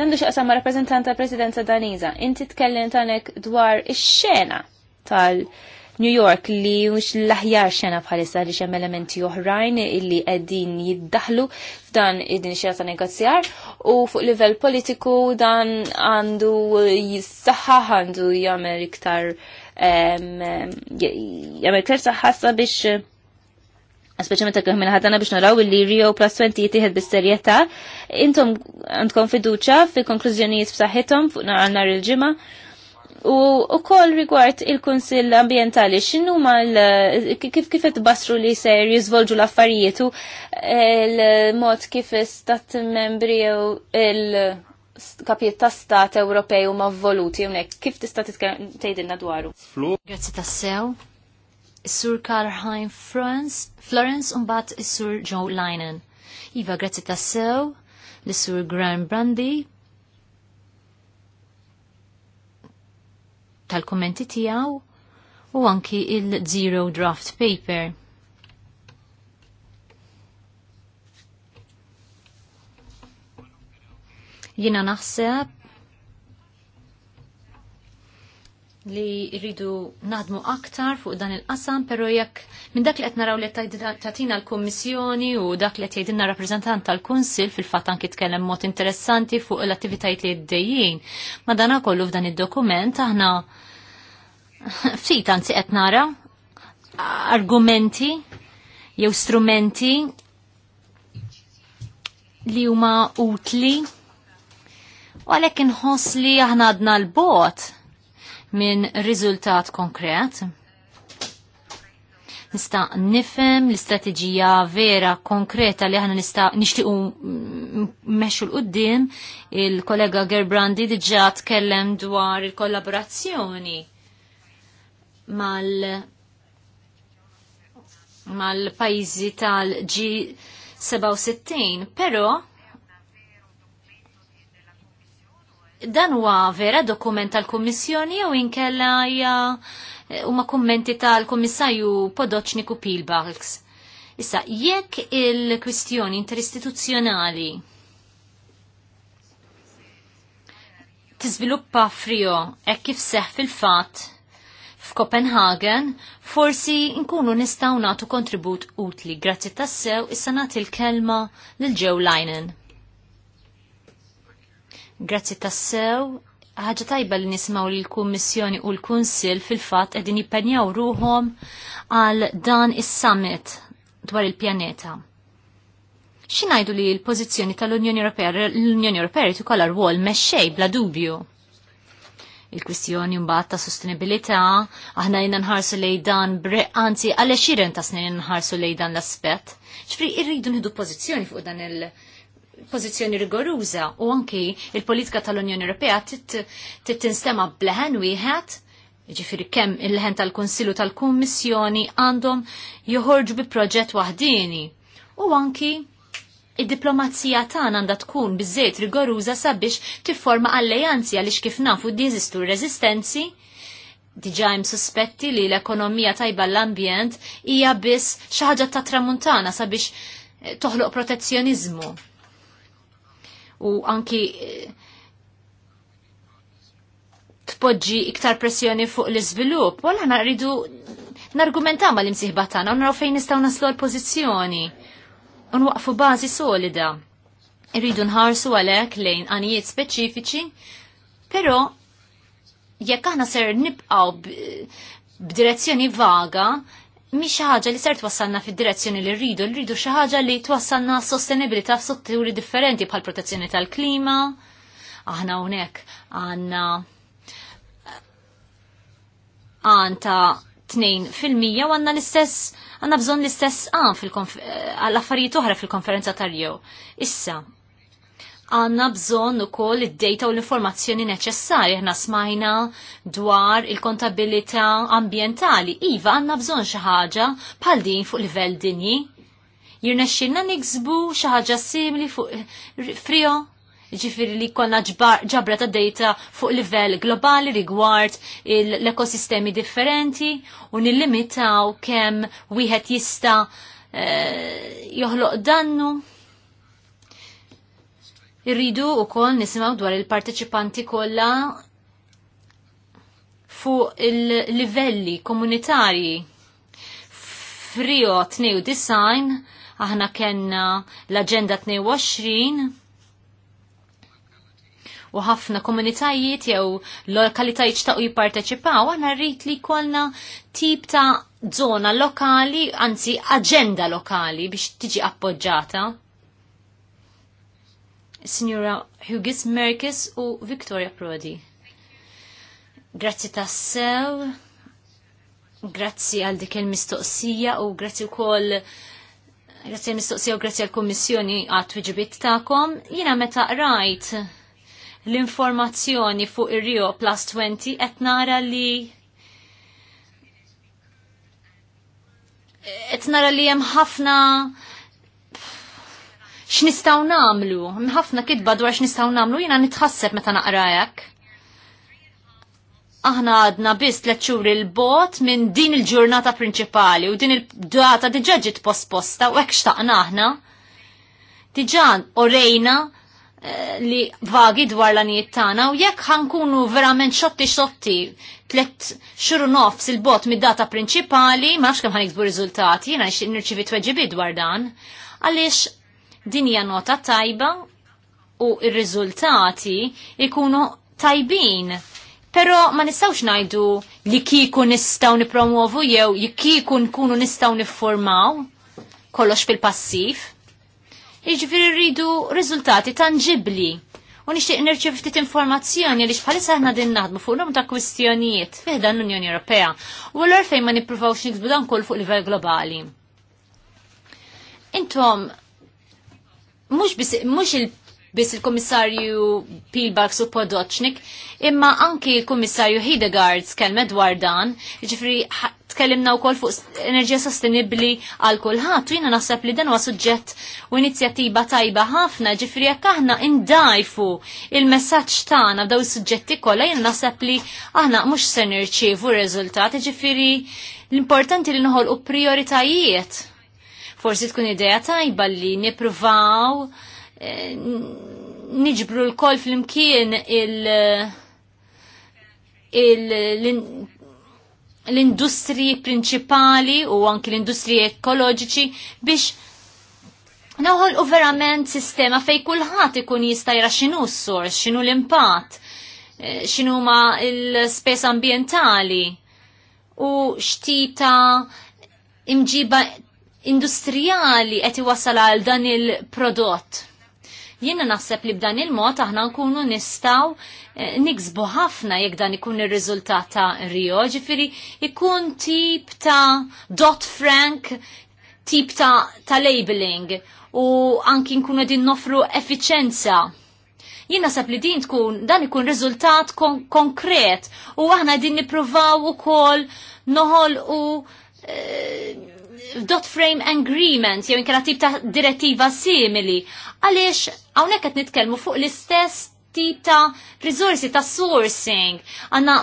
Nandu xaqsam ma' rappresentant tal-presidenza Daniza, inti tkellim tanek dwar ix-xena tal-New York li mux l-aħjar xena bħalissa li xem elementi oħrajn illi għeddin jiddaħlu f'dan id-din xena ta' negozjar u fuq livell politiku dan għandu jissaħħa għandu jagħmel iktar jagħmel iktar saħħassa biex speċjalment ta' minna ħadana biex naraw li Rio Plus 20 jitieħed bis-serjetà, intom għandkom fiduċa fi konklużjonijiet b'saħħithom fuq nhar il-ġimgħa. U ukoll rigward il-Kunsill Ambientali, ma kif kif basru li ser jiżvolġu l-affarijiet u eh, l-mod kif stat membri u il- kapiet ta' stat Ewropej ma voluti hawnhekk. Kif tista' tgħidilna dwaru? Grazzi tassew. Sur Karlheim Florence, Florence unbat Sur Joe Linen. Iva grazzi tassew, l-Sur Graham Brandy, tal-kommenti tijaw, u anki il-Zero Draft Paper. Jina naħseb li rridu nadmu aktar fuq dan il-qasam, pero jekk minn dak li qed naraw li tatina l-Kummissjoni u dak li qed jgħidilna rappreżentant tal-Kunsil fil-fatt anki tkellem mod interessanti fuq l-attivitajiet li għaddejjin. Madana f'dan id-dokument aħna ftit anzi qed nara argumenti jew strumenti li huma utli u għalhekk inħoss li aħna għadna l-bot minn riżultat konkret. Nista' nifhem l-istrateġija vera konkreta li aħna nista' nixtiequ mmexxu l qudiem il-kollega Gerbrandi diġà tkellem dwar il-kollaborazzjoni mal mal-pajjiżi tal-G 67, però dan huwa vera dokument tal-Kummissjoni jew inkella hija eh, huma kummenti tal-Kummissarju Podoċniku Pilbalks. Issa, jekk il-kwistjoni interistituzzjonali tiżviluppa frio hekk kif seħ fil-fatt f'Copenhagen, forsi nkunu nistgħu nagħtu kontribut utli. Grazzi tassew, issa nagħti l-kelma lil Joe Linen. Grazzi tassew. Ħaġa tajba li nismaw li l-Kummissjoni u l-Kunsil fil-fat edin jippenjaw ruħom għal dan is summit dwar il-pjaneta. Xinajdu li l-pozizjoni tal-Unjoni Ewropea, l-Unjoni Ewropea rritu ikollha rwol meċċej bla dubju. Il-kwistjoni mbagħad ta' sostenibilità, aħna jiena nħarsu lej dan bre, anzi għal xiren ta' nħarsu lej dan l-aspett. Ġifri irridu nħidu pożizzjoni fuq dan il- pożizzjoni rigoruża u anki il-politika tal-Unjoni Ewropea tinstema bleħen wieħed ġifiri kemm il-leħen tal-Konsilu tal-Kummissjoni għandhom joħorġu bi proġett waħdini. U anki id-diplomazija tagħna għandha tkun biżejt rigoruża sabiex tifforma alleanzi għaliex kif nafu diżistu reżistenzi diġa hemm li l-ekonomija tajba l-ambjent hija biss xi ħaġa ta' tramuntana sabiex toħloq protezzjonizmu u anki eh, tpoġġi iktar pressjoni fuq l-iżvilupp, wala ħana rridu nargumentaw ma l-imsiħba tagħna u naraw fejn nistgħu naslu l-pożizzjoni u nwaqfu bażi solida. Irridu nħarsu għalhekk lejn għanijiet speċifiċi, però jekk aħna ser nibqgħu b'direzzjoni vaga, xi ħaġa li ser twassalna fid-direzzjoni li rridu, li rridu xi ħaġa li twassalna sostenibilità f'sotturi differenti bħal protezzjoni tal-klima, aħna hawnhekk għandna għanta 2% u għanna l-istess għanna bżon l-istess għan ah, eh, għall-affarijiet oħra fil-konferenza tal-jew. Issa, għanna bżon u koll id-data u l-informazzjoni neċessarja ħna smajna dwar il-kontabilita ambientali. Iva għanna bżon xaħġa pal din fuq livell dinji. Jirnexxinna niksbu xaħġa simili fuq frio ġifiri li konna ġabra ta' data fuq livell globali rigward l-ekosistemi differenti u nillimitaw kemm wieħed jista' eh, joħloq dannu Irridu u koll nisimaw dwar il-parteċipanti kolla fuq il-livelli komunitarji. Frio 29, aħna kenna l-Agenda 22 u ħafna komunitajiet jew lokalitajiet xtaqu jipparteċipaw, aħna rrit li kolna tip ta' zona lokali, anzi agenda lokali biex tiġi appoġġata. Signora Hugis Merkis u Victoria Prodi. Grazzi tassew, grazzi għal dik il-mistoqsija u grazzi wkoll grazzi għal mistoqsija u grazzi għal-Kommissjoni għat tweġibiet tagħkom. Jiena meta rajt l-informazzjoni fuq ir-Rio Plus 20 qed nara li qed nara li hemm ħafna x'nistgħu nagħmlu. Ħafna kitba dwar x'nistgħu nagħmlu jiena nitħasseb meta naqra Aħna għadna biss tliet xhur il-bot minn din il-ġurnata prinċipali u din il-data diġà ġiet posposta u hekk xtaqna aħna. Diġà orejna eh, li vagi dwar l-anijiet tagħna u jekk ħankunu verament xotti xotti tlet xhur nofs il-bot mid-data prinċipali, ma nafx kemm ħanikbu riżultati, jiena nirċivi tweġibi dwar dan, għaliex Din hija nota tajba u r-riżultati ikunu tajbin. Pero ma nistawx najdu li kiku nistaw nipromovu jew li kiku nkunu nistaw niformaw kollox fil-passif. Iġviri rridu riżultati tangibli. U nixtieq nirċev ftit informazzjoni li xbħalissa aħna din naħdmu fuq ta' kwistjonijiet fih dan l-Unjoni Ewropea u l orfejn ma nippruvawx niksbu dan kull fuq livell globali. Intom mux il-bis il-komissarju Pilbax u Podoċnik, imma anki il-komissarju Hidegard skelme dwar dan, ġifri tkellimna wkoll fuq enerġija sostenibbli għal kulħadd u jiena naħseb li dan huwa suġġett u inizjattiva tajba ħafna ġifri jekk aħna indajfu il-messaġġ tagħna f'daw is-suġġetti kollha jiena naħseb li aħna mhux se nirċievu r-riżultati ġifieri l-importanti li noħolqu prioritajiet Forsi tkun ideja tajba li nippruvaw eh, niġbru l koll fl-imkien l-industri principali u anki l-industri ekoloġiċi biex nawħol u verament sistema fej kulħadd ikun jista' jara s-sors, x'inhu l-impatt, eh, xinu ma l-spess ambientali u xtita imġiba industrijali qed iwassal għal dan il-prodott. Jiena naħseb li b'dan il-mod aħna nkunu nistaw eh, niksbu ħafna jekk dan ikun ir-riżultat ta' Rio, ġifieri ikun tip ta' dot frank tip ta', ta labeling u anki nkunu din nofru effiċenza jien naħseb li din tkun dan ikun riżultat kon konkret u aħna din nippruvaw ukoll noħol u eh, dot frame agreement jew inkella tip ta' direttiva simili. Għaliex hawnhekk qed nitkellmu fuq l-istess tip ta' rizorsi ta' sourcing. Għanna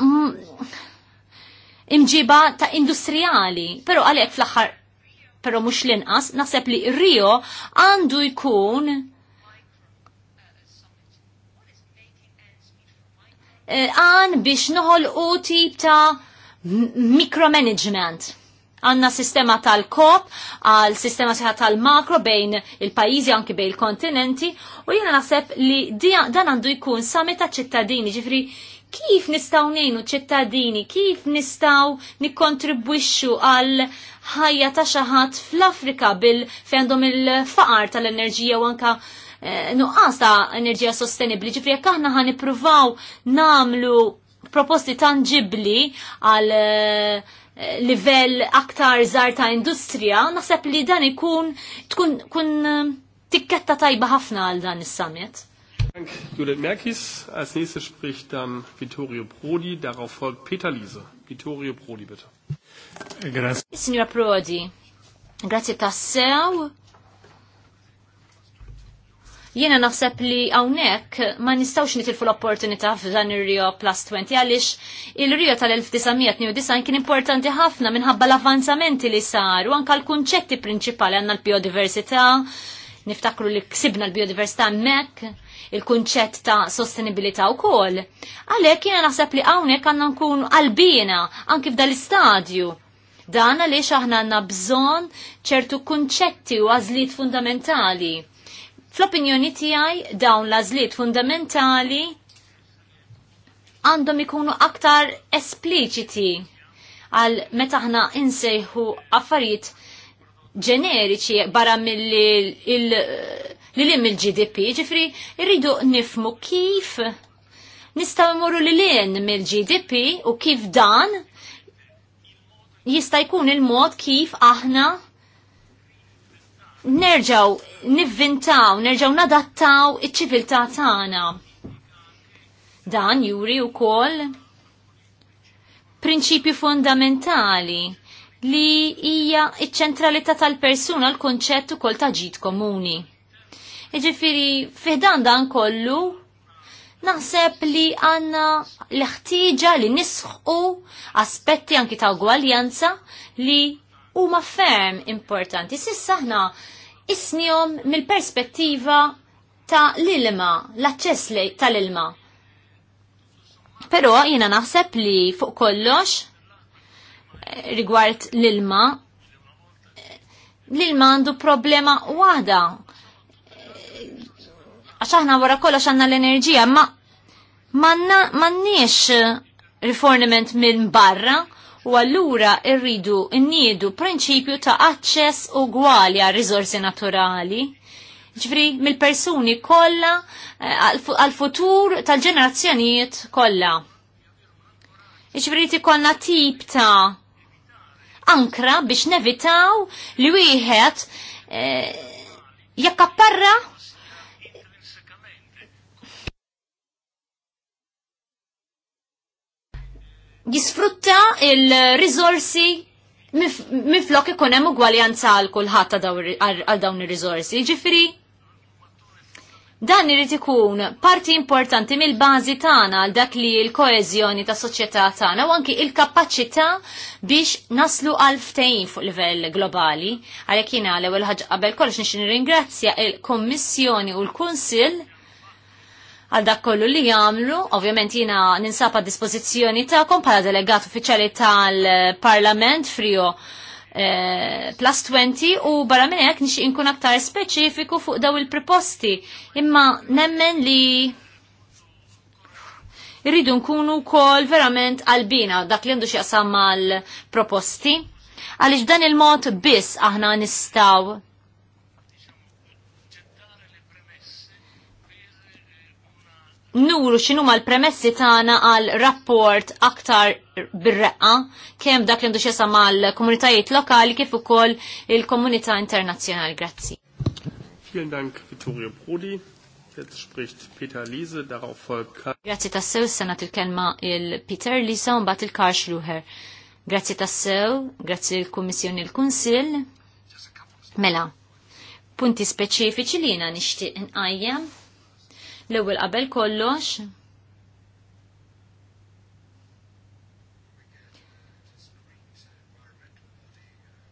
imġiba ta' industrijali, pero għalhekk fl-aħħar pero mhux l-inqas, naħseb li Rio għandu jkun eh, għan biex noħol u tip ta' micromanagement għanna sistema tal-kop, għal sistema seħa tal-makro bejn il-pajizi anki bejn il-kontinenti, u jena nasib li dan għandu jkun summit ċittadini, ġifri kif nistaw nejnu ċittadini, kif nistaw nikontribwixxu għal ħajja ta' xaħat fl-Afrika bil fejndom il-faqar tal-enerġija u anka eh, nuqqas ta' enerġija sostenibli, ġifri jekk aħna ħan namlu proposti tangibli għal eh, livell aktar żgħar ta' industrija, naħseb li dan ikun tkun kun eh, tikketta tajba ħafna għal dan is-summit. Dank Judith Merkis. Als nächstes spricht dann Vittorio Prodi, darauf folgt Peter Liese. Vittorio Prodi, bitte. Grazie. Signora Prodi, grazie tassew Jiena naħseb li hawnhekk ma nistgħux nitilfu l-opportunità f'dan ir-Rio Plus 20 għaliex il-Rio tal 1999 kien importanti ħafna minħabba l avanzamenti li saru anke l-kunċetti prinċipali għandna l-biodiversità, niftakru li ksibna l-biodiversità hemmhekk, il-kunċett ta' sostenibilità wkoll. Għalhekk jiena naħseb li hawnhekk għandna nkunu għalbina anke f'dan l-istadju dan għaliex aħna għandna bżonn ċertu kunċetti u għażliet fundamentali Fl-opinjoni tiegħi dawn l-għażliet fundamentali għandhom ikunu aktar espliċiti għal meta ħna insejħu affarijiet ġeneriċi barra mill-lim il-GDP, ġifri irridu nifmu kif nistaw imorru li lin mill-GDP u kif dan jista' jkun il-mod kif aħna nerġaw nivvintaw, nerġaw nadattaw iċ-ċiviltà tagħna. Dan juri wkoll prinċipju fondamentali li hija iċ-ċentralità tal-persuna l-konċett ukoll ta' ġid komuni. Jiġifieri fiħdan dan kollu naħseb li għanna l-ħtieġa li nisħu aspetti anki ta' gwaljanza li ma ferm importanti. Sissa ħna isnihom mill-perspettiva ta' l-ilma, l-aċċess tal-ilma. Però jiena naħseb li fuq kollox eh, rigward l-ilma, eh, l-ilma għandu problema waħda. Eh, għax aħna wara kollox għandna l-enerġija, ma manna, manniex riforniment minn barra, u allura irridu nniedu prinċipju ta' aċċess ugwali għal rizorsi naturali. Ġifri, mill-persuni kollha eh, għal-futur tal-ġenerazzjonijiet kollha. Ġifri konna tip ta' ankra biex nevitaw li wieħed eh, jakkapparra jisfrutta il-rizorsi miflok ikun hemm ugwaljanza għal kulħadd għal dawn ir-riżorsi. Ġifieri dan irid ikun parti importanti mill-bażi tagħna għal dak li l-koeżjoni ta' soċjetà tagħna u anki il-kapaċità biex naslu għal ftehim fuq livell globali. Għalhekk jiena l-ewwel ħaġa qabel kollox nixtieq nirringrazzja il-Kommissjoni u l-Kunsill għal dak kollu li jagħmlu, ovvjament jiena ninsab għad dispożizzjoni tagħkom bħala delegat uffiċjali tal-Parlament frio eh, plus 20 u barra minn hekk inkun aktar speċifiku fuq daw il-proposti. Imma nemmen li irridu nkunu wkoll verament għalbina dak li għandu xieqsam mal-proposti. Għaliex dan il-mod biss aħna nistgħu nuru xinu ma l-premessi tana għal rapport aktar birreqqa kem dak li nduxesa ma l-komunitajiet lokali kif ukoll il-komunità internazzjonali. Grazzi. Vielen Dank, Vittorio Prodi. Jetzt spricht Peter Liese, darauf folgt Karl. Grazzi tassew, senat il-kelma il-Peter Liese un bat il-Karl Schluher. Grazzi tassew, grazzi il-Kommissjoni il-Kunsil. Mela, punti speċifiċi li jina nishtiq nqajjem L-ewwel qabel kollox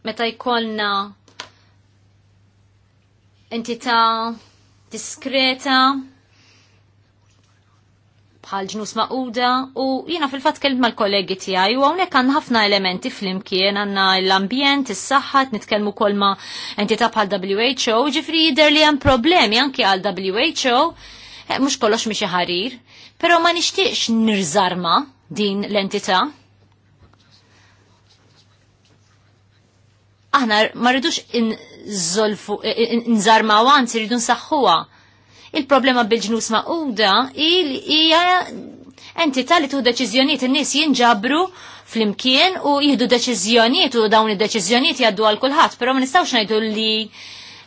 meta jkollna entità diskreta bħal ġnus maquda u jina fil-fat kelmt mal-kollegi tijaj u għawnek għan ħafna elementi fl-imkien għanna l-ambjent, s-saxħa, nitkelmu kol ma entita bħal WHO, ġifri jider li għan problemi anki għal WHO Eh, mhux kollox mi ħarir, però ma nishtiqx nirżarma din l-entità. Aħna ma rridux nżarma nżarmaw anzi rridu nsaħħuha. Il-problema bil-ġnus maquda hija entità li tuħu deċiżjonijiet in-nies jinġabru fl-imkien u jihdu deċiżjonijiet u dawn id-deċiżjonijiet jgħaddu għal kulħadd, però ma nistgħux ngħidu li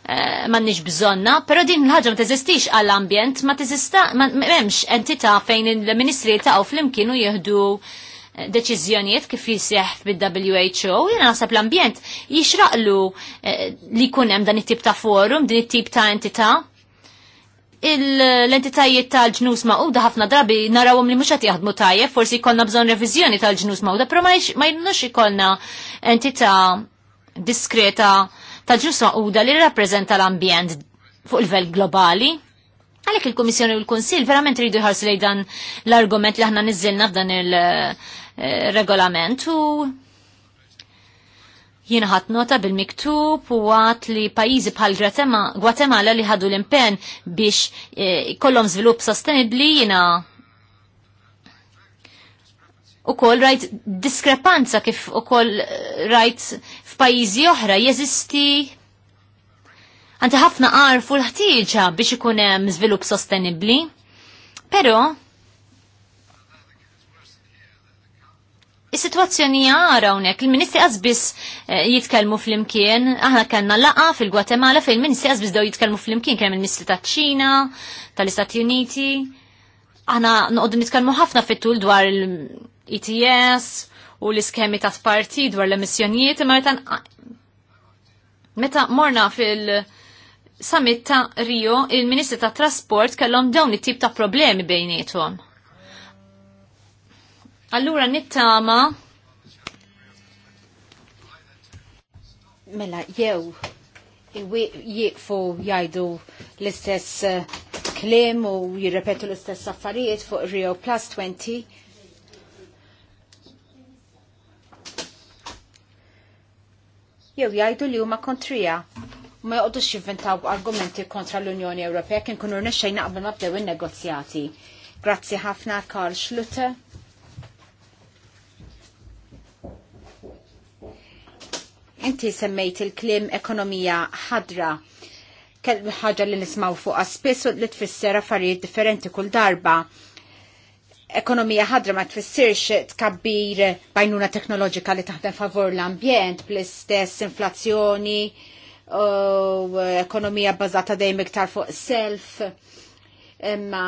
Eh, m'għandniex bżonna, però din l ħagġa ma teżistix għall-ambjent, ma teżista m'hemmx entità fejn il-Ministri taqgħu flimkien u jieħdu eh, deċiżjonijiet kif jisieħ bil-WHO, jena nasab l-ambjent jixraqlu eh, li jkun hemm dan it-tip ta' forum, din it-tip ta' entita'. L-entitajiet tal-ġnus ma'uda ħafna drabi narawhom li mhux qed jaħdmu tajjeb, forsi jkollna bżonn reviżjoni tal-ġnus ma'uda, però ma jinnux ikollna entità diskreta ta' ġusma maquda li rappresenta l-ambjent fuq il-vel globali. Għalhekk il-Kummissjoni u l-Kunsill verament ridu jħarsu li dan l-argument li aħna niżilna f'dan il-regolament eh, u jien ħadd nota bil-miktub u għat li pajjiżi bħal Gwatemala li ħadu l-impenn biex eh, kollhom żvilupp sostenibbli jiena u kol rajt diskrepanza kif u kol eh, rajt f'pajjiżi oħra jeżisti għanti ħafna għarfu l-ħtieġa biex ikun hemm żvilupp sostenibbli, però Is-sitwazzjoni għara unek, il-ministri għazbis eh, jitkelmu fl-imkien, aħna kanna laqa fil-Gwatemala fejn il-ministri għazbis daw jitkelmu fl-imkien, il-ministri ta' ċina, tal-Istati Uniti, aħna noqdu nitkelmu ħafna fit-tul dwar il-ETS, u l-iskemi ta' parti dwar l-emissjonijiet imma meta meta morna fil- Summit ta' Rio, il-Ministri ta' Trasport kellhom dawn it-tip ta' problemi bejnietom. Allura nittama Mela, jew jieqfu jgħidu l-istess eh, kliem u jirrepetu l-istess affarijiet fuq Rio Plus 20 jew jgħidu li huma kontrija. Ma joqgħodux jivventaw argumenti kontra l-Unjoni Ewropea kien kunu naqbel ma bdew in-negozjati. Grazzi ħafna Karl Schlutte. Inti semmejt il-klim ekonomija ħadra ħaġa li nismaw fuqa spess u li tfisser affarijiet differenti kull darba ekonomija ħadra ma tfissirx tkabbir bajnuna teknoloġika li taħdem favor l-ambjent bl-istess inflazzjoni u ekonomija bbażata dejjem iktar fuq self. Imma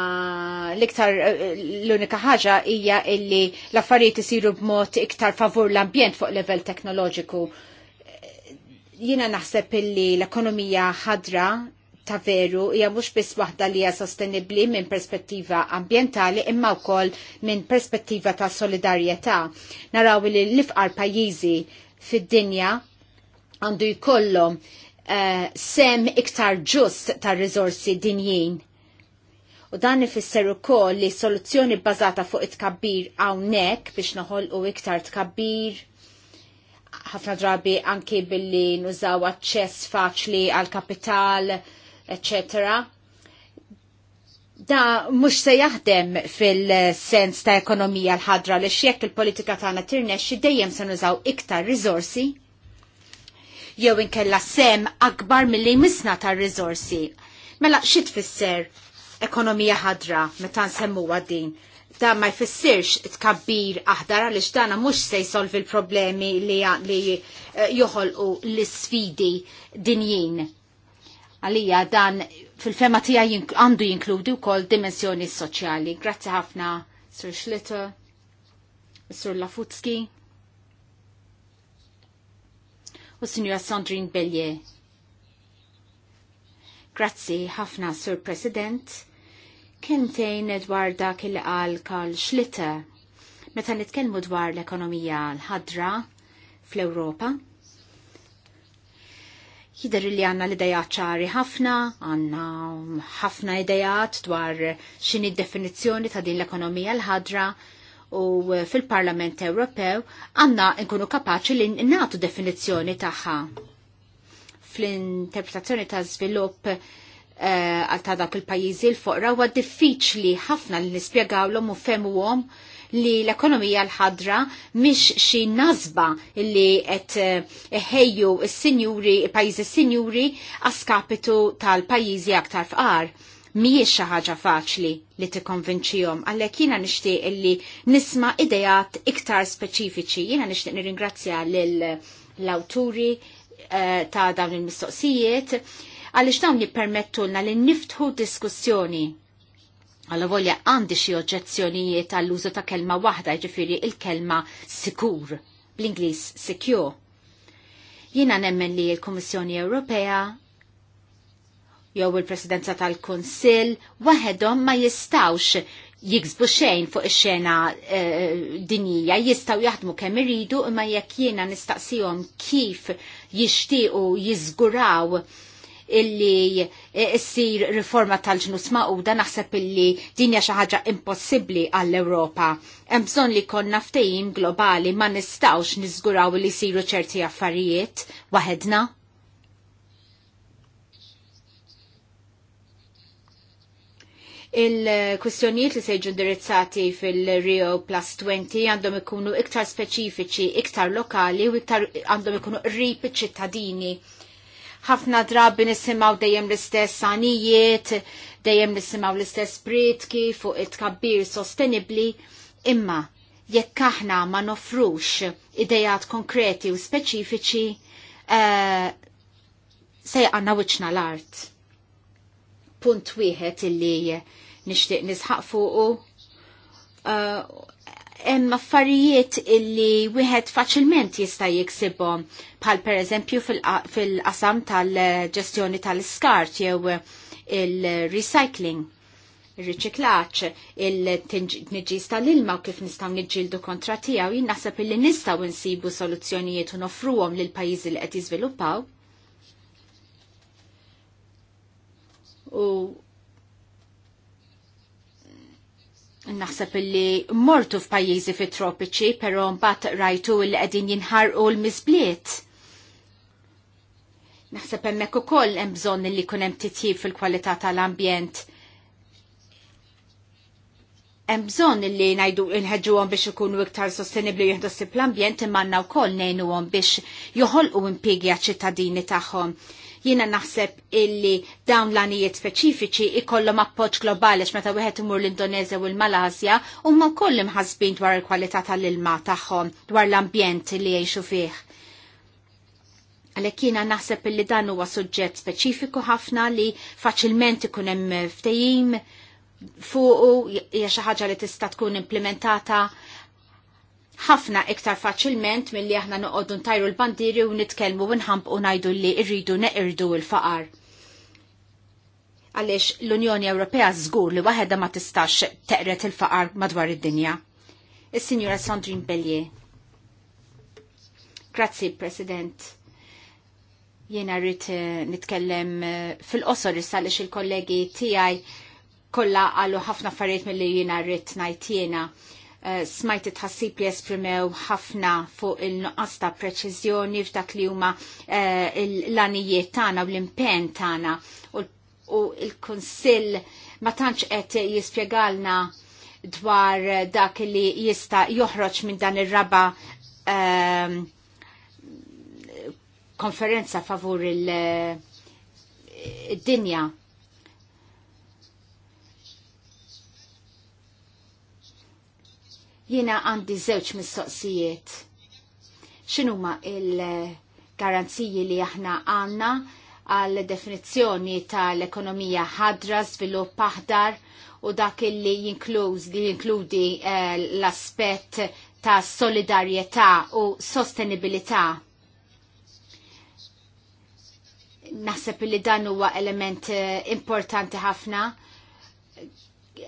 l-iktar l-unika ħaġa hija illi l-affarijiet isiru b'mod iktar favur l-ambjent fuq level teknoloġiku. Jiena naħseb illi l-ekonomija ħadra ta' veru hija mhux biss waħda li hija sostenibbli minn perspettiva ambjentali imma wkoll minn perspettiva ta' solidarjetà. Naraw li l-ifqar pajjiżi fid-dinja għandu jkollhom uh, sem iktar ġust ta' riżorsi dinjin. U dan ifisser ukoll li soluzzjoni bbażata fuq it-tkabbir hawnhekk biex noħolqu iktar tkabbir ħafna drabi anki billi nużaw aċċess faċli għal kapital, etc. Da mhux se jaħdem fil-sens ta' ekonomija l-ħadra li xiek il-politika tagħna tirnexxi dejjem se nużaw iktar rizorsi jew inkella sem akbar mill-li misna tar rizorsi. Mela xi tfisser ekonomija ħadra meta nsemmuha din da ma jfissirx tkabbir aħdar għaliex xdana mhux se jsolvi l-problemi li, li eh, joħolqu l-sfidi dinjin Għalija dan fil-fema tija għandu jinkludi wkoll dimensjoni soċjali. Grazzi ħafna Sir Schlitter, Sir Lafutski u Signora Sandrine Bellier. Grazzi ħafna Sir President kentejn dwar dak il qal Karl Schlitter meta nitkellmu dwar l-ekonomija l-ħadra fl-Ewropa. Jider li għanna l-idejat ċari ħafna, għanna ħafna idejat dwar xini definizjoni ta' din l-ekonomija l-ħadra u fil-Parlament Ewropew għanna nkunu kapaċi li natu definizzjoni tagħha. Fl-interpretazzjoni ta' svilupp eh, għal ta' dak il-pajjiżi l-foqra huwa diffiċli ħafna li nispjegawlhom u għom li l-ekonomija l-ħadra mhix xi nazba li qed eh, ħejju s-sinjuri, pajjiżi sinjuri għaskapitu tal-pajjiżi aktar fqar. Mhijiex xi ħaġa faċli li tikkonvinċihom għalhekk jiena nixtieq li nisma' idejat iktar speċifiċi. Jiena nixtieq nirringrazzja l-awturi eh, ta' dawn il-mistoqsijiet għaliex dawn jippermettu l-na li niftħu diskussjoni Għalla volja għandi xie oġġezzjonijiet għall-użu ta' kelma waħda ġifiri il-kelma sikur, bl-Inglis secure. Jina nemmen li l-Kommissjoni Ewropea jew il-Presidenza tal-Konsil waħedhom ma jistawx jiksbu xejn fuq ix-xena eh, dinija, jistaw jaħdmu kemm iridu imma jekk jiena nistaqsihom kif jixtiequ jiżguraw illi eh, issir riforma tal-ġnus maquda naħseb illi dinja xi ħaġa impossibbli għall-Ewropa. Hemm bżonn li konna ftehim globali ma nistgħux niżguraw li jsiru ċerti affarijiet waħedna. il-kwistjonijiet li seġu indirizzati fil-Rio Plus 20 għandhom ikunu iktar speċifiċi, iktar lokali u iktar għandhom ikunu rip ċittadini ħafna drabi nisimgħu dejjem l-istess għanijiet, dejjem nisimgħu l-istess pritki fuq it-kabbir sostenibbli, imma jekk aħna ma nofrux idejat konkreti u speċifiċi uh, se għanna wiċna l-art. Punt wieħed illi nixtieq nisħaq fuqu uh, hemm affarijiet illi wieħed faċilment jista' jiksibhom bħal pereżempju fil-qasam tal-ġestjoni tal-iskart jew il-recycling ir riċiklaċ il-nġis tal-ilma u kif nistaw nġildu kontra tijaw, jien il-li nistaw nsibu soluzzjonijiet u nofruhom lil pajjiżi li qed jiżviluppaw. U Naħseb illi mortu f'pajjiżi fit-tropiċi, però mbagħad rajtu li qegħdin jinħarqu l-miżbliet. Naħseb hemmhekk ukoll hemm bżonn li jkun hemm titjib fil-kwalità tal-ambjent. Hemm bżonn li ngħidu nħeġġuhom biex ikunu iktar sostenibbli jieħdu sib l-ambjent imma għandna wkoll ngħinuhom biex joħolqu impjiegi ċittadini tagħhom. Jiena naħseb illi dawn l-anijiet speċifiċi ikollhom appoġġ globali meta wieħed imur l-Indonezja u l-Malasja huma wkoll imħasbin dwar il-kwalità tal-ilma tagħhom dwar l-ambjent li jgħixu fih. Għalhekk jiena naħseb illi dan huwa suġġett speċifiku ħafna li faċilment ikun hemm ftehim fuqu hija xi ħaġa li tista' tkun implementata ħafna iktar faċilment milli aħna noqogħdu ntajru l-bandiri u nitkellmu u nħamp u ngħidu li rridu neqirdu l-faqar. Għaliex l-Unjoni Ewropea żgur li waħedha ma tistax teqret il-faqar madwar id-dinja. Is-Sinjura Sandrine Bellier. Grazzi, President. Jena rrit eh, nitkellem eh, fil-qosor issa għaliex il-kollegi tiegħi kollha għalu ħafna affarijiet milli jiena rrit ngħid jiena. Eh, smajt it jesprimew ħafna fuq il-nuqqas ta' preċizjoni f'dak li huma eh, l-anijiet tagħna u l-impenn tagħna u l-Kunsill ma tantx qed jispjegalna dwar dak li jista' joħroġ minn dan ir-raba ehm, konferenza favur il-dinja. il eh, dinja Jiena għandi żewġ mistoqsijiet. X'inhuma il-garanziji li aħna għandna għal definizzjoni tal-ekonomija ħadra, svilupp aħdar u dak li jinkludi, li jinkludi eh, l-aspett ta' solidarjetà u sostenibilità. Naħseb li dan huwa element eh, importanti ħafna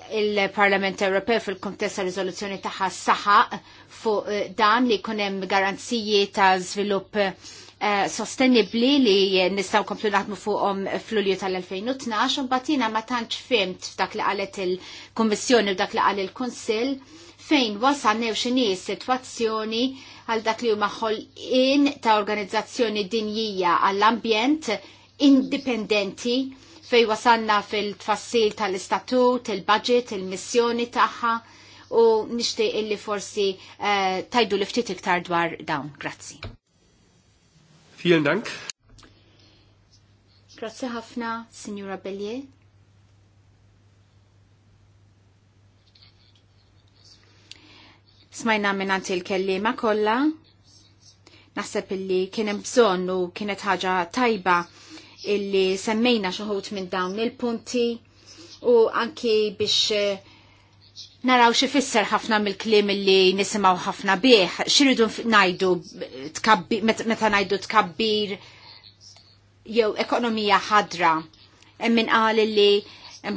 il-Parlament Ewropew fil-kontesta rizoluzzjoni taħħa saħaq fuq eh, dan li kunem garanziji ta' zvilupp eh, sostenibli li nistaw komplu naħdmu fuqhom fl-Ulju tal-2012, batina ma tantx fimt f'dak li qalet il-Kummissjoni u dak li qal il-Kunsill fejn wasalnew x'inhi s-sitwazzjoni għal dak li huma in ta' organizzazzjoni dinjija għall-ambjent indipendenti fej wasanna fil-tfassil tal-istatut, il-budget, il-missjoni tagħha u nixtieq illi forsi uh, tajdu li ftit iktar dwar dawn. Grazzi. Vielen Dank. Grazzi ħafna, Signora Bellier. Smajna minnanti il-kellima kolla. Naħseb illi kienem bżon u kienet ħaġa tajba illi semmejna xoħut minn dawn il-punti u anki biex eh, naraw xifisser ħafna mill-klim illi nisimaw ħafna bieħ. Xiridu najdu eh, meta najdu tkabbir jew ekonomija ħadra. Emmin qal illi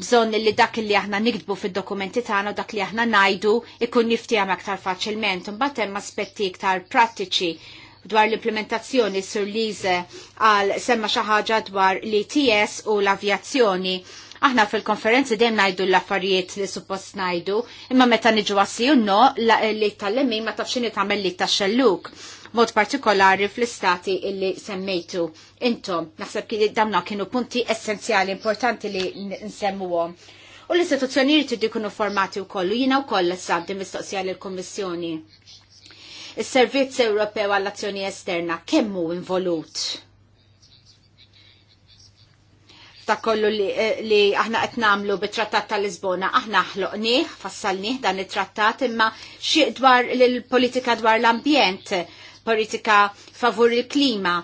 bżon li dak li aħna nikdbu fil-dokumenti tagħna u dak li aħna najdu ikun niftihom aktar faċilment. Imbagħad hemm aspetti iktar prattiċi dwar l-implementazzjoni sur lize għal semma xaħġa dwar l-ETS u l-avjazzjoni. Aħna fil-konferenzi dejjem ngħidu l-affarijiet li suppost ngħidu, imma meta niġu għassi no li tal-lemmin ma tafxini tagħmel li taxxelluk mod partikolari fl-istati illi semmejtu. Intom, naħseb li damna kienu punti essenzjali importanti li nsemmuhom. U l istituzzjoni iddu jkunu formati wkoll u koll wkoll s-sabdi mistoqsija lill kummissjoni il-Servizz Ewropew għall-Azzjoni Esterna kemm hu involut? Ta' kollu li, li aħna qed nagħmlu bit-Trattat ta' Lisbona, aħna ħloqnieh, fassalnieh dan it-trattat imma xi dwar l-politika dwar l-ambjent, politika favur il-klima.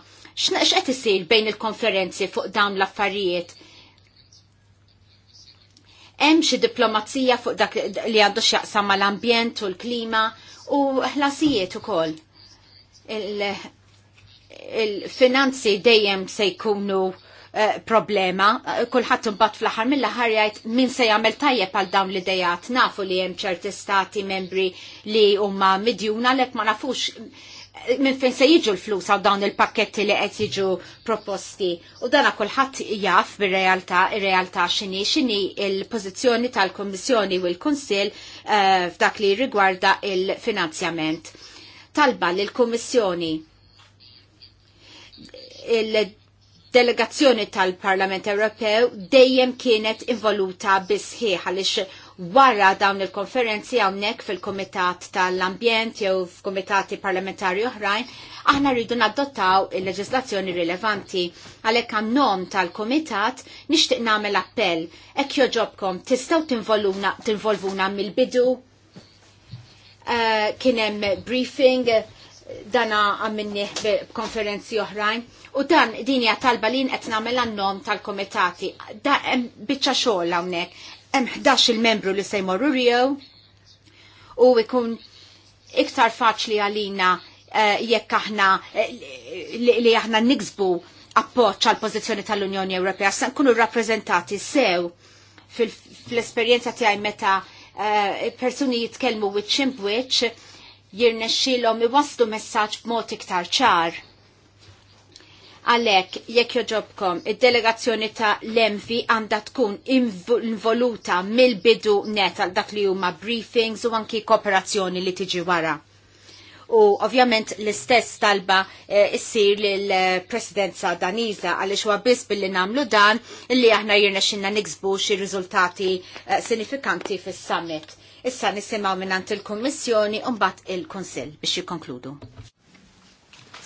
X'qed isir bejn il-konferenzi fuq dawn l-affarijiet? hemm xi diplomazija fuq dak li għandu x'jaqsam mal-ambjent u l-klima u ħlasijiet ukoll. Il-finanzi il dejjem se jkunu eh, problema, kullħat imbagħad fl-aħħar mill-aħħar jgħid min se jagħmel tajjeb għal dawn l-idejat, nafu li hemm ċerti stati membri li huma midjuna lek ma nafux minn fejn se jiġu l-flus għal dawn il-pakketti li qed jiġu proposti. U dan kulħadd jaf bir-realtà, ir-realtà x'inhi x'inhi l pożizzjoni tal kummissjoni u l-Kunsill eh, f'dak li rigwarda il-finanzjament. Talba l kummissjoni il-delegazzjoni tal-Parlament Ewropew dejjem kienet involuta bisħiħ għaliex wara dawn il-konferenzi hawnhekk fil-Kumitat tal-Ambjent jew f'kumitati parlamentari oħrajn, aħna rridu nadottaw il-leġislazzjoni rilevanti. Għalhekk għannom tal-Kumitat nixtieq nagħmel appell. Hekk joġobkom tistgħu tinvolvuna mill-bidu kienem eh, kien hemm briefing dana għamminni konferenzi oħrajn. U dan din hija talba li qed nagħmel għan-nom tal-komitati. Da biċċa xogħol hawnhekk hemm 11 il-membru li se jmorru Rio u ikun iktar faċli għalina eh, jekk aħna eh, li aħna niksbu appoċ għal pożizzjoni tal-Unjoni Ewropea, sa nkunu rappreżentati sew fl-esperjenza tiegħi meta eh, persuni jitkellmu wiċċ imbwiċċ jirnexxilhom iwasslu messaġġ b'mod iktar ċar Għalek, jekk joġobkom, id-delegazzjoni ta' l-envi għanda tkun involuta mill-bidu net għal dak li huma briefings u anki kooperazzjoni li tiġi wara. U ovvjament l-istess talba e, issir l-presidenza daniza għalix huwa biss billi namlu dan illi aħna jirna xinna niksbu xi riżultati e, sinifikanti fis-summit. Issa nisimgħu minn il-Kummissjoni u mbagħad il-Kunsill biex jikkonkludu.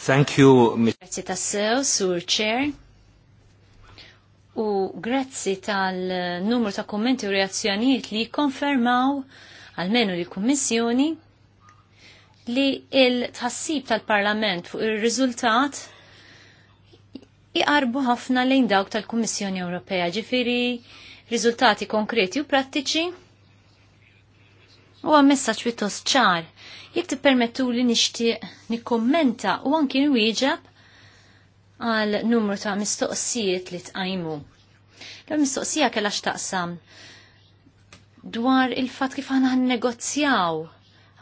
Thank you, Mr. Grazie tassew, Sur Chair. U grazzi tal-numru ta' kommenti u reazzjonijiet li konfermaw għalmenu li kummissjoni li il-tħassib tal-Parlament fuq il-riżultat iqarbu ħafna lejn dawk tal-Kummissjoni Ewropea, ġifiri riżultati konkreti u prattiċi u għam messaċ ċar Jek t-permettu li nixtieq nikkommenta u anki nwieġab għal numru ta' mistoqsijiet li tqajmu. L-mistoqsija kellha x'taqsam dwar il-fat kif għana negozzjaw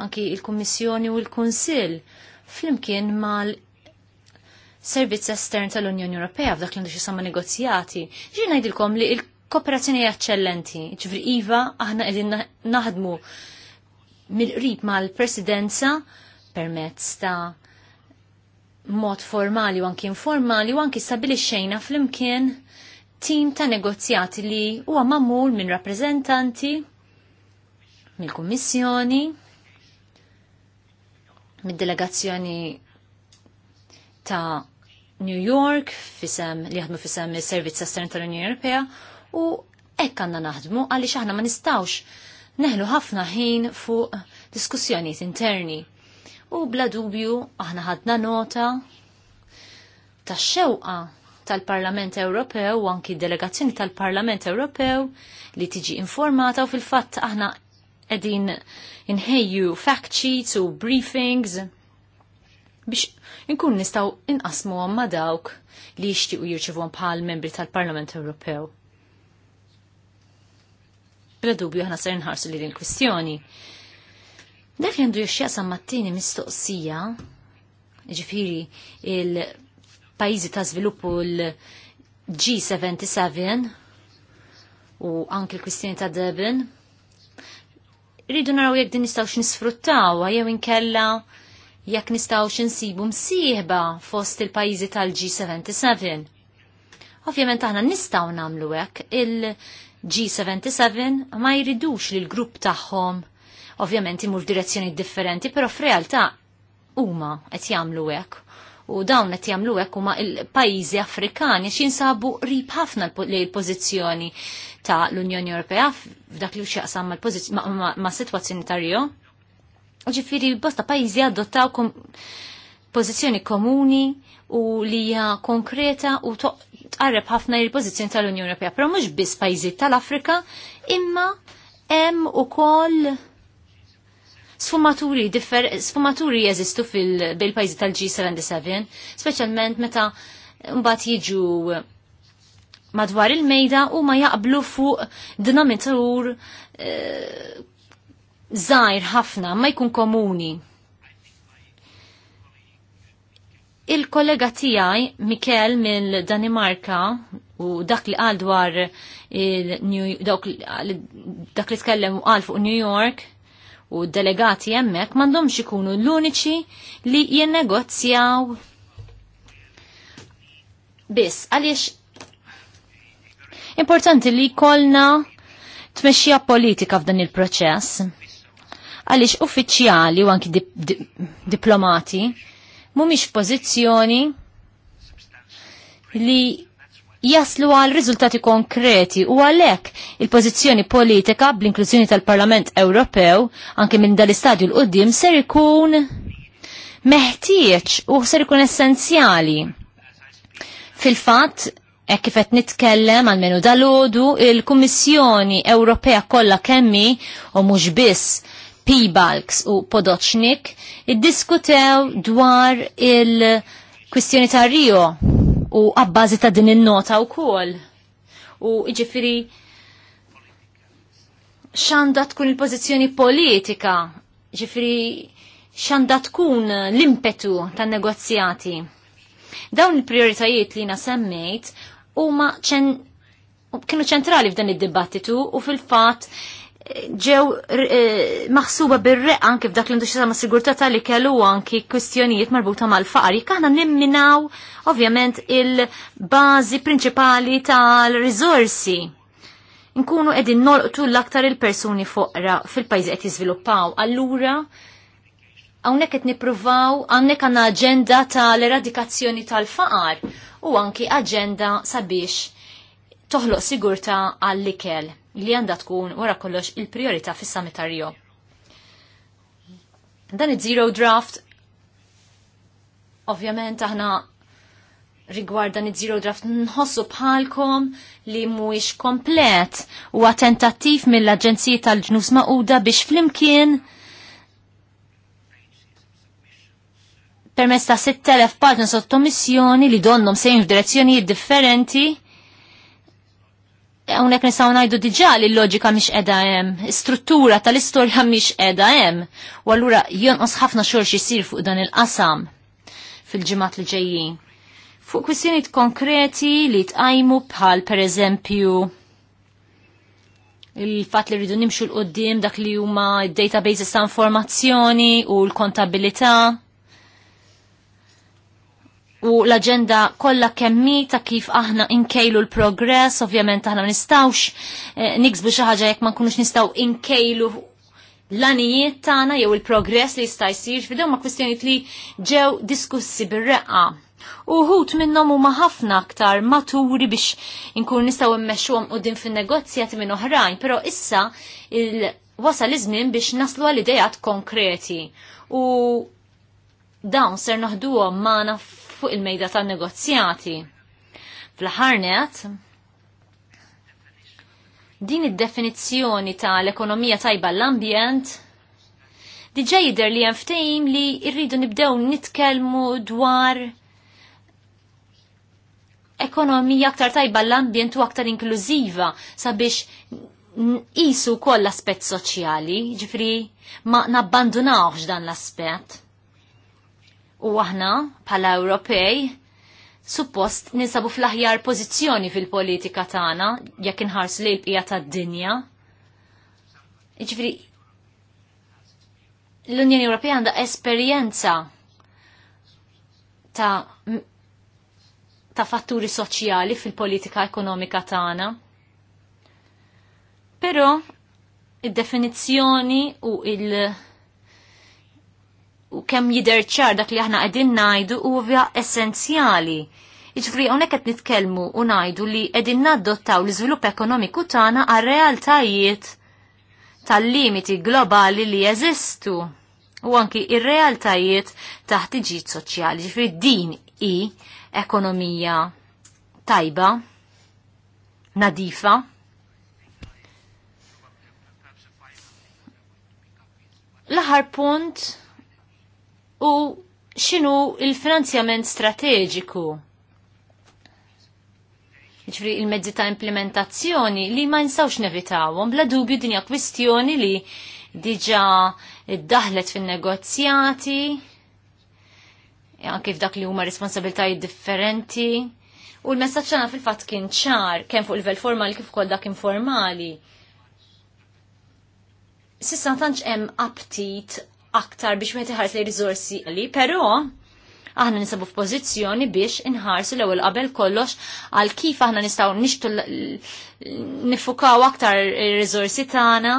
anki il-Kommissjoni u l-Kunsil flimkien mal servizz estern tal-Unjoni Ewropea f'dak li għandu xisama negozjati. Ġi ngħidilkom li l kooperazzjoni eccellenti, ġivri Iva aħna qegħdin naħdmu mill-qrib mal-presidenza permezz ta' mod formali u anki informali u anki xejna fl-imkien tim ta' negozjati li huwa mamul minn rappreżentanti mill-Kummissjoni, mid-delegazzjoni ta' New York, fisem li jaħdmu fisem il-Servizz Estern tal-Unjoni Ewropea u hekk għandna naħdmu għaliex aħna ma nistawx neħlu ħafna ħin fuq diskussjonijiet interni. U bla dubju aħna ħadna nota tax xewqa tal-Parlament Ewropew u anki delegazzjoni tal-Parlament Ewropew li tiġi informata u fil-fatt aħna edin inħejju fact sheets u briefings biex inkun nistaw inqasmu ma dawk li jixtiequ jirċivhom bħal membri tal-Parlament Ewropew. Bla dubju ħana ser nħarsu li l kwistjoni. Dak jendu jxjaqsam mattini mistoqsija, ġifiri il-pajizi ta' sviluppu l-G77 u anki l-kwistjoni ta' Deben. Rridu naraw jekk din nistgħu nisfruttaw, jew inkella jekk nistgħu x'insibu msieħba fost il-pajjiżi tal-G77. Ovvjament aħna nistgħu nagħmlu hekk, il- G77 ma jridux li l-grupp tagħhom ovvjament imur direzzjoni differenti, però f'realtà huma qed jagħmlu hekk. U dawn qed jagħmlu hekk huma l-pajjiżi Afrikani xi jinsabu rib ħafna l-pożizzjoni ta' l-Unjoni Ewropea f'dak li x'jaqsam ma' sitwazzjoni ta' Rio. Ġifieri bosta pajjiżi adottaw pożizzjoni komuni u li hija konkreta u tqarreb ħafna il-pożizzjoni tal-Unjoni Ewropea, però mhux biss pajjiżiet tal-Afrika, imma hemm ukoll sfumaturi differ sfumaturi jeżistu fil-pajjiżi tal-G77, speċjalment meta mbagħad jiġu madwar il-mejda u ma jaqblu fuq dinamitur eh, żgħir zaħir ħafna, ma jkun komuni. Il-kollega tijaj, Mikel, mill-Danimarka, u dak li għal dwar dak li tkellem għal fuq New York, u delegati jemmek mandom ikunu l-uniċi li jennegozzjaw. biss għaliex importanti li kolna tmexxija politika f'dan il-proċess għaliex uffiċjali u anki dip dip diplomati mhumiex pożizzjoni li jaslu għal riżultati konkreti u għalhekk il-pożizzjoni politika bl-inklużjoni tal-Parlament Ewropew anke minn dal-istadju l-qudiem ser ikun meħtieġ u ser ikun essenzjali. Fil-fatt, e kifet nitkellem għal menu dal-ħodu, il-Kummissjoni Ewropea kollha kemmi u mhux biss Peebalks u Podoċnik iddiskutew dwar il-kwistjoni ta' Rio u għabbażi ta' din il-nota u kol. U iġifiri xanda tkun il-pozizjoni politika, ġifiri xanda tkun l-impetu ta' negozjati. Dawn il-prioritajiet li nasemmejt u ma ċen kienu ċentrali f'dan id-dibattitu u fil-fat ġew eh, maħsuba bir-req anki f'dak l-industrija ma' sigurtà li kellu anki kwistjonijiet marbuta mal-faqar. Jekk aħna nimminaw ovvjament il-bażi prinċipali tal rizorsi Nkunu qegħdin nolqtu l-aktar il-persuni foqra fil-pajjiż qed jiżviluppaw. Allura hawnhekk qed nippruvaw għandek għandna aġenda tal-eradikazzjoni tal-faqar u anki aġenda sabiex toħloq sigurta għall-ikel li għandha tkun wara kollox il-priorità fis samitarjo Dan id zero draft ovvjament aħna rigward dan id zero draft nħossu bħalkom li mhuwiex komplet u tentattiv mill-Aġenziji tal-Ġnus Maquda biex flimkien permesta ta' 6000 paġna sottomissjoni li donnom sejn f'direzzjonijiet differenti Hawnhekk nistgħu ngħidu diġà li l-loġika mhix qiegħda hemm, struttura tal-istorja miex qiegħda hemm, u allura jonqos ħafna xorx jisir fuq dan il-qasam fil-ġimgħat li ġejjin. Fuq kwistjonijiet konkreti li tqajmu bħal pereżempju il-fat li rridu nimxu l-qoddim dak li huma databases ta' informazzjoni u l-kontabilità u l-agenda kollha kemmi ta' kif aħna inkejlu l-progress, ovvjament aħna nistawx eh, niksbu xi ħaġa jekk ma nkunux nistgħu inkejlu l-anijiet tagħna jew il-progress li jista' jsir f'dew ma' kwistjonijiet li ġew diskussi bir-reqqa. Uħut minnom u ħafna aktar maturi biex inkun nistaw immexxuhom qudiem fin-negozjat minn oħrajn, però issa il wasal iż-żmien biex naslu għal idejat konkreti. U dawn ser naħduhom naf fuq il-mejda tan negozjati Fl-ħarnet, din id-definizzjoni tal-ekonomija tajba l-ambjent diġa jider li jenftejm li irridu nibdew nitkelmu dwar ekonomija aktar tajba l-ambjent u aktar inklużiva sabiex nqisu koll l-aspett soċjali, ġifri ma nabbandunawx dan l-aspett. U aħna, pala Ewropej, suppost ninsabu fl-aħjar pożizzjoni fil-politika tagħna jekk inħars li l-qija tad-dinja. Jiġifieri, l-Unjoni Ewropea għandha esperjenza ta' ta' fatturi soċjali fil-politika ekonomika tagħna. Però id-definizzjoni u il- u kemm jidher ċar dak li aħna qegħdin ngħidu huwa essenzjali. Iġifri hawnhekk qed nitkellmu u ngħidu li qegħdin naddottaw l-iżvilupp ekonomiku tagħna għar-realtajiet tal-limiti globali li jeżistu u anki ir-realtajiet taħt iġid soċjali. Ġifri din i ekonomija tajba, nadifa, l-aħar punt u xinu il-finanzjament strateġiku. Ġifri il-mezzi ta' implementazzjoni li ma jinsawx nevitawhom bla dubju dinja kwistjoni li diġa daħlet fin-negozjati anke f'dak li huma responsabiltajiet differenti. U l-messaġġ tagħna fil-fatt kien ċar, kemm fuq il-vel formali kif ukoll dak informali. Sissa tantx hemm aptit aktar biex meta ħars li rizorsi li, pero aħna nisabu f'pożizzjoni biex inħarsu l-ewwel qabel kollox għal kif aħna nistgħu nixtu nifukaw aktar ir-riżorsi tagħna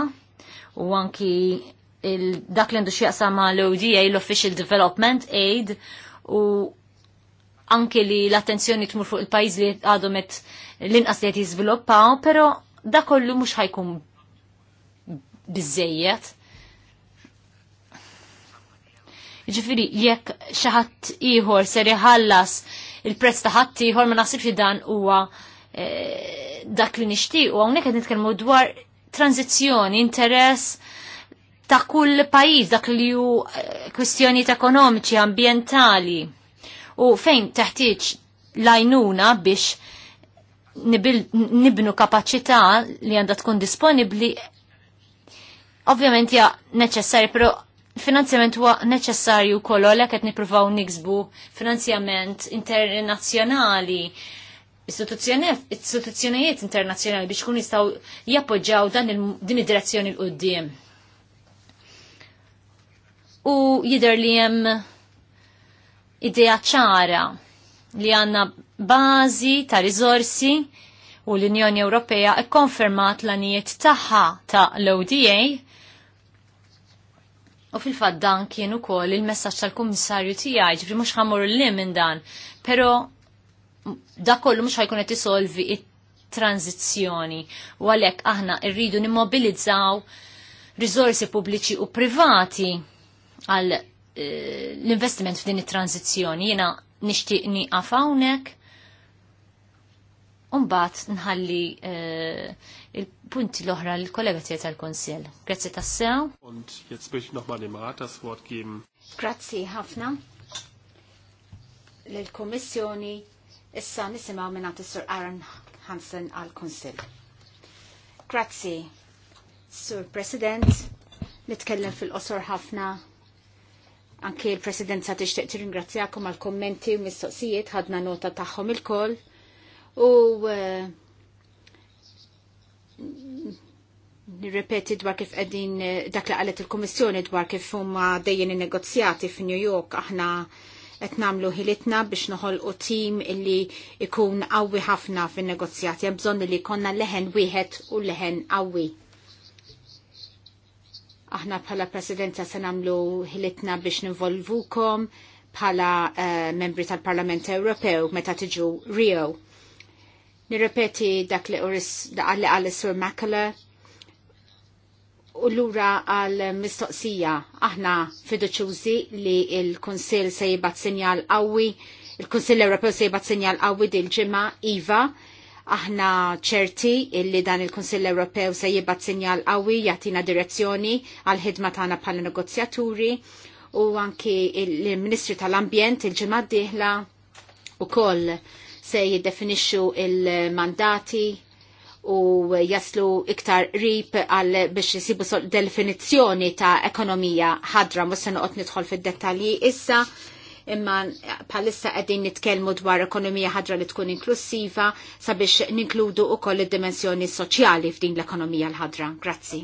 u anki dak li għandu xieqsa ma' l-ODA l-Official Development Aid u anki li l-attenzjoni tmur fuq il pajiz li għadhom met l-inqas li qed jiżviluppaw, però da kollu mhux ħajkun biżejjed Ġifiri, jekk xaħat iħor ser jħallas il-prezz ta' ħadd iħor ma naħsibx li dan huwa eh, dak li nixtieq u hawnhekk qed nitkellmu dwar tranzizzjoni, interess ta' kull pajjiż dak li hu eh, kwistjonijiet ekonomiċi, ambjentali u fejn teħtieġ lajnuna biex nibnu kapacità li għandha tkun disponibbli ovvjament ja neċessarju, pero finanzjament huwa neċessarju kollu għalhekk qed nippruvaw niksbu finanzjament internazzjonali istituzzjonijiet internazzjonali biex kun jistgħu jappoġġjaw dan din id-direzzjoni l qudiem U jidher li hemm idea ċara li għandna bażi ta' riżorsi u l-Unjoni Ewropea ikkonfermat l-anijiet tagħha ta' l-ODA U fil-fat dan kien ukoll il-messaġġ tal-Kummissarju tiegħi, ġifri mhux ħammur l-lim minn dan, però da kollu mhux ħajkun qed isolvi it-tranzizzjoni u għalhekk aħna rridu nimmobilizzaw riżorsi pubbliċi u privati għal eh, l-investiment f'din it-tranzizzjoni. Jiena nixtieq niqaf hawnhekk Umbat nħalli eh, punti l-oħra l-kollega tiegħi tal-Konsil. Grazzi tassew. Und jetzt möchte ich nochmal dem Rat das Wort geben. Grazzi ħafna. l kummissjoni issa nisimgħu minn is-Sur Aaron Hansen għall-Kunsill. Grazzi, Sur President, nitkellem fil-qosor ħafna anke l-Presidenza tixtieq tirringrazzjakom għall-kommenti u mistoqsijiet ħadna nota tagħhom il-koll u uh, nirrepeti dwar kif qegħdin eh, dak li qalet il-Kummissjoni dwar kif huma dejjen innegozjati f'New York aħna qed nagħmlu ħilitna biex noħolqu tim illi jkun qawwi ħafna fin-negozjati hemm bżonn li jkollna leħen wieħed u leħen qawwi. Aħna bħala Presidenza se nagħmlu ħilitna biex ninvolvukom bħala uh, membri tal-Parlament Ewropew meta tiġu Rio Nirrepeti dak li daqalli għalli Sur Makala u l-ura għal-mistoqsija. Aħna fiduċuzi li il-Konsil se jibat sinjal qawwi, il-Konsil Ewropew se jibat sinjal qawwi dil-ġimma IVA aħna ċerti illi dan il konsil Ewropew se jibat sinjal qawwi jagħtina direzzjoni għal ħidma tagħna bħala negozjaturi u anki il-Ministri tal-Ambjent il-ġimgħa d-dieħla koll se jiddefinixxu il-mandati u jaslu iktar rip għal biex jisibu definizzjoni ta' ekonomija ħadra, mus se noqgħod nidħol fid-dettalji issa, imma palissa qegħdin nitkellmu dwar ekonomija ħadra li tkun inklusiva sabiex ninkludu wkoll id-dimensjoni soċjali f'din l-ekonomija l-ħadra. Grazzi.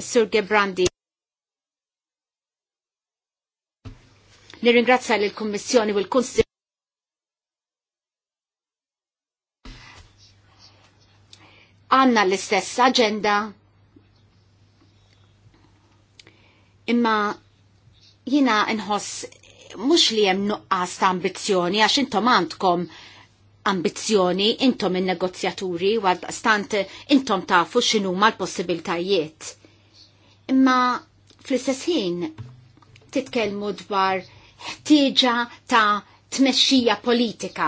Sur Gebrandi. Nirringrazzja l kummissjoni u l konsil Għanna l-istess agenda imma jina nħoss mux li jem nuqqas ta' ambizjoni għax intom għandkom ambizjoni intom il-negozjaturi għad stant intom tafu fuxinu mal l-possibiltajiet imma fl-istess ħin titkellmu dwar ħtieġa ta' tmexxija politika.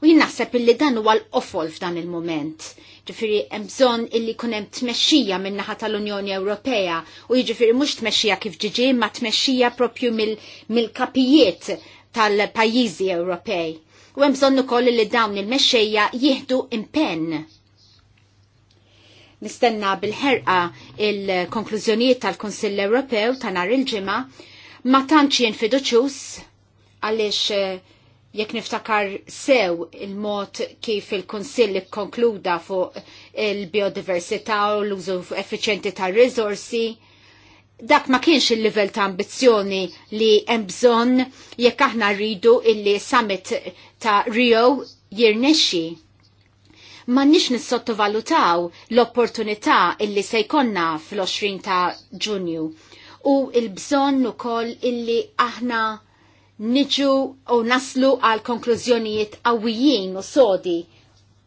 U jien naħseb illi dan huwa l-qofol f'dan il-moment. Ġifieri hemm bżonn illi jkun hemm tmexxija min-naħa tal-Unjoni Ewropea u jiġifieri mhux tmexxija kif ġiġi ma tmexxija propju mill-kapijiet tal-pajjiżi Ewropej. U hemm bżonn ukoll li dawn il-mexxejja jieħdu impenn nistenna bil-ħerqa il-konklużjonijiet tal-Konsill Ewropew ta' nhar il-ġimgħa ma tantx jien fiduċus għaliex eh, jekk niftakar sew il-mod kif il-Konsill ikkonkluda fuq il-biodiversità u l-użu effiċjenti tar-riżorsi, dak ma kienx il livell ta' ambizzjoni li hemm bżonn jekk aħna rridu illi summit ta' Rio jirnexxi Mannix nissottovalutaw l-opportunità illi se fl-20 ta' ġunju u il-bżonn ukoll illi aħna niġu u naslu għal konklużjonijiet qawwijin u sodi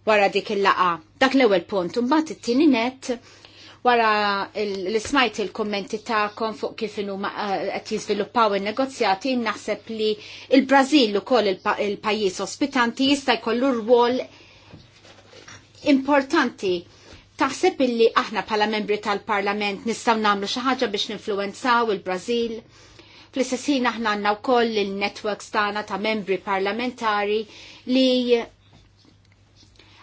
wara dik il-laqa. Dak l-ewwel punt, mbagħad it-tieni net wara l ismajt il-kommenti ta'kom fuq kif inu eh, qed jiżviluppaw in-negozjati naħseb li il-Brażil ukoll il-pajjiż ospitanti jista' jkollu rwol importanti Taħseb illi aħna pala membri tal-parlament nistaw namlu xaħġa biex ninfluenzaw il-Brazil? Fl-istessin aħna għanna u koll il-networks tana ta' membri parlamentari li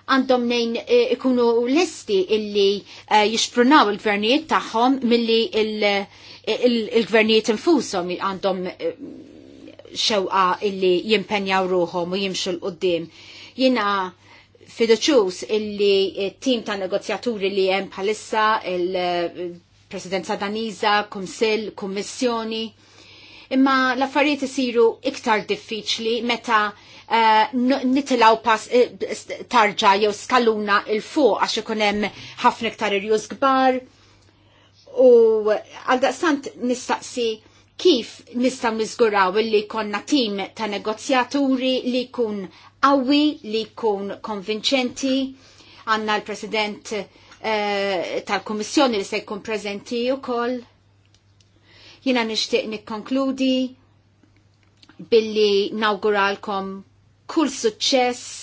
għandhom nejn e, ikunu lesti illi e, jisprunaw il-gvernijiet tagħhom milli il-gvernijiet infushom għandhom e, xewqa illi jimpenjaw ruħom u jimxu l-qoddim. Jina fiduċus illi tim ta' negozjaturi li hemm bħalissa il-Presidenza Daniża, Kumsil, Kummissjoni. Imma l-affarijiet isiru iktar diffiċli meta eh, nitilaw pass eh, tarġa jew skaluna il-fuq għax ikun hemm ħafna iktar irjuż kbar. U għaldaqstant nistaqsi kif nista' niżguraw illi konna tim ta' negozjaturi li jkun qawwi li jkun konvinċenti għanna l-President eh, tal-Kommissjoni li se jkun prezenti u koll. Jina nishtiq nikkonkludi billi nawguralkom kull suċċess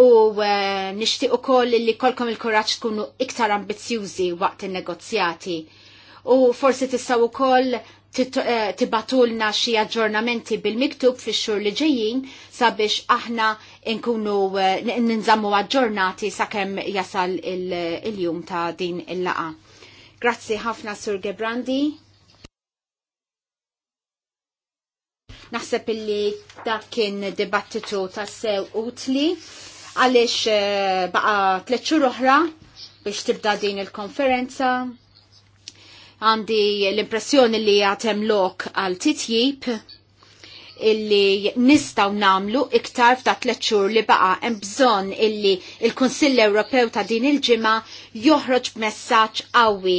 u eh, nishtiq u koll li kolkom il-kuraċ tkunu iktar ambizjużi waqt il-negozjati. U forsi tissaw u koll Eh, tibatulna xi aġġornamenti bil-miktub fi xhur li ġejjin sabiex aħna nkunu eh, ninżammu aġġornati sakemm jasal il-jum ta' din il-laqa. Grazzi ħafna Sur Gebrandi. Naħseb illi dak kien dibattitu ta' sew utli għaliex eh, baqa tliet xhur oħra biex tibda din il-konferenza. Għandi l-impressjoni li għatem lok għal titjib illi nistaw namlu iktar f'ta' tletxur xhur li baqa' hemm bżonn illi il-Kunsill Ewropew ta' din il-ġimgħa joħroġ b'messaġġ qawwi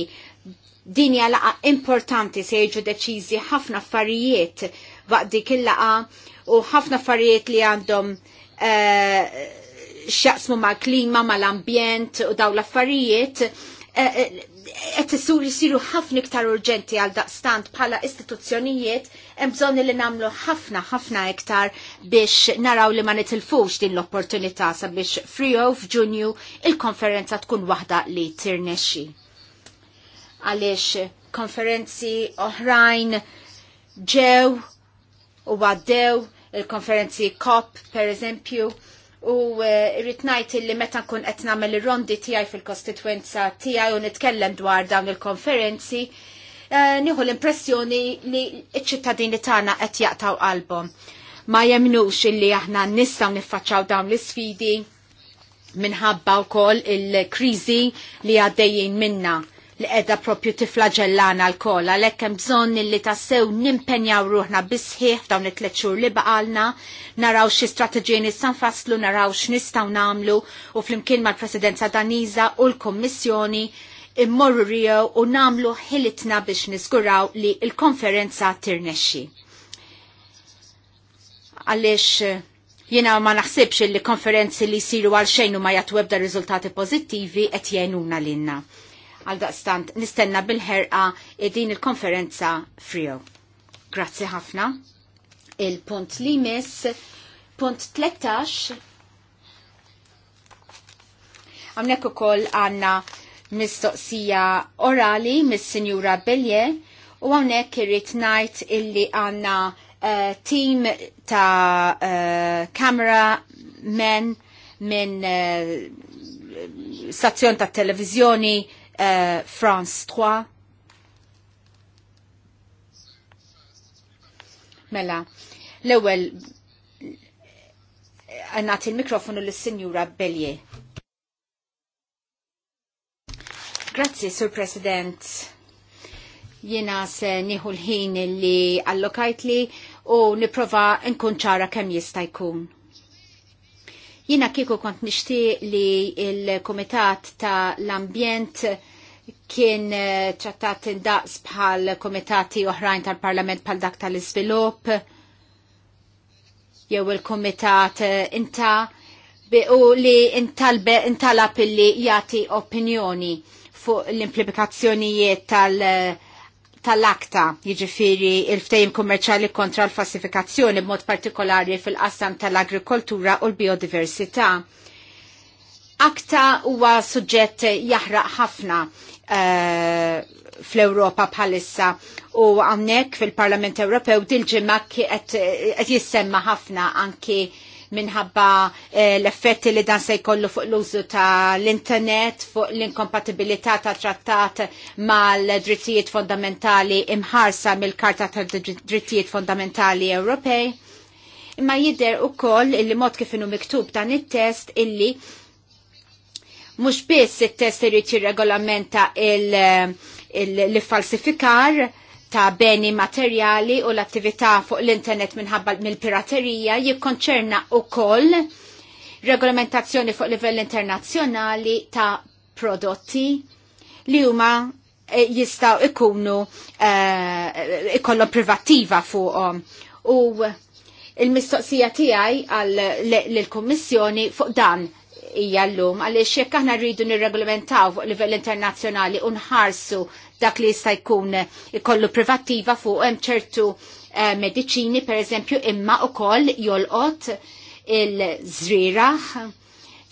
din hija importanti se jiġu deċiżi ħafna affarijiet waqt dik il-laqa u ħafna affarijiet li għandhom uh, x'jaqsmu mal-klima, mal-ambjent u dawn l-affarijiet uh, uh, qed sur jisiru ħafna iktar urġenti għal daqstant bħala istituzzjonijiet hemm bżonn li nagħmlu ħafna ħafna iktar biex naraw li ma nitilfux din l-opportunità sabiex of f'Ġunju il-konferenza tkun waħda li tirnexxi. Għaliex konferenzi oħrajn ġew u għaddew il-konferenzi COP per eżempju u eh, rritnajt ngħid li meta nkun qed nagħmel ir-rondi tiegħi fil-kostitwenza tiegħi u nitkellem dwar dawn il-konferenzi, eh, nieħu l-impressjoni li ċ-ċittadini tagħna qed jaqtaw qalbhom. Ma jemnux illi aħna nistgħu niffaċċaw dawn l-isfidi minħabba wkoll il-kriżi li għaddejjin minna li edha propju tifla ġellana l-kol, għalek hemm bżonn li tassew nimpenjaw ruħna bisħiħ dawn it-tliet li baqalna, naraw xi strateġiji nista' nfasslu, naraw nistaw nagħmlu u flimkien mal-Presidenza Daniza u l-Kummissjoni immorru rijaw u namlu ħilitna biex niżguraw li l-konferenza tirnexxi. Għaliex eh, Jena ma naħsibx li konferenzi li siru għal xejnu u ma jatwebda riżultati pozittivi qed jgħinuna l-inna. Għal daqstant nistenna bil-ħerqa din il-konferenza frio. Grazzi ħafna. Il-punt li mis, punt 13. Għamnek u koll għanna mistoqsija orali mis-Sinjura Belje u għamnek irrit najt illi għanna uh, team ta' uh, eh, kamera men minn uh, eh, stazzjon ta' televizjoni Euh, France 3. Mela, l-ewel għannat il-mikrofonu l-Sinjura Belje. Grazzi, Sur President. Jena se nieħu l-ħin li li u niprofa nkun ċara kemm jista' jkun. Jiena kieku kont nishtiq li il-Komitat ta' l-Ambjent kien eh, trattat indaqs bħal komitati oħrajn tal-Parlament bħal dak tal-Iżvilupp jew il-komitat eh, inta u li intalab illi jati opinjoni fuq l-implikazzjonijiet tal- eh, tal-akta, jiġifiri il-ftejim kummerċali kontra l fassifikazzjoni b'mod partikolari fil-qassam tal-agrikoltura u l-biodiversità. Akta huwa suġġett jaħraq ħafna Eh, fl-Europa bħalissa u għamnek fil-Parlament Ewropew dil-ġimma eh, qed jissemma ħafna anki minħabba eh, l-effetti li dan se jkollu fuq l-użu ta' l-internet, fuq l-inkompatibilità ta' trattat mal-drittijiet fondamentali imħarsa mill-Karta ta' drittijiet fondamentali Ewropej. Imma jidher ukoll illi mod kif inhu miktub dan it-test illi mhux biss it-test irid jirregolamenta l-falsifikar ta' beni materjali u l-attività fuq l-internet minħabba mill-piraterija jikkonċerna wkoll regolamentazzjoni fuq livell internazzjonali ta' prodotti li huma eh, jistaw ikunu uh, eh, ikollu privattiva fuqhom. U il-mistoqsija tiegħi għal l-Kummissjoni fuq dan hija llum għaliex jekk aħna rridu nirregolamentaw fuq livell internazzjonali u nħarsu dak li jista' jkun ikollu privattiva fuq hemm ċertu eh, mediċini pereżempju imma wkoll jolqot il-żriraħ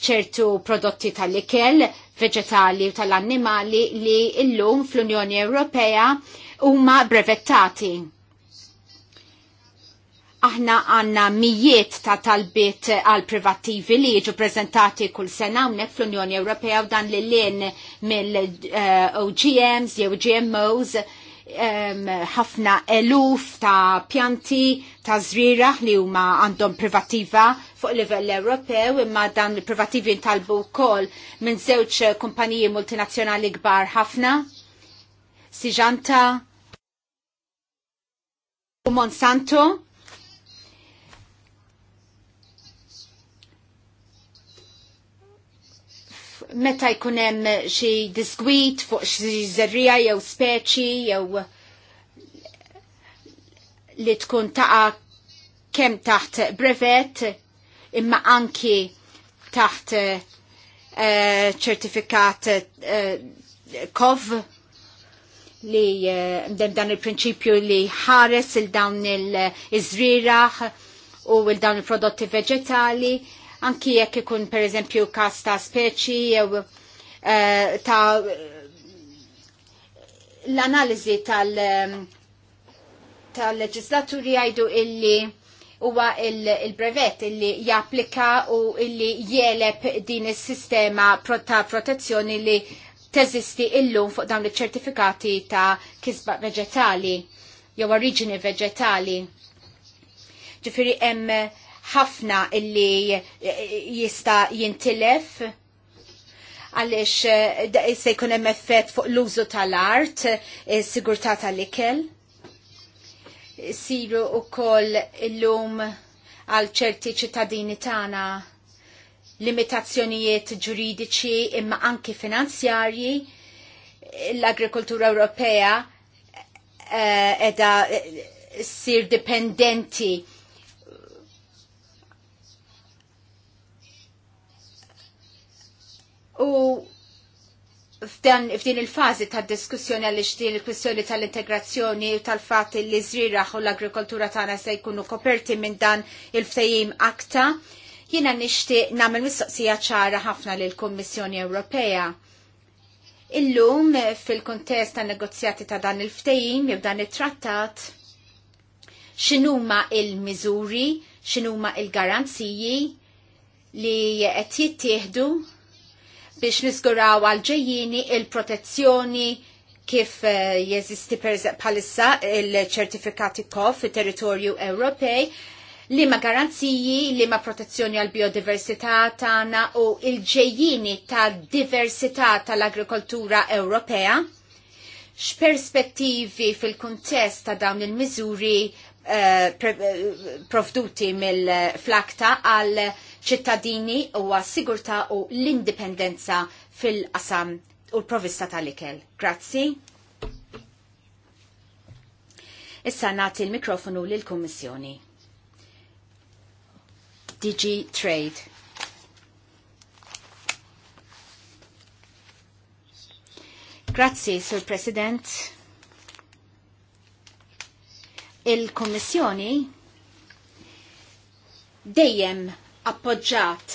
ċertu prodotti tal-ikel, veġetali u tal-annimali li l-lum fl-Unjoni Ewropea huma brevettati aħna għanna mijiet ta' talbiet għal privattivi li ġu prezentati kull sena unnek fl-Unjoni Ewropea u dan li l lien mill-OGMs, eh, jew GMOs, ħafna eluf ta' pjanti ta' zrira li huma għandhom privattiva fuq livell Ewropew imma dan il-privattivi ntalbu wkoll minn żewġ kumpaniji multinazzjonali kbar ħafna. Siġanta u Monsanto meta jkun hemm xi diskwit fuq xi żerrija jew speċi jew li tkun taqa kemm taħt brevet imma anki taħt eh, ċertifikat eh, kov li eh, mdem dan il-prinċipju li ħares il-dawn il izriraħ u il-dawn il-prodotti veġetali anki jekk ikun per eżempju kas ta' speċi jew eh, ta' l-analizi tal- tal-leġislaturi jgħidu illi huwa il-brevet il illi japplika u illi jeleb din is-sistema ta' protezzjoni li teżisti illum fuq dawn iċ-ċertifikati ta' kisba veġetali jew oriġini veġetali. Ġifiri hemm ħafna illi eh, jista jintilef għalix eh, se jkun hemm effett fuq l-użu tal-art, eh, sigurtà tal-ikel. Siru u illum l-lum għal ċerti ċittadini tagħna limitazzjonijiet ġuridiċi imma anki finanzjarji l-agrikoltura Ewropea edha sir dipendenti U f'dan f'din il-fażi ta' diskussjoni għal din il-kwistjoni tal-integrazzjoni u tal-fatt li żriraħ u l-agrikoltura tagħna se jkunu koperti minn dan il-ftehim akta, jiena nixtieq nagħmel mistoqsija ċara ħafna lil kummissjoni Ewropea. Illum fil-kuntest ta' negozjati ta' dan il-ftehim jew dan it-trattat, x'inhuma il-miżuri, x'inhuma il-garanziji li qed jittieħdu biex niskuraw għal-ġejjini il-protezzjoni kif eh, jeżisti palissa il-ċertifikati kof fi territorju Ewropej li ma garanziji, li ma protezzjoni għal biodiversità tagħna u il-ġejjini ta' diversità tal-agrikoltura Ewropea. X'perspettivi fil-kuntest ta' dawn il-miżuri provduti mill-flakta għal ċittadini u għas u l-indipendenza fil-qasam u l-provista tal-ikel. Grazzi. Issa nati l-mikrofonu l-Kommissjoni. DG Trade. Grazzi, Sir President. Il-Kommissjoni dejjem appoġġat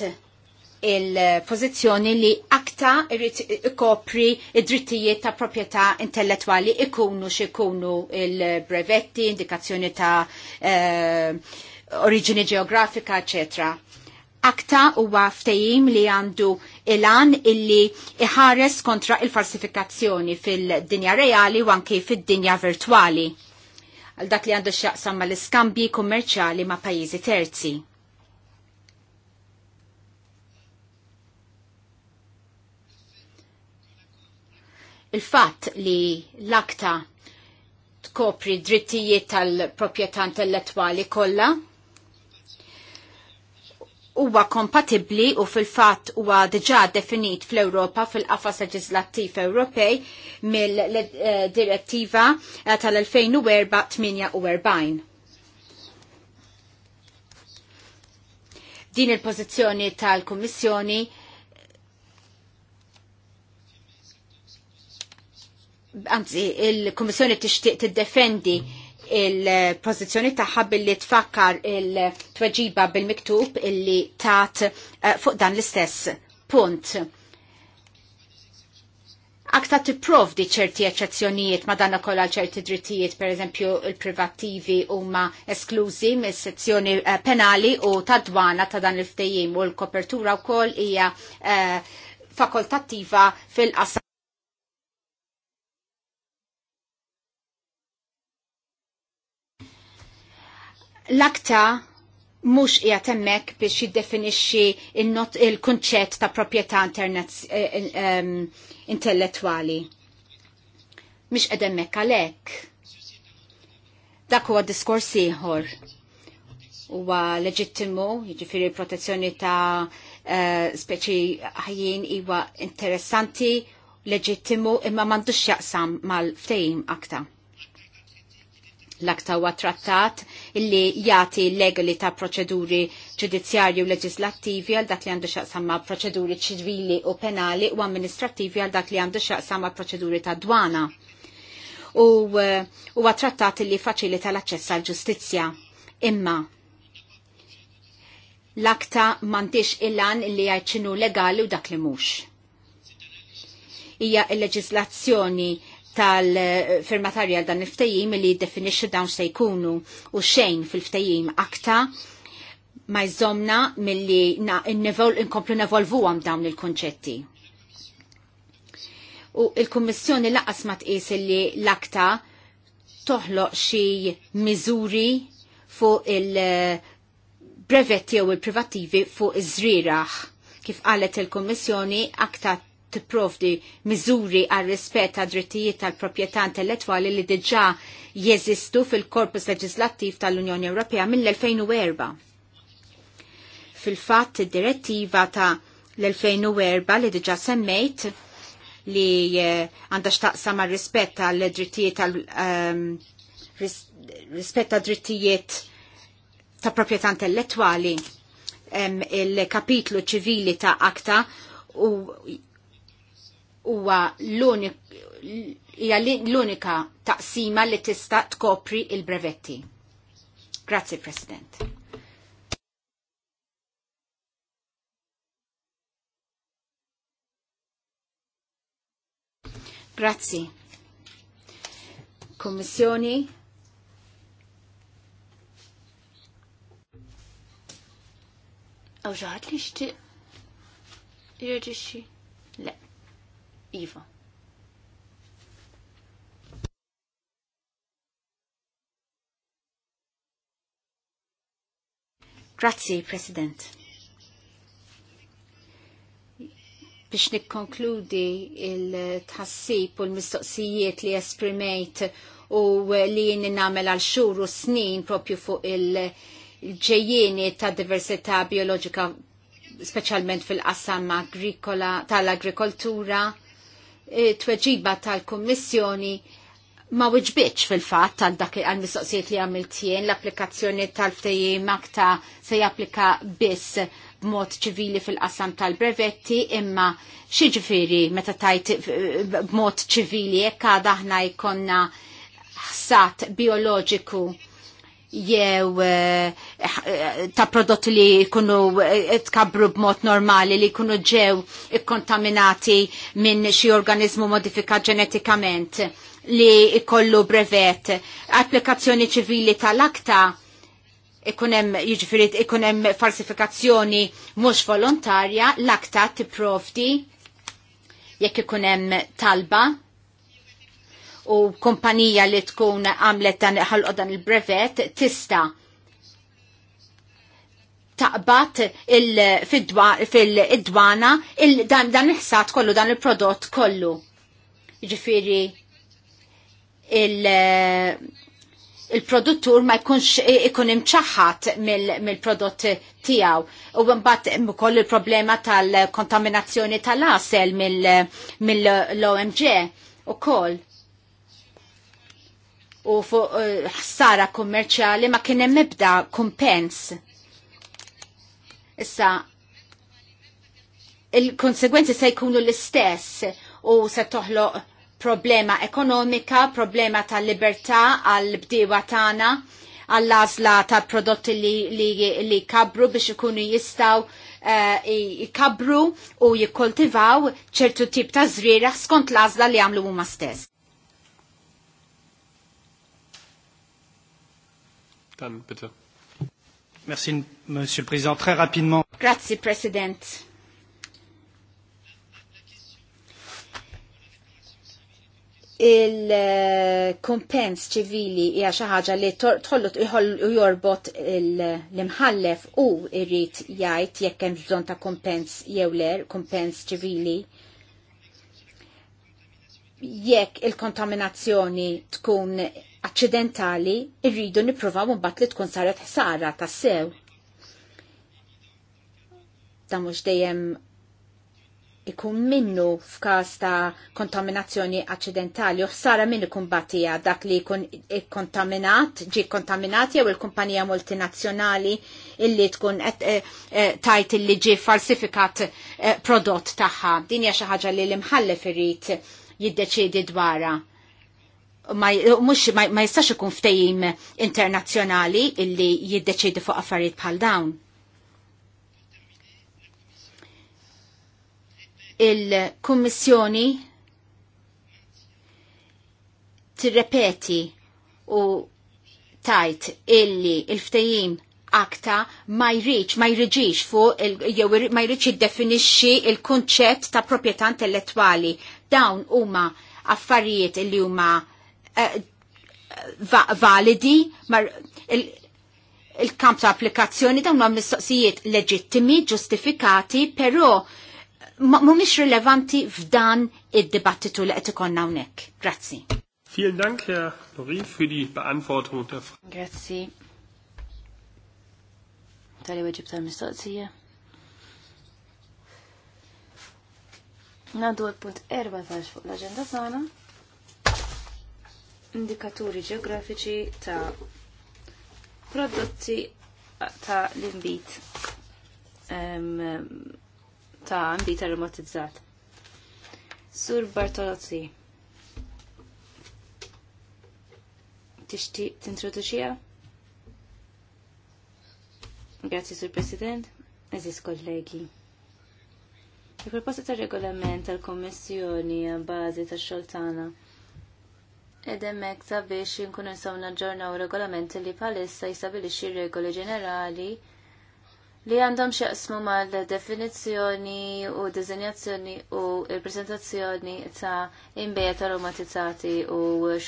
il-pozizjoni li akta ikopri id-drittijiet ta' proprjetà intellettwali ikunu xikunu il-brevetti, indikazzjoni ta' eh, oriġini ġeografika, eċetera. akta huwa ftehim li għandu ilan illi iħares kontra il-falsifikazzjoni fil-dinja reali u anki fil-dinja virtuali għal dak li għandu x'jaqsam mal-iskambji kummerċali ma' pajjiżi terzi. Il-fatt li l-akta tkopri drittijiet tal-proprjetà intellettwali kollha huwa kompatibbli u fil-fatt huwa diġà definit fl-Ewropa fil-qafas leġislattiv Ewropej mill-direttiva eh, tal-2048. Din il-pożizzjoni tal-Kummissjoni anzi, il kummissjoni tixtieq tiddefendi il-pozizjoni tagħha billi tfakkar il-tweġiba bil-miktub illi tat eh, fuq dan l-istess punt. Aktar tipprovdi ċerti eċezzjonijiet ma danna ukoll għal ċerti drittijiet, per eżempju il-privattivi huma esklużi mis-sezzjoni eh, penali u tad-dwana ta' dan l-ftejim u l-kopertura wkoll hija eh, fakultattiva fil assassin l-akta mux qiegħed hemmhekk biex jiddefinixxi il-kunċett ta' proprjetà eh, intellettwali. Mhix qed hemmhekk għalhekk. Dak huwa diskors ieħor. Huwa leġittimu, jiġifieri protezzjoni ta' eh, speċi ħajjin iwa interessanti, leġittimu imma m'għandux jaqsam mal-ftehim aktar l aktar huwa trattat illi jagħti legali ta' proċeduri ġudizzjarji u leġislattivi għal dak li għandu xaqsamma proċeduri ċivili u penali u amministrattivi għal dak li għandu xaqsamma proċeduri ta' dwana. U eh, huwa trattat illi faċilita l-aċċess għal ġustizzja. Imma l-akta m'għandix il-lan illi jgħid legali u dak li mhux hija l-leġislazzjoni tal-firmatarja dan il-ftajim li definisġi dawn se jkunu u xejn fil-ftajim akta ma jżomna mill-li nkomplu nevolvu għam dawn il-konċetti. U il-Kommissjoni laqas ma tqis li l-akta toħloq xi miżuri fuq il-brevetti u il-privattivi fuq iż-żrieraħ. Kif qalet il-Kommissjoni aktar tipprovdi miżuri għal rispett għad drittijiet tal-proprjetà intellettwali li diġà jeżistu fil-korpus leġislattiv tal-Unjoni Ewropea mill-2004. Fil-fatt id-direttiva ta' l-2004 li diġà semmejt li eh, għandha xtaqsam għal rispett għal drittijiet tal ehm, rispett għad drittijiet ta' proprjetà intellettwali ehm, il-kapitlu ċivili ta' akta u huwa l-unika taqsima li tista' tkopri il-brevetti. Grazie, President. Grazzi. Kommissjoni. Awġaħat li xti? Jirġiċi? Le. Iva. Grazzi, President. Biex nikkonkludi il-tħassib u l-mistoqsijiet li esprimejt u li jien namel għal xhur u snin propju fuq il ġejjeni ta' diversità biologika speċjalment fil-qassam tal-agrikoltura tweġiba tal-Kommissjoni ma wġbitx fil-fat tal dak għal-mistoqsijiet li għamilt jien l-applikazzjoni tal-ftejim akta se japplika biss b'mod ċivili fil-qasam tal-brevetti imma xieġifiri meta tajt b'mod ċivili jekk għada ħna jkonna ħsat bioloġiku jew eh, eh, ta' prodotti li jkunu eh, tkabru b'mod normali li jkunu ġew ikkontaminati minn xi organizmu modifikat ġenetikament li ikollu brevet. Applikazzjoni ċivili tal-akta ikunem, jiġifieri ikunem falsifikazzjoni mhux volontarja, l-akta tipprovdi jekk ikun hemm talba u kumpanija li tkun għamlet dan dan il-brevet tista taqbat fil-dwana dan dan il-ħsat kollu dan il-prodott kollu. Ġifiri il-produttur ma jkunx ikun imċaħħat mill-prodott tijaw. U mbagħad ukoll il-problema tal-kontaminazzjoni tal-asel mill-OMG ukoll u fuq eh, ħsara kummerċjali ma kien hemm ebda kumpens. Issa il-konsegwenzi se jkunu l-istess u se toħloq problema ekonomika, problema tal-libertà għall-bdiewa tagħna, għall-għażla tal-prodotti li, li, li kabru biex ikunu jistaw uh, eh, jikabru u jikkoltivaw ċertu tip ta' żrieħ skont l-għażla li għamlu huma stess. Dann bitte. Merci, Monsieur le Président. Très rapidement. Grazie, President. il-kompens ċivili hija xi ħaġa li tollot jorbot l-imħallef u jrid jgħid jekk hemm bżonn ta' kompens jew le kompens ċivili. Jekk il-kontaminazzjoni tkun Aċċidentali irridu niprofaw mbagħad li tkun saret ħsara tassew. Da mhux dejjem ikun minnu f'każ ta' kontaminazzjoni aċċidentali, u ħsara min ikun batija dak li jkun ikkontaminat, ġi kontaminat jew il-kumpanija multinazzjonali illi tkun eh, eh, tajt illi ġi falsifikat eh, prodott tagħha. Din hija xi ħaġa li l-imħallef irid jiddeċiedi dwarha ma, mux, ma, jistax ikun ftejim internazzjonali illi jiddeċidi fuq affarijiet bħal dawn. Il-Kummissjoni tirrepeti u tajt illi il-ftejim akta ma jriċ, ma jriġix fuq, jew ma jriċ jiddefinixxi il-kunċett ta' proprjetà intellettwali. Dawn huma affarijiet illi huma Eh, va validi mar il-kamp il ta' applikazzjoni dawn ma' mistoqsijiet leġittimi, ġustifikati, però mhumiex rilevanti f'dan id-dibattitu li qed ikonna hawnhekk. Grazzi. Vielen Dank, Herr Lori, für die Beantwortung der Frage. Grazzi. Tali weġib tal-mistoqsija. Nadu għal punt 14 fuq l-agenda tagħna indikaturi ġeografiċi ta' prodotti ta' l-imbit ta' imbit aromatizzat. Sur Bartolozzi. Tixtieq tintroduċija? Grazzi, Sur President. Eżis kollegi. Il-proposta ta' regolament tal-Kommissjoni għal bazi tax-xoltana edemmek sabiex nkun nsaw naġġornaw regolamenti li palissa jistabilixxi regoli ġenerali li għandhom xaqsmu mal definizzjoni u dizinjazzjoni u il-presentazzjoni ta' imbejat aromatizzati u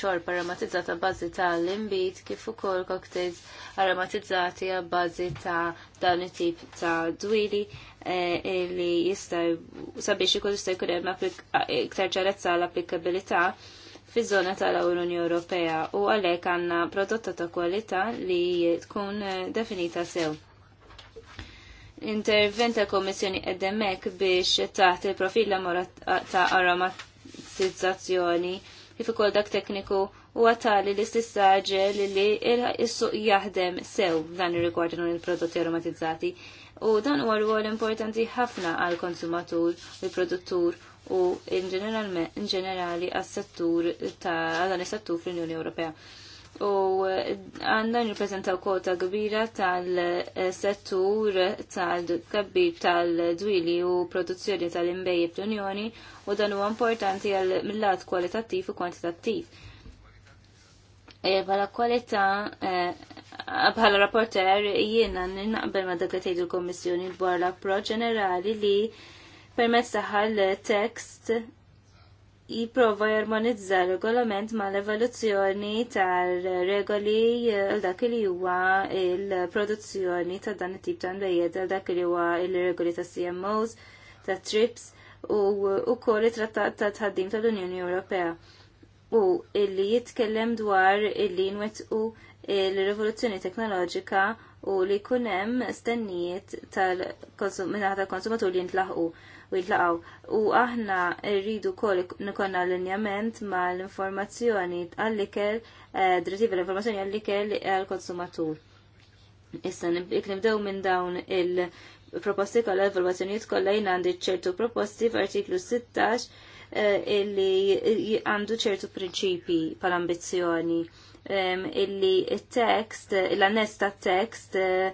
xorb aromatizzata bbażi ta' l-imbit kif ukoll cocktails aromatizzati bbażi ta' dawn it-tip ta' dwili eh, li jista' sabiex ikun jista' jkun hemm iktar ġarezza l-applikabilità fi zona tal-Unjoni Ewropea u għalhekk għandna prodotta ta' kwalità li tkun eh, definita sew intervent tal kommissjoni edemmek biex taħt il-profil ta' aromatizzazzjoni kif ukoll dak tekniku u għatali li stistaġel li il-suq jaħdem sew dan ir-rigward il-prodotti aromatizzati. U dan huwa rwol importanti ħafna għal konsumatur, il-produttur u in-ġenerali għas-settur ta' għadan is-settur fl-Unjoni Ewropea. U eh, għandna nirrepreżentaw kota kbira tal-settur tal kabib tal-dwili u produzzjoni tal-imbejjeb fl-Unjoni u dan huwa importanti għal millat kwalitattiv u kwantitattiv. E, bħala kwalità e, bħala rapporter jiena naqbel ma dak li tgħidu l-Kommissjoni dwar l-approċċ ġenerali li permezz l tekst jiprova jarmonizza regolament ma l-evoluzzjoni tal-regoli eh, l dak li huwa il-produzzjoni ta' dan it-tip ta' nbejjed l dak li huwa il-regoli ta' CMOs, ta' TRIPS u wkoll it-trattat ta' tħaddim tal-Unjoni Ewropea. U illi jitkellem dwar illi nwetqu il-rivoluzzjoni teknoloġika u li kunem stennijiet tal-konsumatur li jintlaħqu u jitlaqaw. U aħna rridu kol nikonna l-injament ma l-informazzjoni għall-ikel, eh, l-informazzjoni għall-ikel għall-konsumatur. Issa, nibdew minn dawn il-proposti kollha l informazzjoni kollha jina għandi ċertu proposti f'artiklu 16 eh, illi għandu ċertu prinċipi pal-ambizzjoni illi il-tekst, il-annest ta' uh,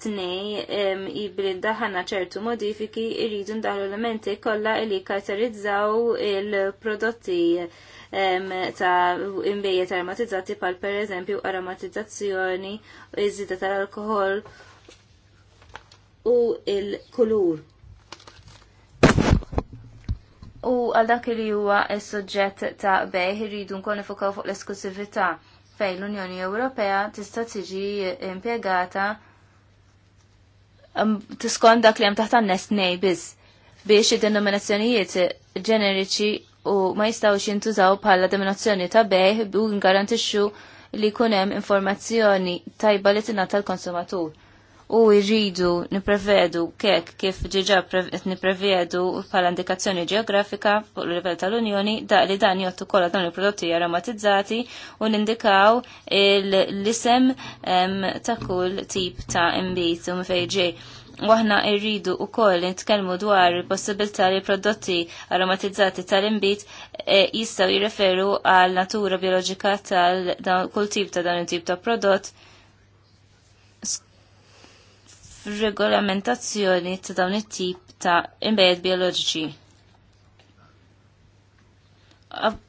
t-nej jibril daħanna ċertu modifiki irridu ndaħlu elementi kolla illi kajterizzaw il-prodotti ta' imbejiet aromatizzati pal per eżempju aromatizzazzjoni, iżida tal-alkohol u il-kulur. U għal dak li huwa s-soġġett ta' bej irridu nkun nifokaw fuq l-esklusività fejn l-Unjoni Ewropea tista' tiġi impjegata um, tiskont dak li hemm taħt annes nej biss biex id-denominazzjonijiet ġeneriċi u ma jistgħux jintużaw bħala denominazzjoni ta' bejħ u ngarantixxu li jkun hemm informazzjoni tajba li tingħata l-konsumatur u jridu niprevedu kek kif ġiġa niprevedu bħala indikazzjoni ġeografika fuq l-livell tal-Unjoni da li dan jottu kollha dawn il-prodotti aromatizzati u nindikaw l-isem ta' kull tip ta' imbit u mfejġi. Waħna irridu u koll nitkellmu dwar il-possibilità li prodotti aromatizzati tal-imbit e, jistaw jirreferu għal natura biologika tal-kull tip ta' dan il-tip ta' prodott regolamentazzjoni ta' dawn it-tip ta' imbejed bioloġiċi.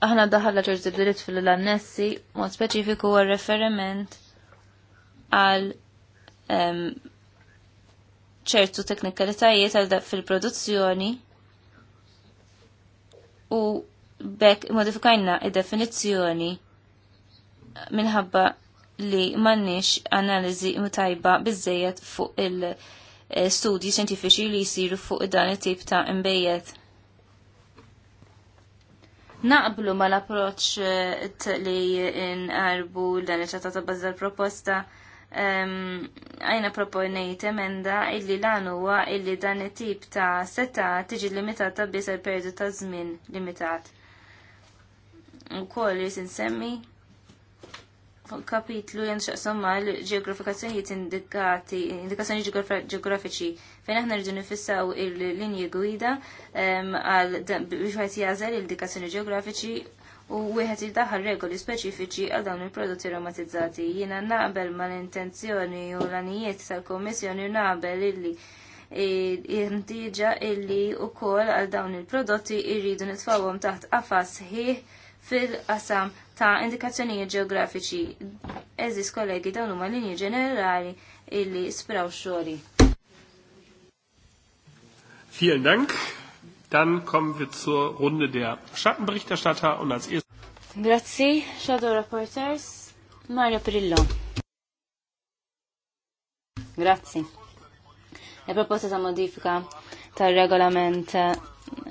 Aħna daħalla d dritt fil-annessi, mod speċifiku għal referiment għal ċertu teknikalitajiet għal fil-produzzjoni u bekk modifikajna id-definizzjoni minħabba li mannix analizi mutajba bizzejet fuq il-studji xjentifiċi li jisiru fuq dan it-tip ta' imbejjet. Naqblu ma l-approċ eh, li nqarbu dan il-ċata ta' bazza proposta għajna proponejt emenda illi lan huwa illi dan it-tip ta' seta tiġi limitata biss għal periodu ta' żmien limitat. Ukoll jisinsemmi kapitlu jenxaqsam ma l-ġeografikazzjonijiet indikati, indikazzjoni ġeografiċi, fejn aħna rridu nifissaw il-linji gwida għal biex għajt jażel il-dikazzjoni ġeografiċi u wieħed jiddaħħal regoli speċifiċi għal dawn il-prodotti aromatizzati. Jiena naqbel mal-intenzjoni u l-anijiet tal-Kommissjoni naqbel illi jħmtiġa illi u kol għal dawn il-prodotti irridu nitfawhom taħt qafas ħih fil-qasam ta' indikazzjonijiet ġeografiċi. Eżis kollegi dawn huma linji ġenerali illi spraw xogħli. Vielen Dank. Dann kommen wir zur Runde der Schattenberichterstatter und als erstes. Grazzi, Shadow Reporters, Mario Prillo. Grazzi. La proposta ta' modifika tal regolamento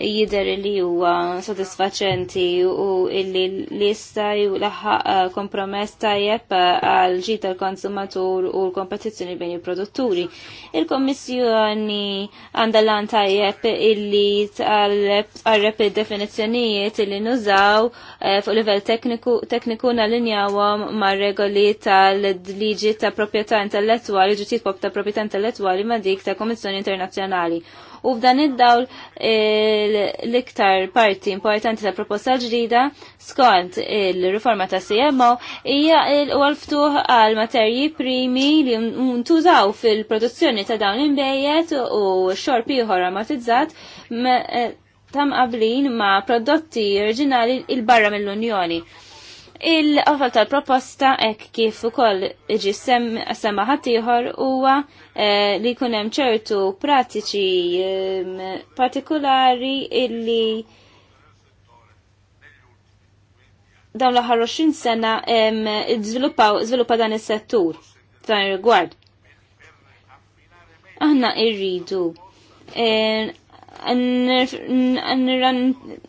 jider li huwa sodisfaċenti u illi l-lista u laħħaq eh, kompromess tajjeb eh, għal ġi tal-konsumatur u l-kompetizzjoni bejn il-produtturi. Il-Kommissjoni għandha lan tajjeb illi tqarreb id-definizzjonijiet illi nużaw eh, fuq livell tekniku nalinjawhom mar-regoli tal-liġi ta' proprjetà intellettwali, ġittijiet pop ta' proprjetà intellettwali ma' dik ta' Komissjoni Internazzjonali u f'dan id-dawl eh, l-iktar parti importanti ta' proposta ġdida skont il-riforma ta' CMO hija l-għalftuħ għal materji primi li ntużaw fil-produzzjoni ta' dawn imbejjet u xorp ieħor armatizzat eh, tam qablin ma' prodotti oriġinali il-barra mill-Unjoni. Il-qofal tal-proposta ek kif ukoll iġi semma ħaddieħor huwa li jkun hemm ċertu pratiċi partikulari illi dawn l-aħħar 20 sena żviluppa dan is-settur f'dan rigward Aħna irridu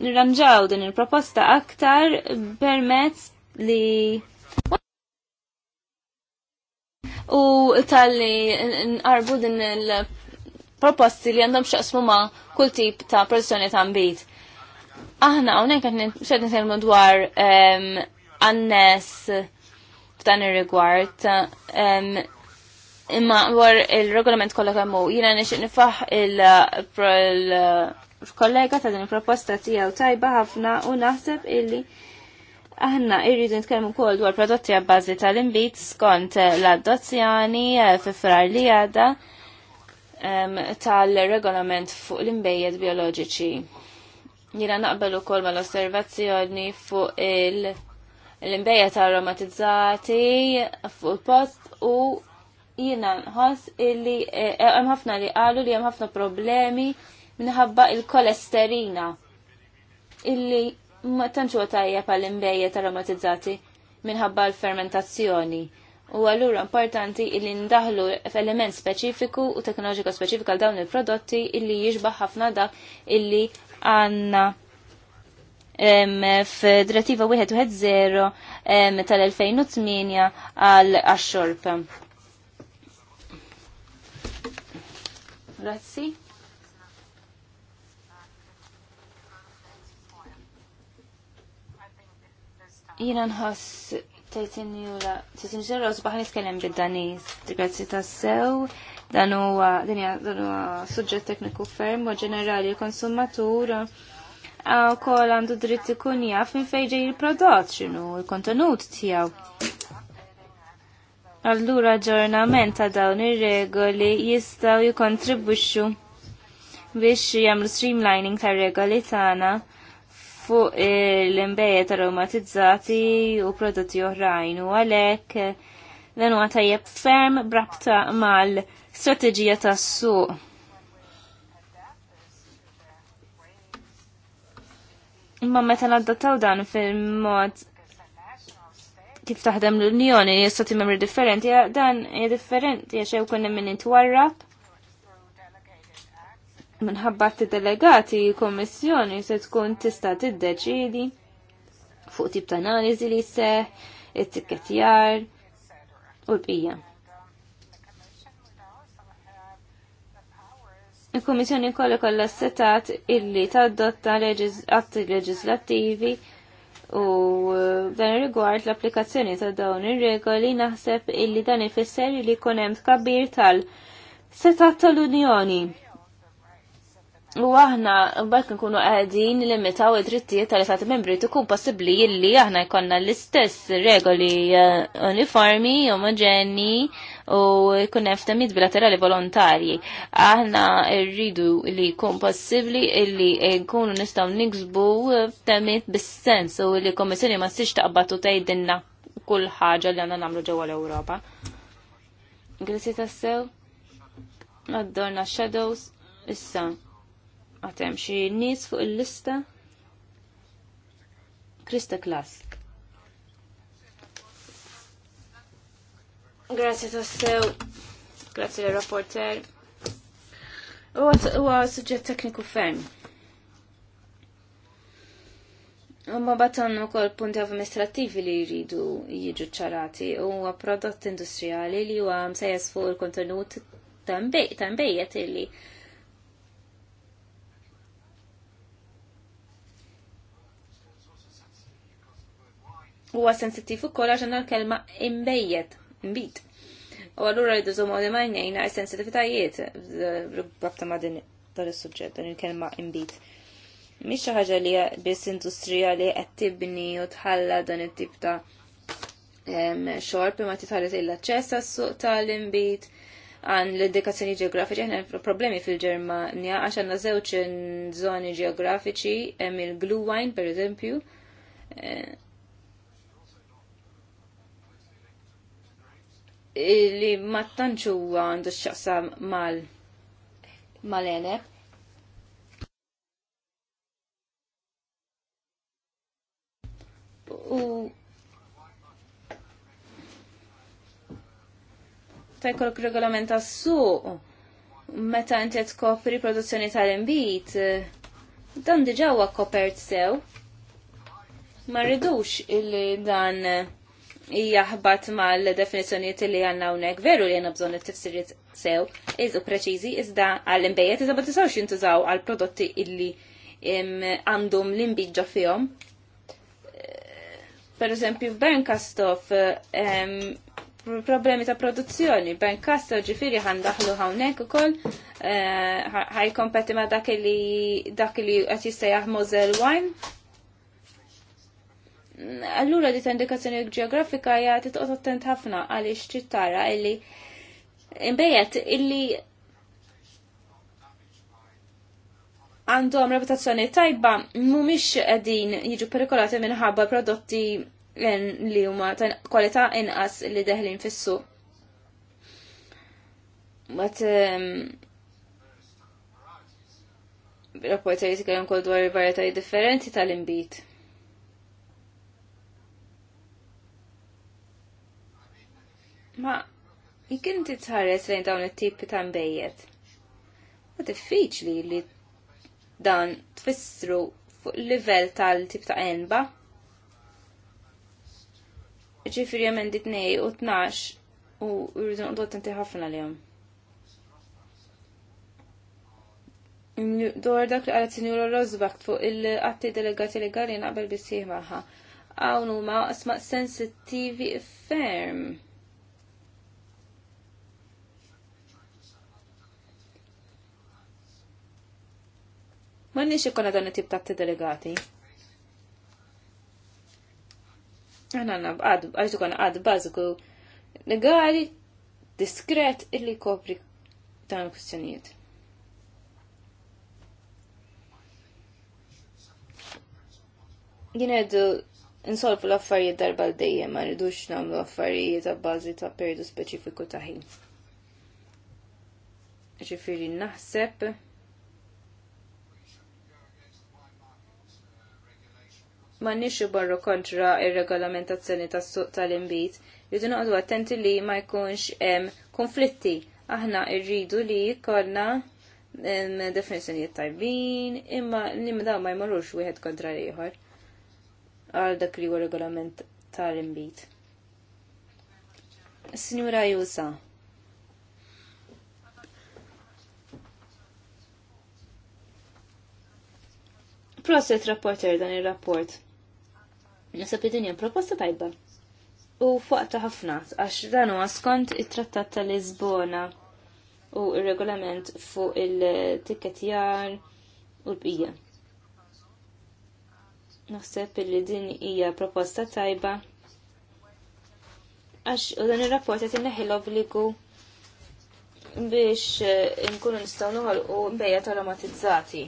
nirranġaw din il-proposta aktar permezz li u tal-li nqarbu din il-proposti li għandhom xaqsmu ma' kull tip ta' personi ta' mbit. Aħna hawnhekk qed xed telmu dwar għannes f'dan ir-rigward imma dwar il-regolament kollha kemm hu jiena nixtieq nifaħ il-kollega ta' din il-proposta tiegħu tajba ħafna u naħseb illi Aħna irridu nitkellmu wkoll dwar prodotti għabbażi tal-inbit skont l-adozzjoni eh, fi frar li għadha tal-regolament fuq l inbejjed bioloġiċi. Jiena naqbel ukoll mal-osservazzjoni fuq l-imbejjed aromatizzati fuq il-post u jiena nħoss illi eh, hemm ħafna li qalu li hemm ħafna problemi minħabba il-kolesterina illi ma tantx huwa tajjeb għal taromatizzati aromatizzati minħabba l-fermentazzjoni. U allura importanti illi ndaħlu f'element speċifiku u teknoloġiko speċifika għal dawn il-prodotti illi jiġbaħ ħafna dak illi għanna f'direttiva 1.0 tal-2008 għal għax-xorb. Grazzi. Jina nħoss tajtinjura, tajtinjura usbaħ nitkellem bid-Daniz, grazzi tassew, dan huwa dan huwa suġġett tekniku ferm u ġenerali l-konsumatur wkoll għandu dritt ikun jaf minn fejn ġej il-prodott x'inhu l-kontenut tiegħu. Allura ġornament ta' dawn ir-regoli jistgħu jikkontribwixxu biex jagħmlu streamlining tar-regoli tagħna fuq eh, l-imbeja aromatizzati u prodotti oħrajn u għalek eh, dan huwa tajjeb ferm brabta mal-strateġija tas-suq. Imma meta naddattaw dan fil-mod kif taħdem l-Unjoni, jistati membri differenti, eh, dan hija differenti għax hemm kunna min intwarrab minħabba t-delegati kommissjoni se tkun tista t-deċidi fuq tip ta' analiżi li se, it-tikketjar u l pija il komissjoni kollha kollha setat illi tadotta atti leġislattivi u eh, dan rigward l-applikazzjoni ta' dawn ir-regoli naħseb illi dan ifisser li jkun hemm tkabbir tal- setat tal-Unjoni U aħna mbagħad nkunu qegħdin limitaw id-drittijiet tal-istati membri tkun possibbli illi aħna jkollna l-istess regoli eh, uniformi, omogeni u jkun hemm ftehmiet bilaterali volontarji. Aħna rridu li jkun possibbli illi nkunu nistgħu niksbu ftehmiet bis-sens u li l-Kommissjoni ma tistix taqbad u tgħidilna kull ħaġa li għandna nagħmlu ġewwa l-Ewropa. Grazzi tassew. Għaddorna shadows issa Għatem xie nis fuq il-lista. Krista Klas. Grazie tassew. Grazie l-rapporter. Huwa suġġett tekniku ferm. ma batan u kol punti amministrativi li jridu jiġu ċarati u prodott industrijali li huwa sejas fuq il-kontenut tambejet li huwa sensittiv ukoll għax għandna l-kelma imbejjed, imbit. U allura rridu żomu li majnejna s-sensitivitajiet rabta ma' din dan is-suġġett, dan il-kelma imbit. Mhix xi ħaġa li biss industrija li qed tibni u tħalla dan it-tip ta' xorb ma titħallet il-aċċess għas-suq tal-imbit għan l-indikazzjoni ġeografiċi ħna problemi fil-Ġermanja għax għanna żewġ zoni ġeografiċi hemm il-glue wine per eżempju eh, li ma tantxu għandu x'aqsa mal mal U taj kolok tas su meta inti kopri tkopri produzzjoni tal imbit dan diġà huwa kopert sew. Ma rridux il dan ma mal-definizjoniet li għanna unek veru li għanna bżon il-tifsiriet sew, iżu preċizi, iżda għall-imbejet, iżda ma tisawx jintużaw għal-prodotti illi għandhom l-imbidġa fihom. Per eżempju, Bankastof, problemi ta' produzzjoni, Bankastof ġifiri għandaħlu hawnhekk ukoll eh, koll, ma' dak ma dak li qed jista' jaħmuż wine allura di ta' indikazzjoni ġeografika hija titqgħod attent ħafna għaliex ċittara illi imbejjed illi għandhom reputazzjoni tajba mhumiex qegħdin jiġu perikolati minħabba prodotti li huma ta' kwalità inqas li deħlin fis-suq. But um, rapporteri jitkellem kol dwar varjetaj differenti tal-imbit. Ma jikin inti tħares lejn dawn it-tipi ta' mbejjed. Ma diffiċli li dan tfissru fuq livell tal-tip ta' enba. Ġifiri jemen ditnej u tnax u rridu nqdu attenti ħafna li jom. Dwar dak li għalet sinjura Rosbach fuq il-qatti delegati legali naqbel bisih maħħa. Għawnu ma' asma' sensittivi ferm Ma nix ikkona dan it-tip ta' delegati. Għanna għanna għad, għax dukon għad bażiku legali, diskret illi kopri dan kustjonijiet. Jineddu insolvu l-affarijiet darba l-dejjem, ma rridux namlu affarijiet ta' bażi ta' periodu speċifiku ta' ħin. Ġifiri naħseb ma nix barru kontra il regolamentazzjoni tas-suq tal-imbit, jridu noqgħdu attenti li ma jkunx hemm konflitti. Aħna rridu li jkollna definizzjonijiet tajbin, imma li daw ma jmorrux wieħed kontra l-ieħor għal dak li huwa regolament tal-imbit. Signora Jusa. Proset rapporter dan il-rapport. Nasab id-dinja proposta tajba. U fuqta ħafna, għax dan huwa skont it-Trattat ta' Lisbona u ir-regolament fuq il-tikketjar u l-bija. Naħseb li din hija proposta tajba. Għax u dan ir-rapport qed inneħi l-obligu biex nkunu nistgħu noħolqu mbejja tal-amatizzati.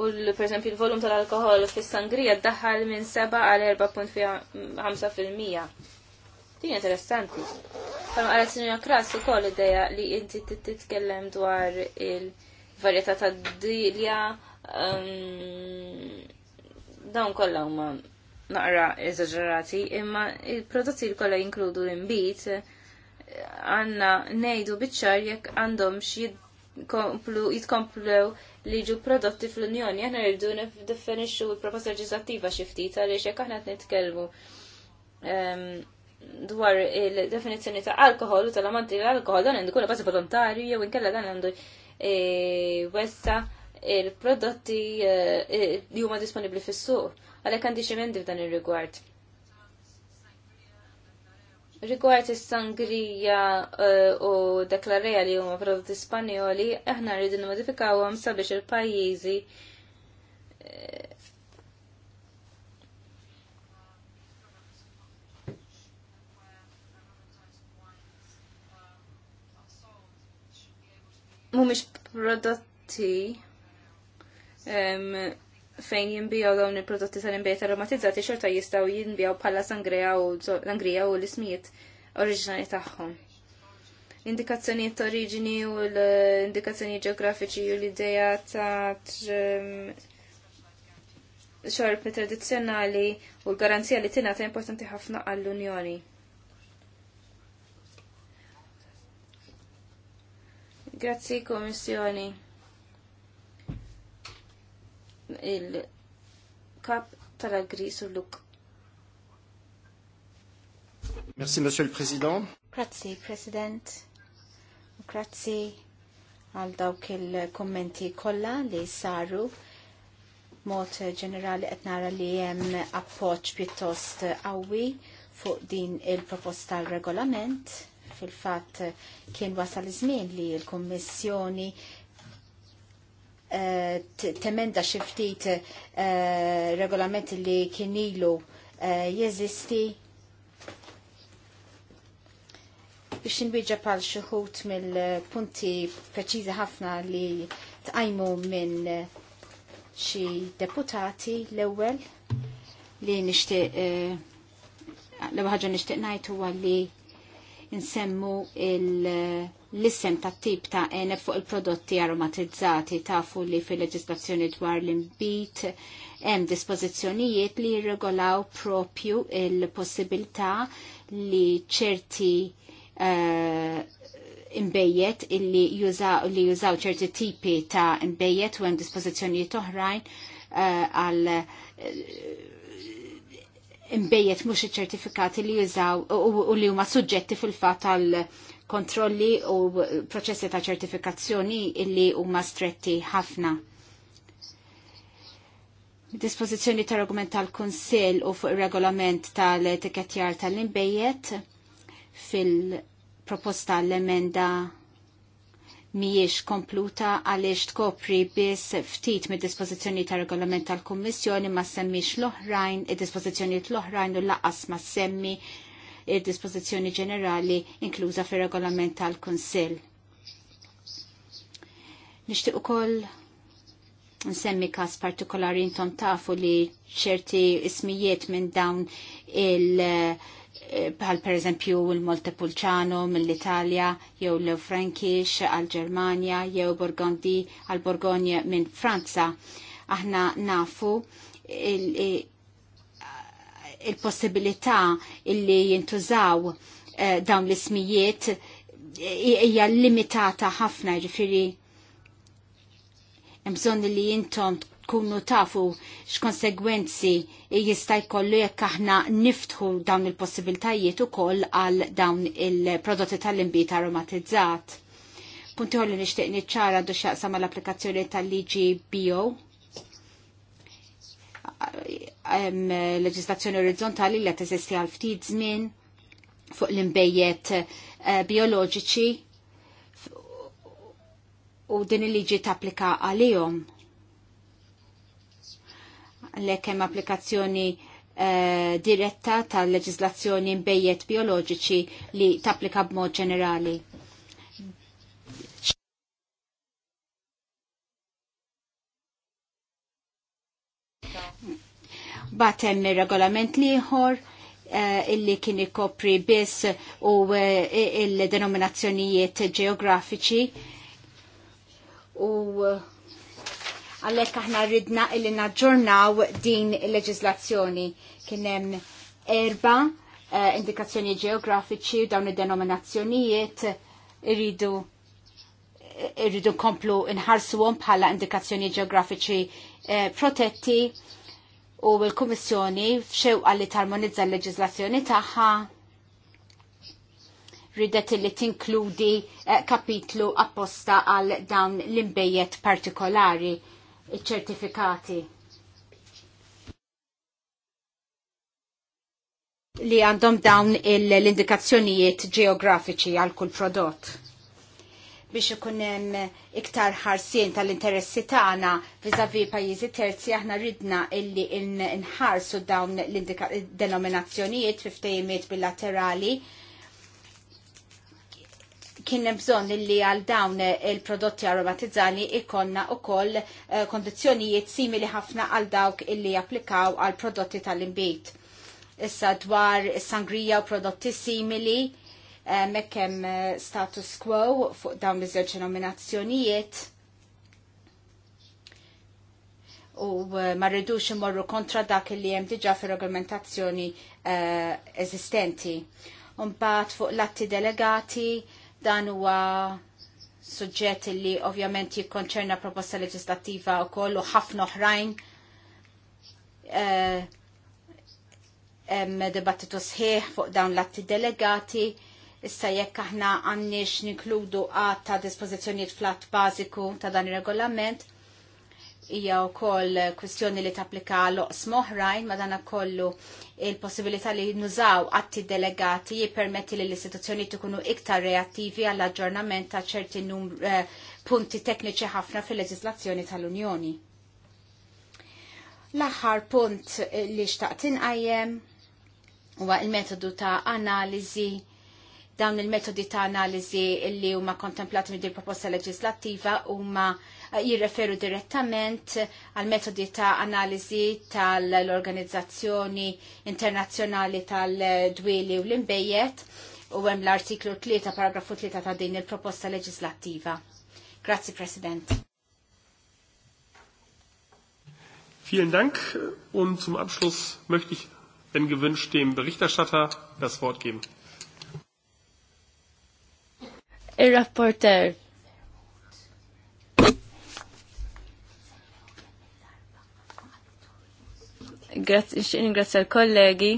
u per esempio il-volum tal-alkohol fis-sangrija ddaħħal minn 7 għal 4.5%. Din interessanti. Għal għal sinja Kras ukoll ideja li inti titkellem dwar il-varjetà ta' dilja um, dawn kollha huma naqra eżaġerati, imma il-prodotti li kollha jinkludu l-imbit għanna nejdu biċċar jekk għandhom jitkomplu li ġu prodotti fl-Unjoni, aħna rridu nifdefinixxu l-proposta leġislattiva xi ftit għaliex jekk aħna qed nitkellmu ehm, dwar il-definizzjoni ta' alkohol u tal-amanti l-alkohol dan għandu kull bażi volontarju jew inkella dan għandu e, wessa il-prodotti e, e, li huma disponibbli fis-suq. Għalhekk għandi xi mendi f'dan ir-rigward. Rigward is-sangrija uh, u deklareja li huma prodotti Spanjoli, aħna rridu nmodifikawhom sabiex il-pajjiżi eh, mhumiex prodotti fejn jinbijaw dawn il-prodotti tal imbejt aromatizzati xorta jistaw jinbijaw bħala sangrija u l-ismijiet oriġinali tagħhom. Indikazzjonijiet ta' oriġini u l-indikazzjoni ġeografiċi u l-ideja ta' xorb tradizzjonali u l-garanzija li tingħata importanti ħafna għall-Unjoni. Grazzi Komissjoni il-kap tal-agri sulluk. Merci, Monsieur le Président. Grazie, President. Grazie għal dawk il-kommenti kollha li saru mod ġenerali qed nara li hemm appoġġ pjuttost qawwi fuq din il-proposta tal regolament fil-fatt kien wasal iż-żmien li l-Kummissjoni Eh, temenda xi ftit eh, regolamenti li kien ilu eh, jeżisti biex nbieġa pal xuħut mill-punti preċiżi ħafna li tqajmu minn xi deputati l-ewwel li nixtieq l ħaġa nixtieq ngħid huwa li nsemmu il- l-issem ta' tip ta' enef fuq il-prodotti aromatizzati tafu li fil-leġislazzjoni dwar l-imbit hemm dispożizzjonijiet li jirregolaw propju il-possibilità li ċerti uh, imbejjet jużaw li jużaw ċerti tipi ta' imbejjet u hemm dispożizzjonijiet oħrajn eh, għal eh, imbejjet mhux iċ-ċertifikati li jużaw u, u, u li huma suġġetti fil-fatt għal kontrolli u proċessi ta' ċertifikazzjoni illi huma stretti ħafna dispożizzjoni ta' argument tal-Kunsill u fuq regolament tal-etikettjar tal-imbejjet fil-proposta l-emenda miex kompluta għaliex tkopri biss ftit mid dispożizzjoni ta' regolament tal-Kummissjoni ma semmix l-oħrajn, id-dispożizzjonijiet l-oħrajn u laqas ma semmi il-dispozizjoni ġenerali inkluża fir regolament tal-Konsil. Nishtiq ukoll nsemmi kas partikolari intom tafu li ċerti ismijiet minn dawn il- bħal per eżempju il-Montepulciano mill-Italja, jew l frankish għal-Germania, jew Borgondi għal-Borgonja minn Franza. Aħna nafu il-possibilità illi jintużaw eh, dawn l-ismijiet eh, hija limitata ħafna ġifiri bżonn li jintom tkunu tafu x'konsegwenzi jista' jkollu jekk aħna niftħu dawn il-possibiltajiet ukoll għal dawn il-prodotti tal-inbit aromatizzat. Punti li nixtieq niċċara du xaqsam mal applikazzjoni tal-liġi bio leġislazzjoni orizzontali li eżisti għal ftit żmien fuq l-imbejjet eh, bioloġiċi u din il-liġi tapplika għalihom. Lekk hemm applikazzjoni eh, diretta tal-leġislazzjoni imbejjet bioloġiċi li tapplika b'mod ġenerali Batem regolament liħor eh, illi kien ikopri biss u eh, il-denominazzjonijiet ġeografiċi u eh, għalhekk aħna ridna illi naġġornaw din il-leġislazzjoni kien hemm erba uh, indikazzjoni ġeografiċi dawn id-denominazzjonijiet irridu irridu komplu inħarsuhom bħala indikazzjoni ġeografiċi protetti u l-Kummissjoni f'xewqa li tarmonizza l-leġislazzjoni tagħha ridet li tinkludi eh, kapitlu apposta għal dawn l-imbejjet partikolari ċertifikati. li għandhom dawn l-indikazzjonijiet ġeografiċi għal kull prodott biex ikun hemm iktar ħarsien tal-interessi tagħna viżavi pajjiżi terzi aħna ridna illi nħarsu dawn l-denominazzjonijiet fi bilaterali kien hemm bżonn illi għal dawn il-prodotti aromatizzani ikonna ukoll eh, kondizzjonijiet simili ħafna għal dawk illi japplikaw għal prodotti tal-imbit. Issa dwar sangrija u prodotti simili mekkem eh, status quo fuq dawn iż-żewġ nominazzjonijiet u eh, ma rridux imorru kontra dak li hemm diġà fir-regolamentazzjoni eh, eżistenti. Mbagħad fuq l-atti delegati dan huwa suġġett li ovvjament jikkonċerna proposta leġislattiva u koll u ħafna oħrajn hemm eh, dibattitu sħiħ fuq dawn l-atti delegati Issa jekk aħna għandniex ninkludu għad ta' dispożizzjonijiet flat bażiku ta' dan ir-regolament, hija wkoll kwistjoni li tapplika loqs moħrajn madana kollu il-possibilità li nużaw atti delegati jippermetti li l-istituzzjoni ikunu iktar reattivi għall-aġġornament ta' ċerti eh, punti tekniċi ħafna fil-leġislazzjoni tal-Unjoni l-aħħar punt li xtaqt inqajjem huwa il-metodu ta' analiżi dawn il-metodi ta' analizi li huma kontemplati mid proposta leġislattiva huma eh, jirreferu direttament għal metodi ta' analizi tal-Organizzazzjoni Internazzjonali tal-Dwili u l-Imbejjet u hemm l-artiklu 3 paragrafu 3 ta' din il-proposta leġislattiva. Grazzi President. Vielen Dank und zum Abschluss möchte ich, wenn gewünscht, dem Berichterstatter das Wort geben ir-rapporter. Ingrazzja l-kollegi.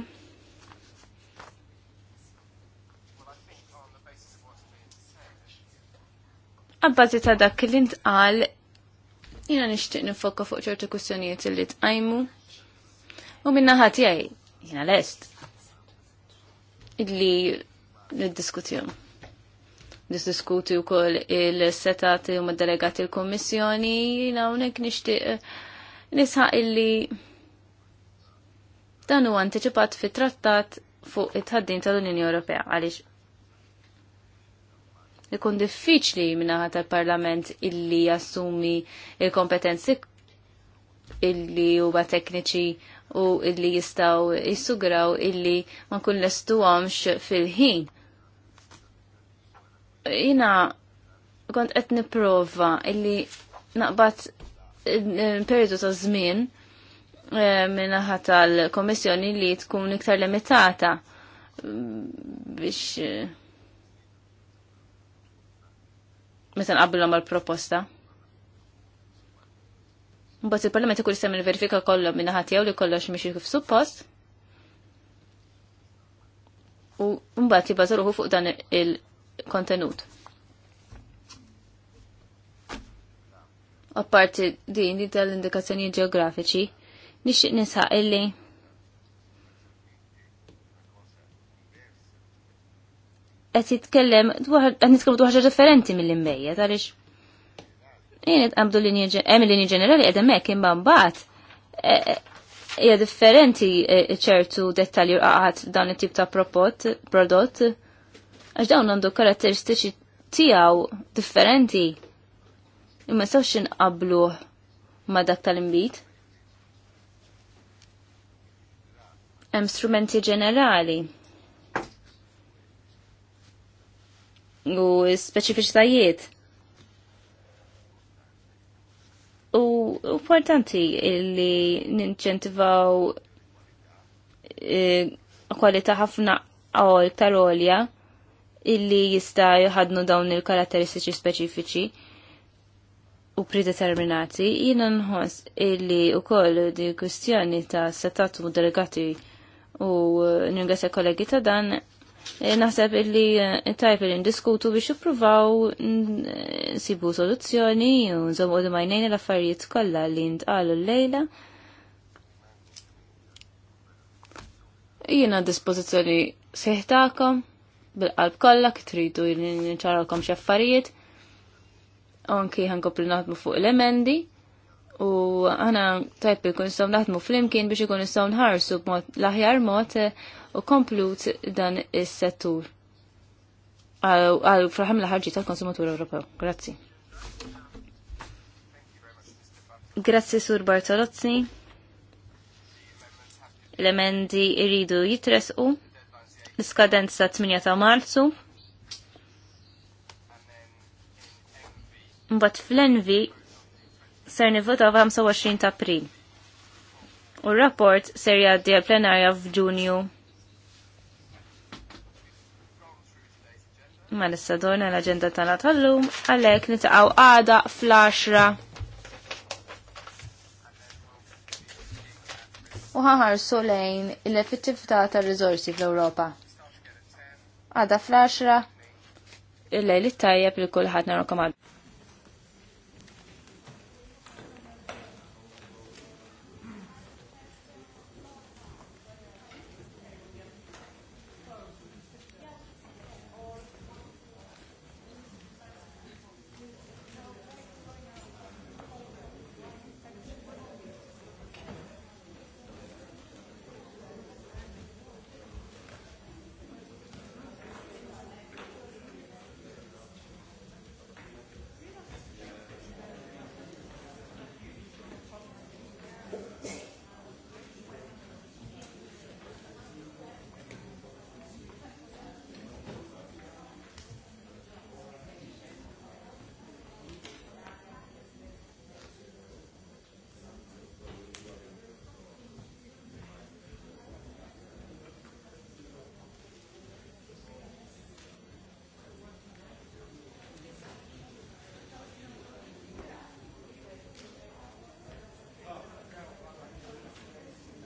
Għabbażi ta' dak li ntqal, jina nixtieq nifokka fuq ċerti kwistjonijiet li tqajmu. U minna ħadd jgħid, jina lest. Illi niddiskutjom nis-diskuti u koll il-setati u delegati il-kommissjoni, jina unek nishtiq eh, nisħaq illi dan u anticipat fi trattat fuq it-ħaddin tal-Unjoni Ewropea għaliex ikun diffiċli minnaħat tal-Parlament illi jassumi il-kompetenzi illi huwa tekniċi u illi jistaw jissugraw illi ma kun lestu għamx fil-ħin jina kont qed nipprova illi naqbad eh, periodu ta' żmien eh, minnaħa tal-komissjoni li tkun iktar limitata mm, biex eh, meta nqabbilhom mal-proposta. Mbagħad il-Parlament ikun jista' verifika kollha minnaħa tiegħu li kollox mhix kif suppost. U mbagħad jibbażaruhu fuq dan il- kontenut. Apparti din di tal-indikazzjoni ġeografiċi, nixtieq nisħaq illi qed jitkellem qed nitkellmu dwar ħaġa differenti mill-imbejja għaliex jien qed qabdu linji hemm linji ġenerali qed hemmhekk imma mbagħad eh, eh, hija differenti eh, ċertu dettalji rqaqat dan it-tip ta' prodott għax dawn għandu karatteristiċi tiegħu differenti. Imma sawx qablu ma dak tal-imbit. Hemm strumenti ġenerali. U speċifiċitajiet. U importanti li ninċentivaw eh, kwalità ħafna għol tal-olja illi jista' jħadnu dawn il-karatteristiċi speċifiċi u predeterminati, jina nħoss illi u koll di kustjoni ta' setat u delegati u nirgħasja kollegi ta' dan, e, naħseb illi e, tajp illi ndiskutu biex provaw e, sibu soluzzjoni u nżomu u majnejn l-affarijiet kollha li ntqalu l-lejla. Jina dispozizjoni seħtakom bil-qalb kollha kif tridu nċaralkom xi affarijiet. Anki ħankop li naħdmu fuq l-emendi u ħana tajb ikun nistgħu naħdmu flimkien biex ikun nistgħu nħarsu b'mod l-aħjar mod eh, u komplut dan is-settur għal fraħam l-ħarġi tal-konsumatur Ewropew. Grazzi. Grazzi Sur Bartolozzi. L-emendi irridu jitresqu l-iskadenza 8 ta' Marzu. Mbagħad fl-Envi ser nivvota 25 ta' April. U r-rapport ser jgħaddi plenarja f'Ġunju. Ma l-istadorna l-agenda tal għatallum għalek nitaqaw għada fl-10. u ħaħar lejn l-effettività tar rizorsi fl-Ewropa. Għada fl-10 il-lejl tajjeb li kulħadd narkomand.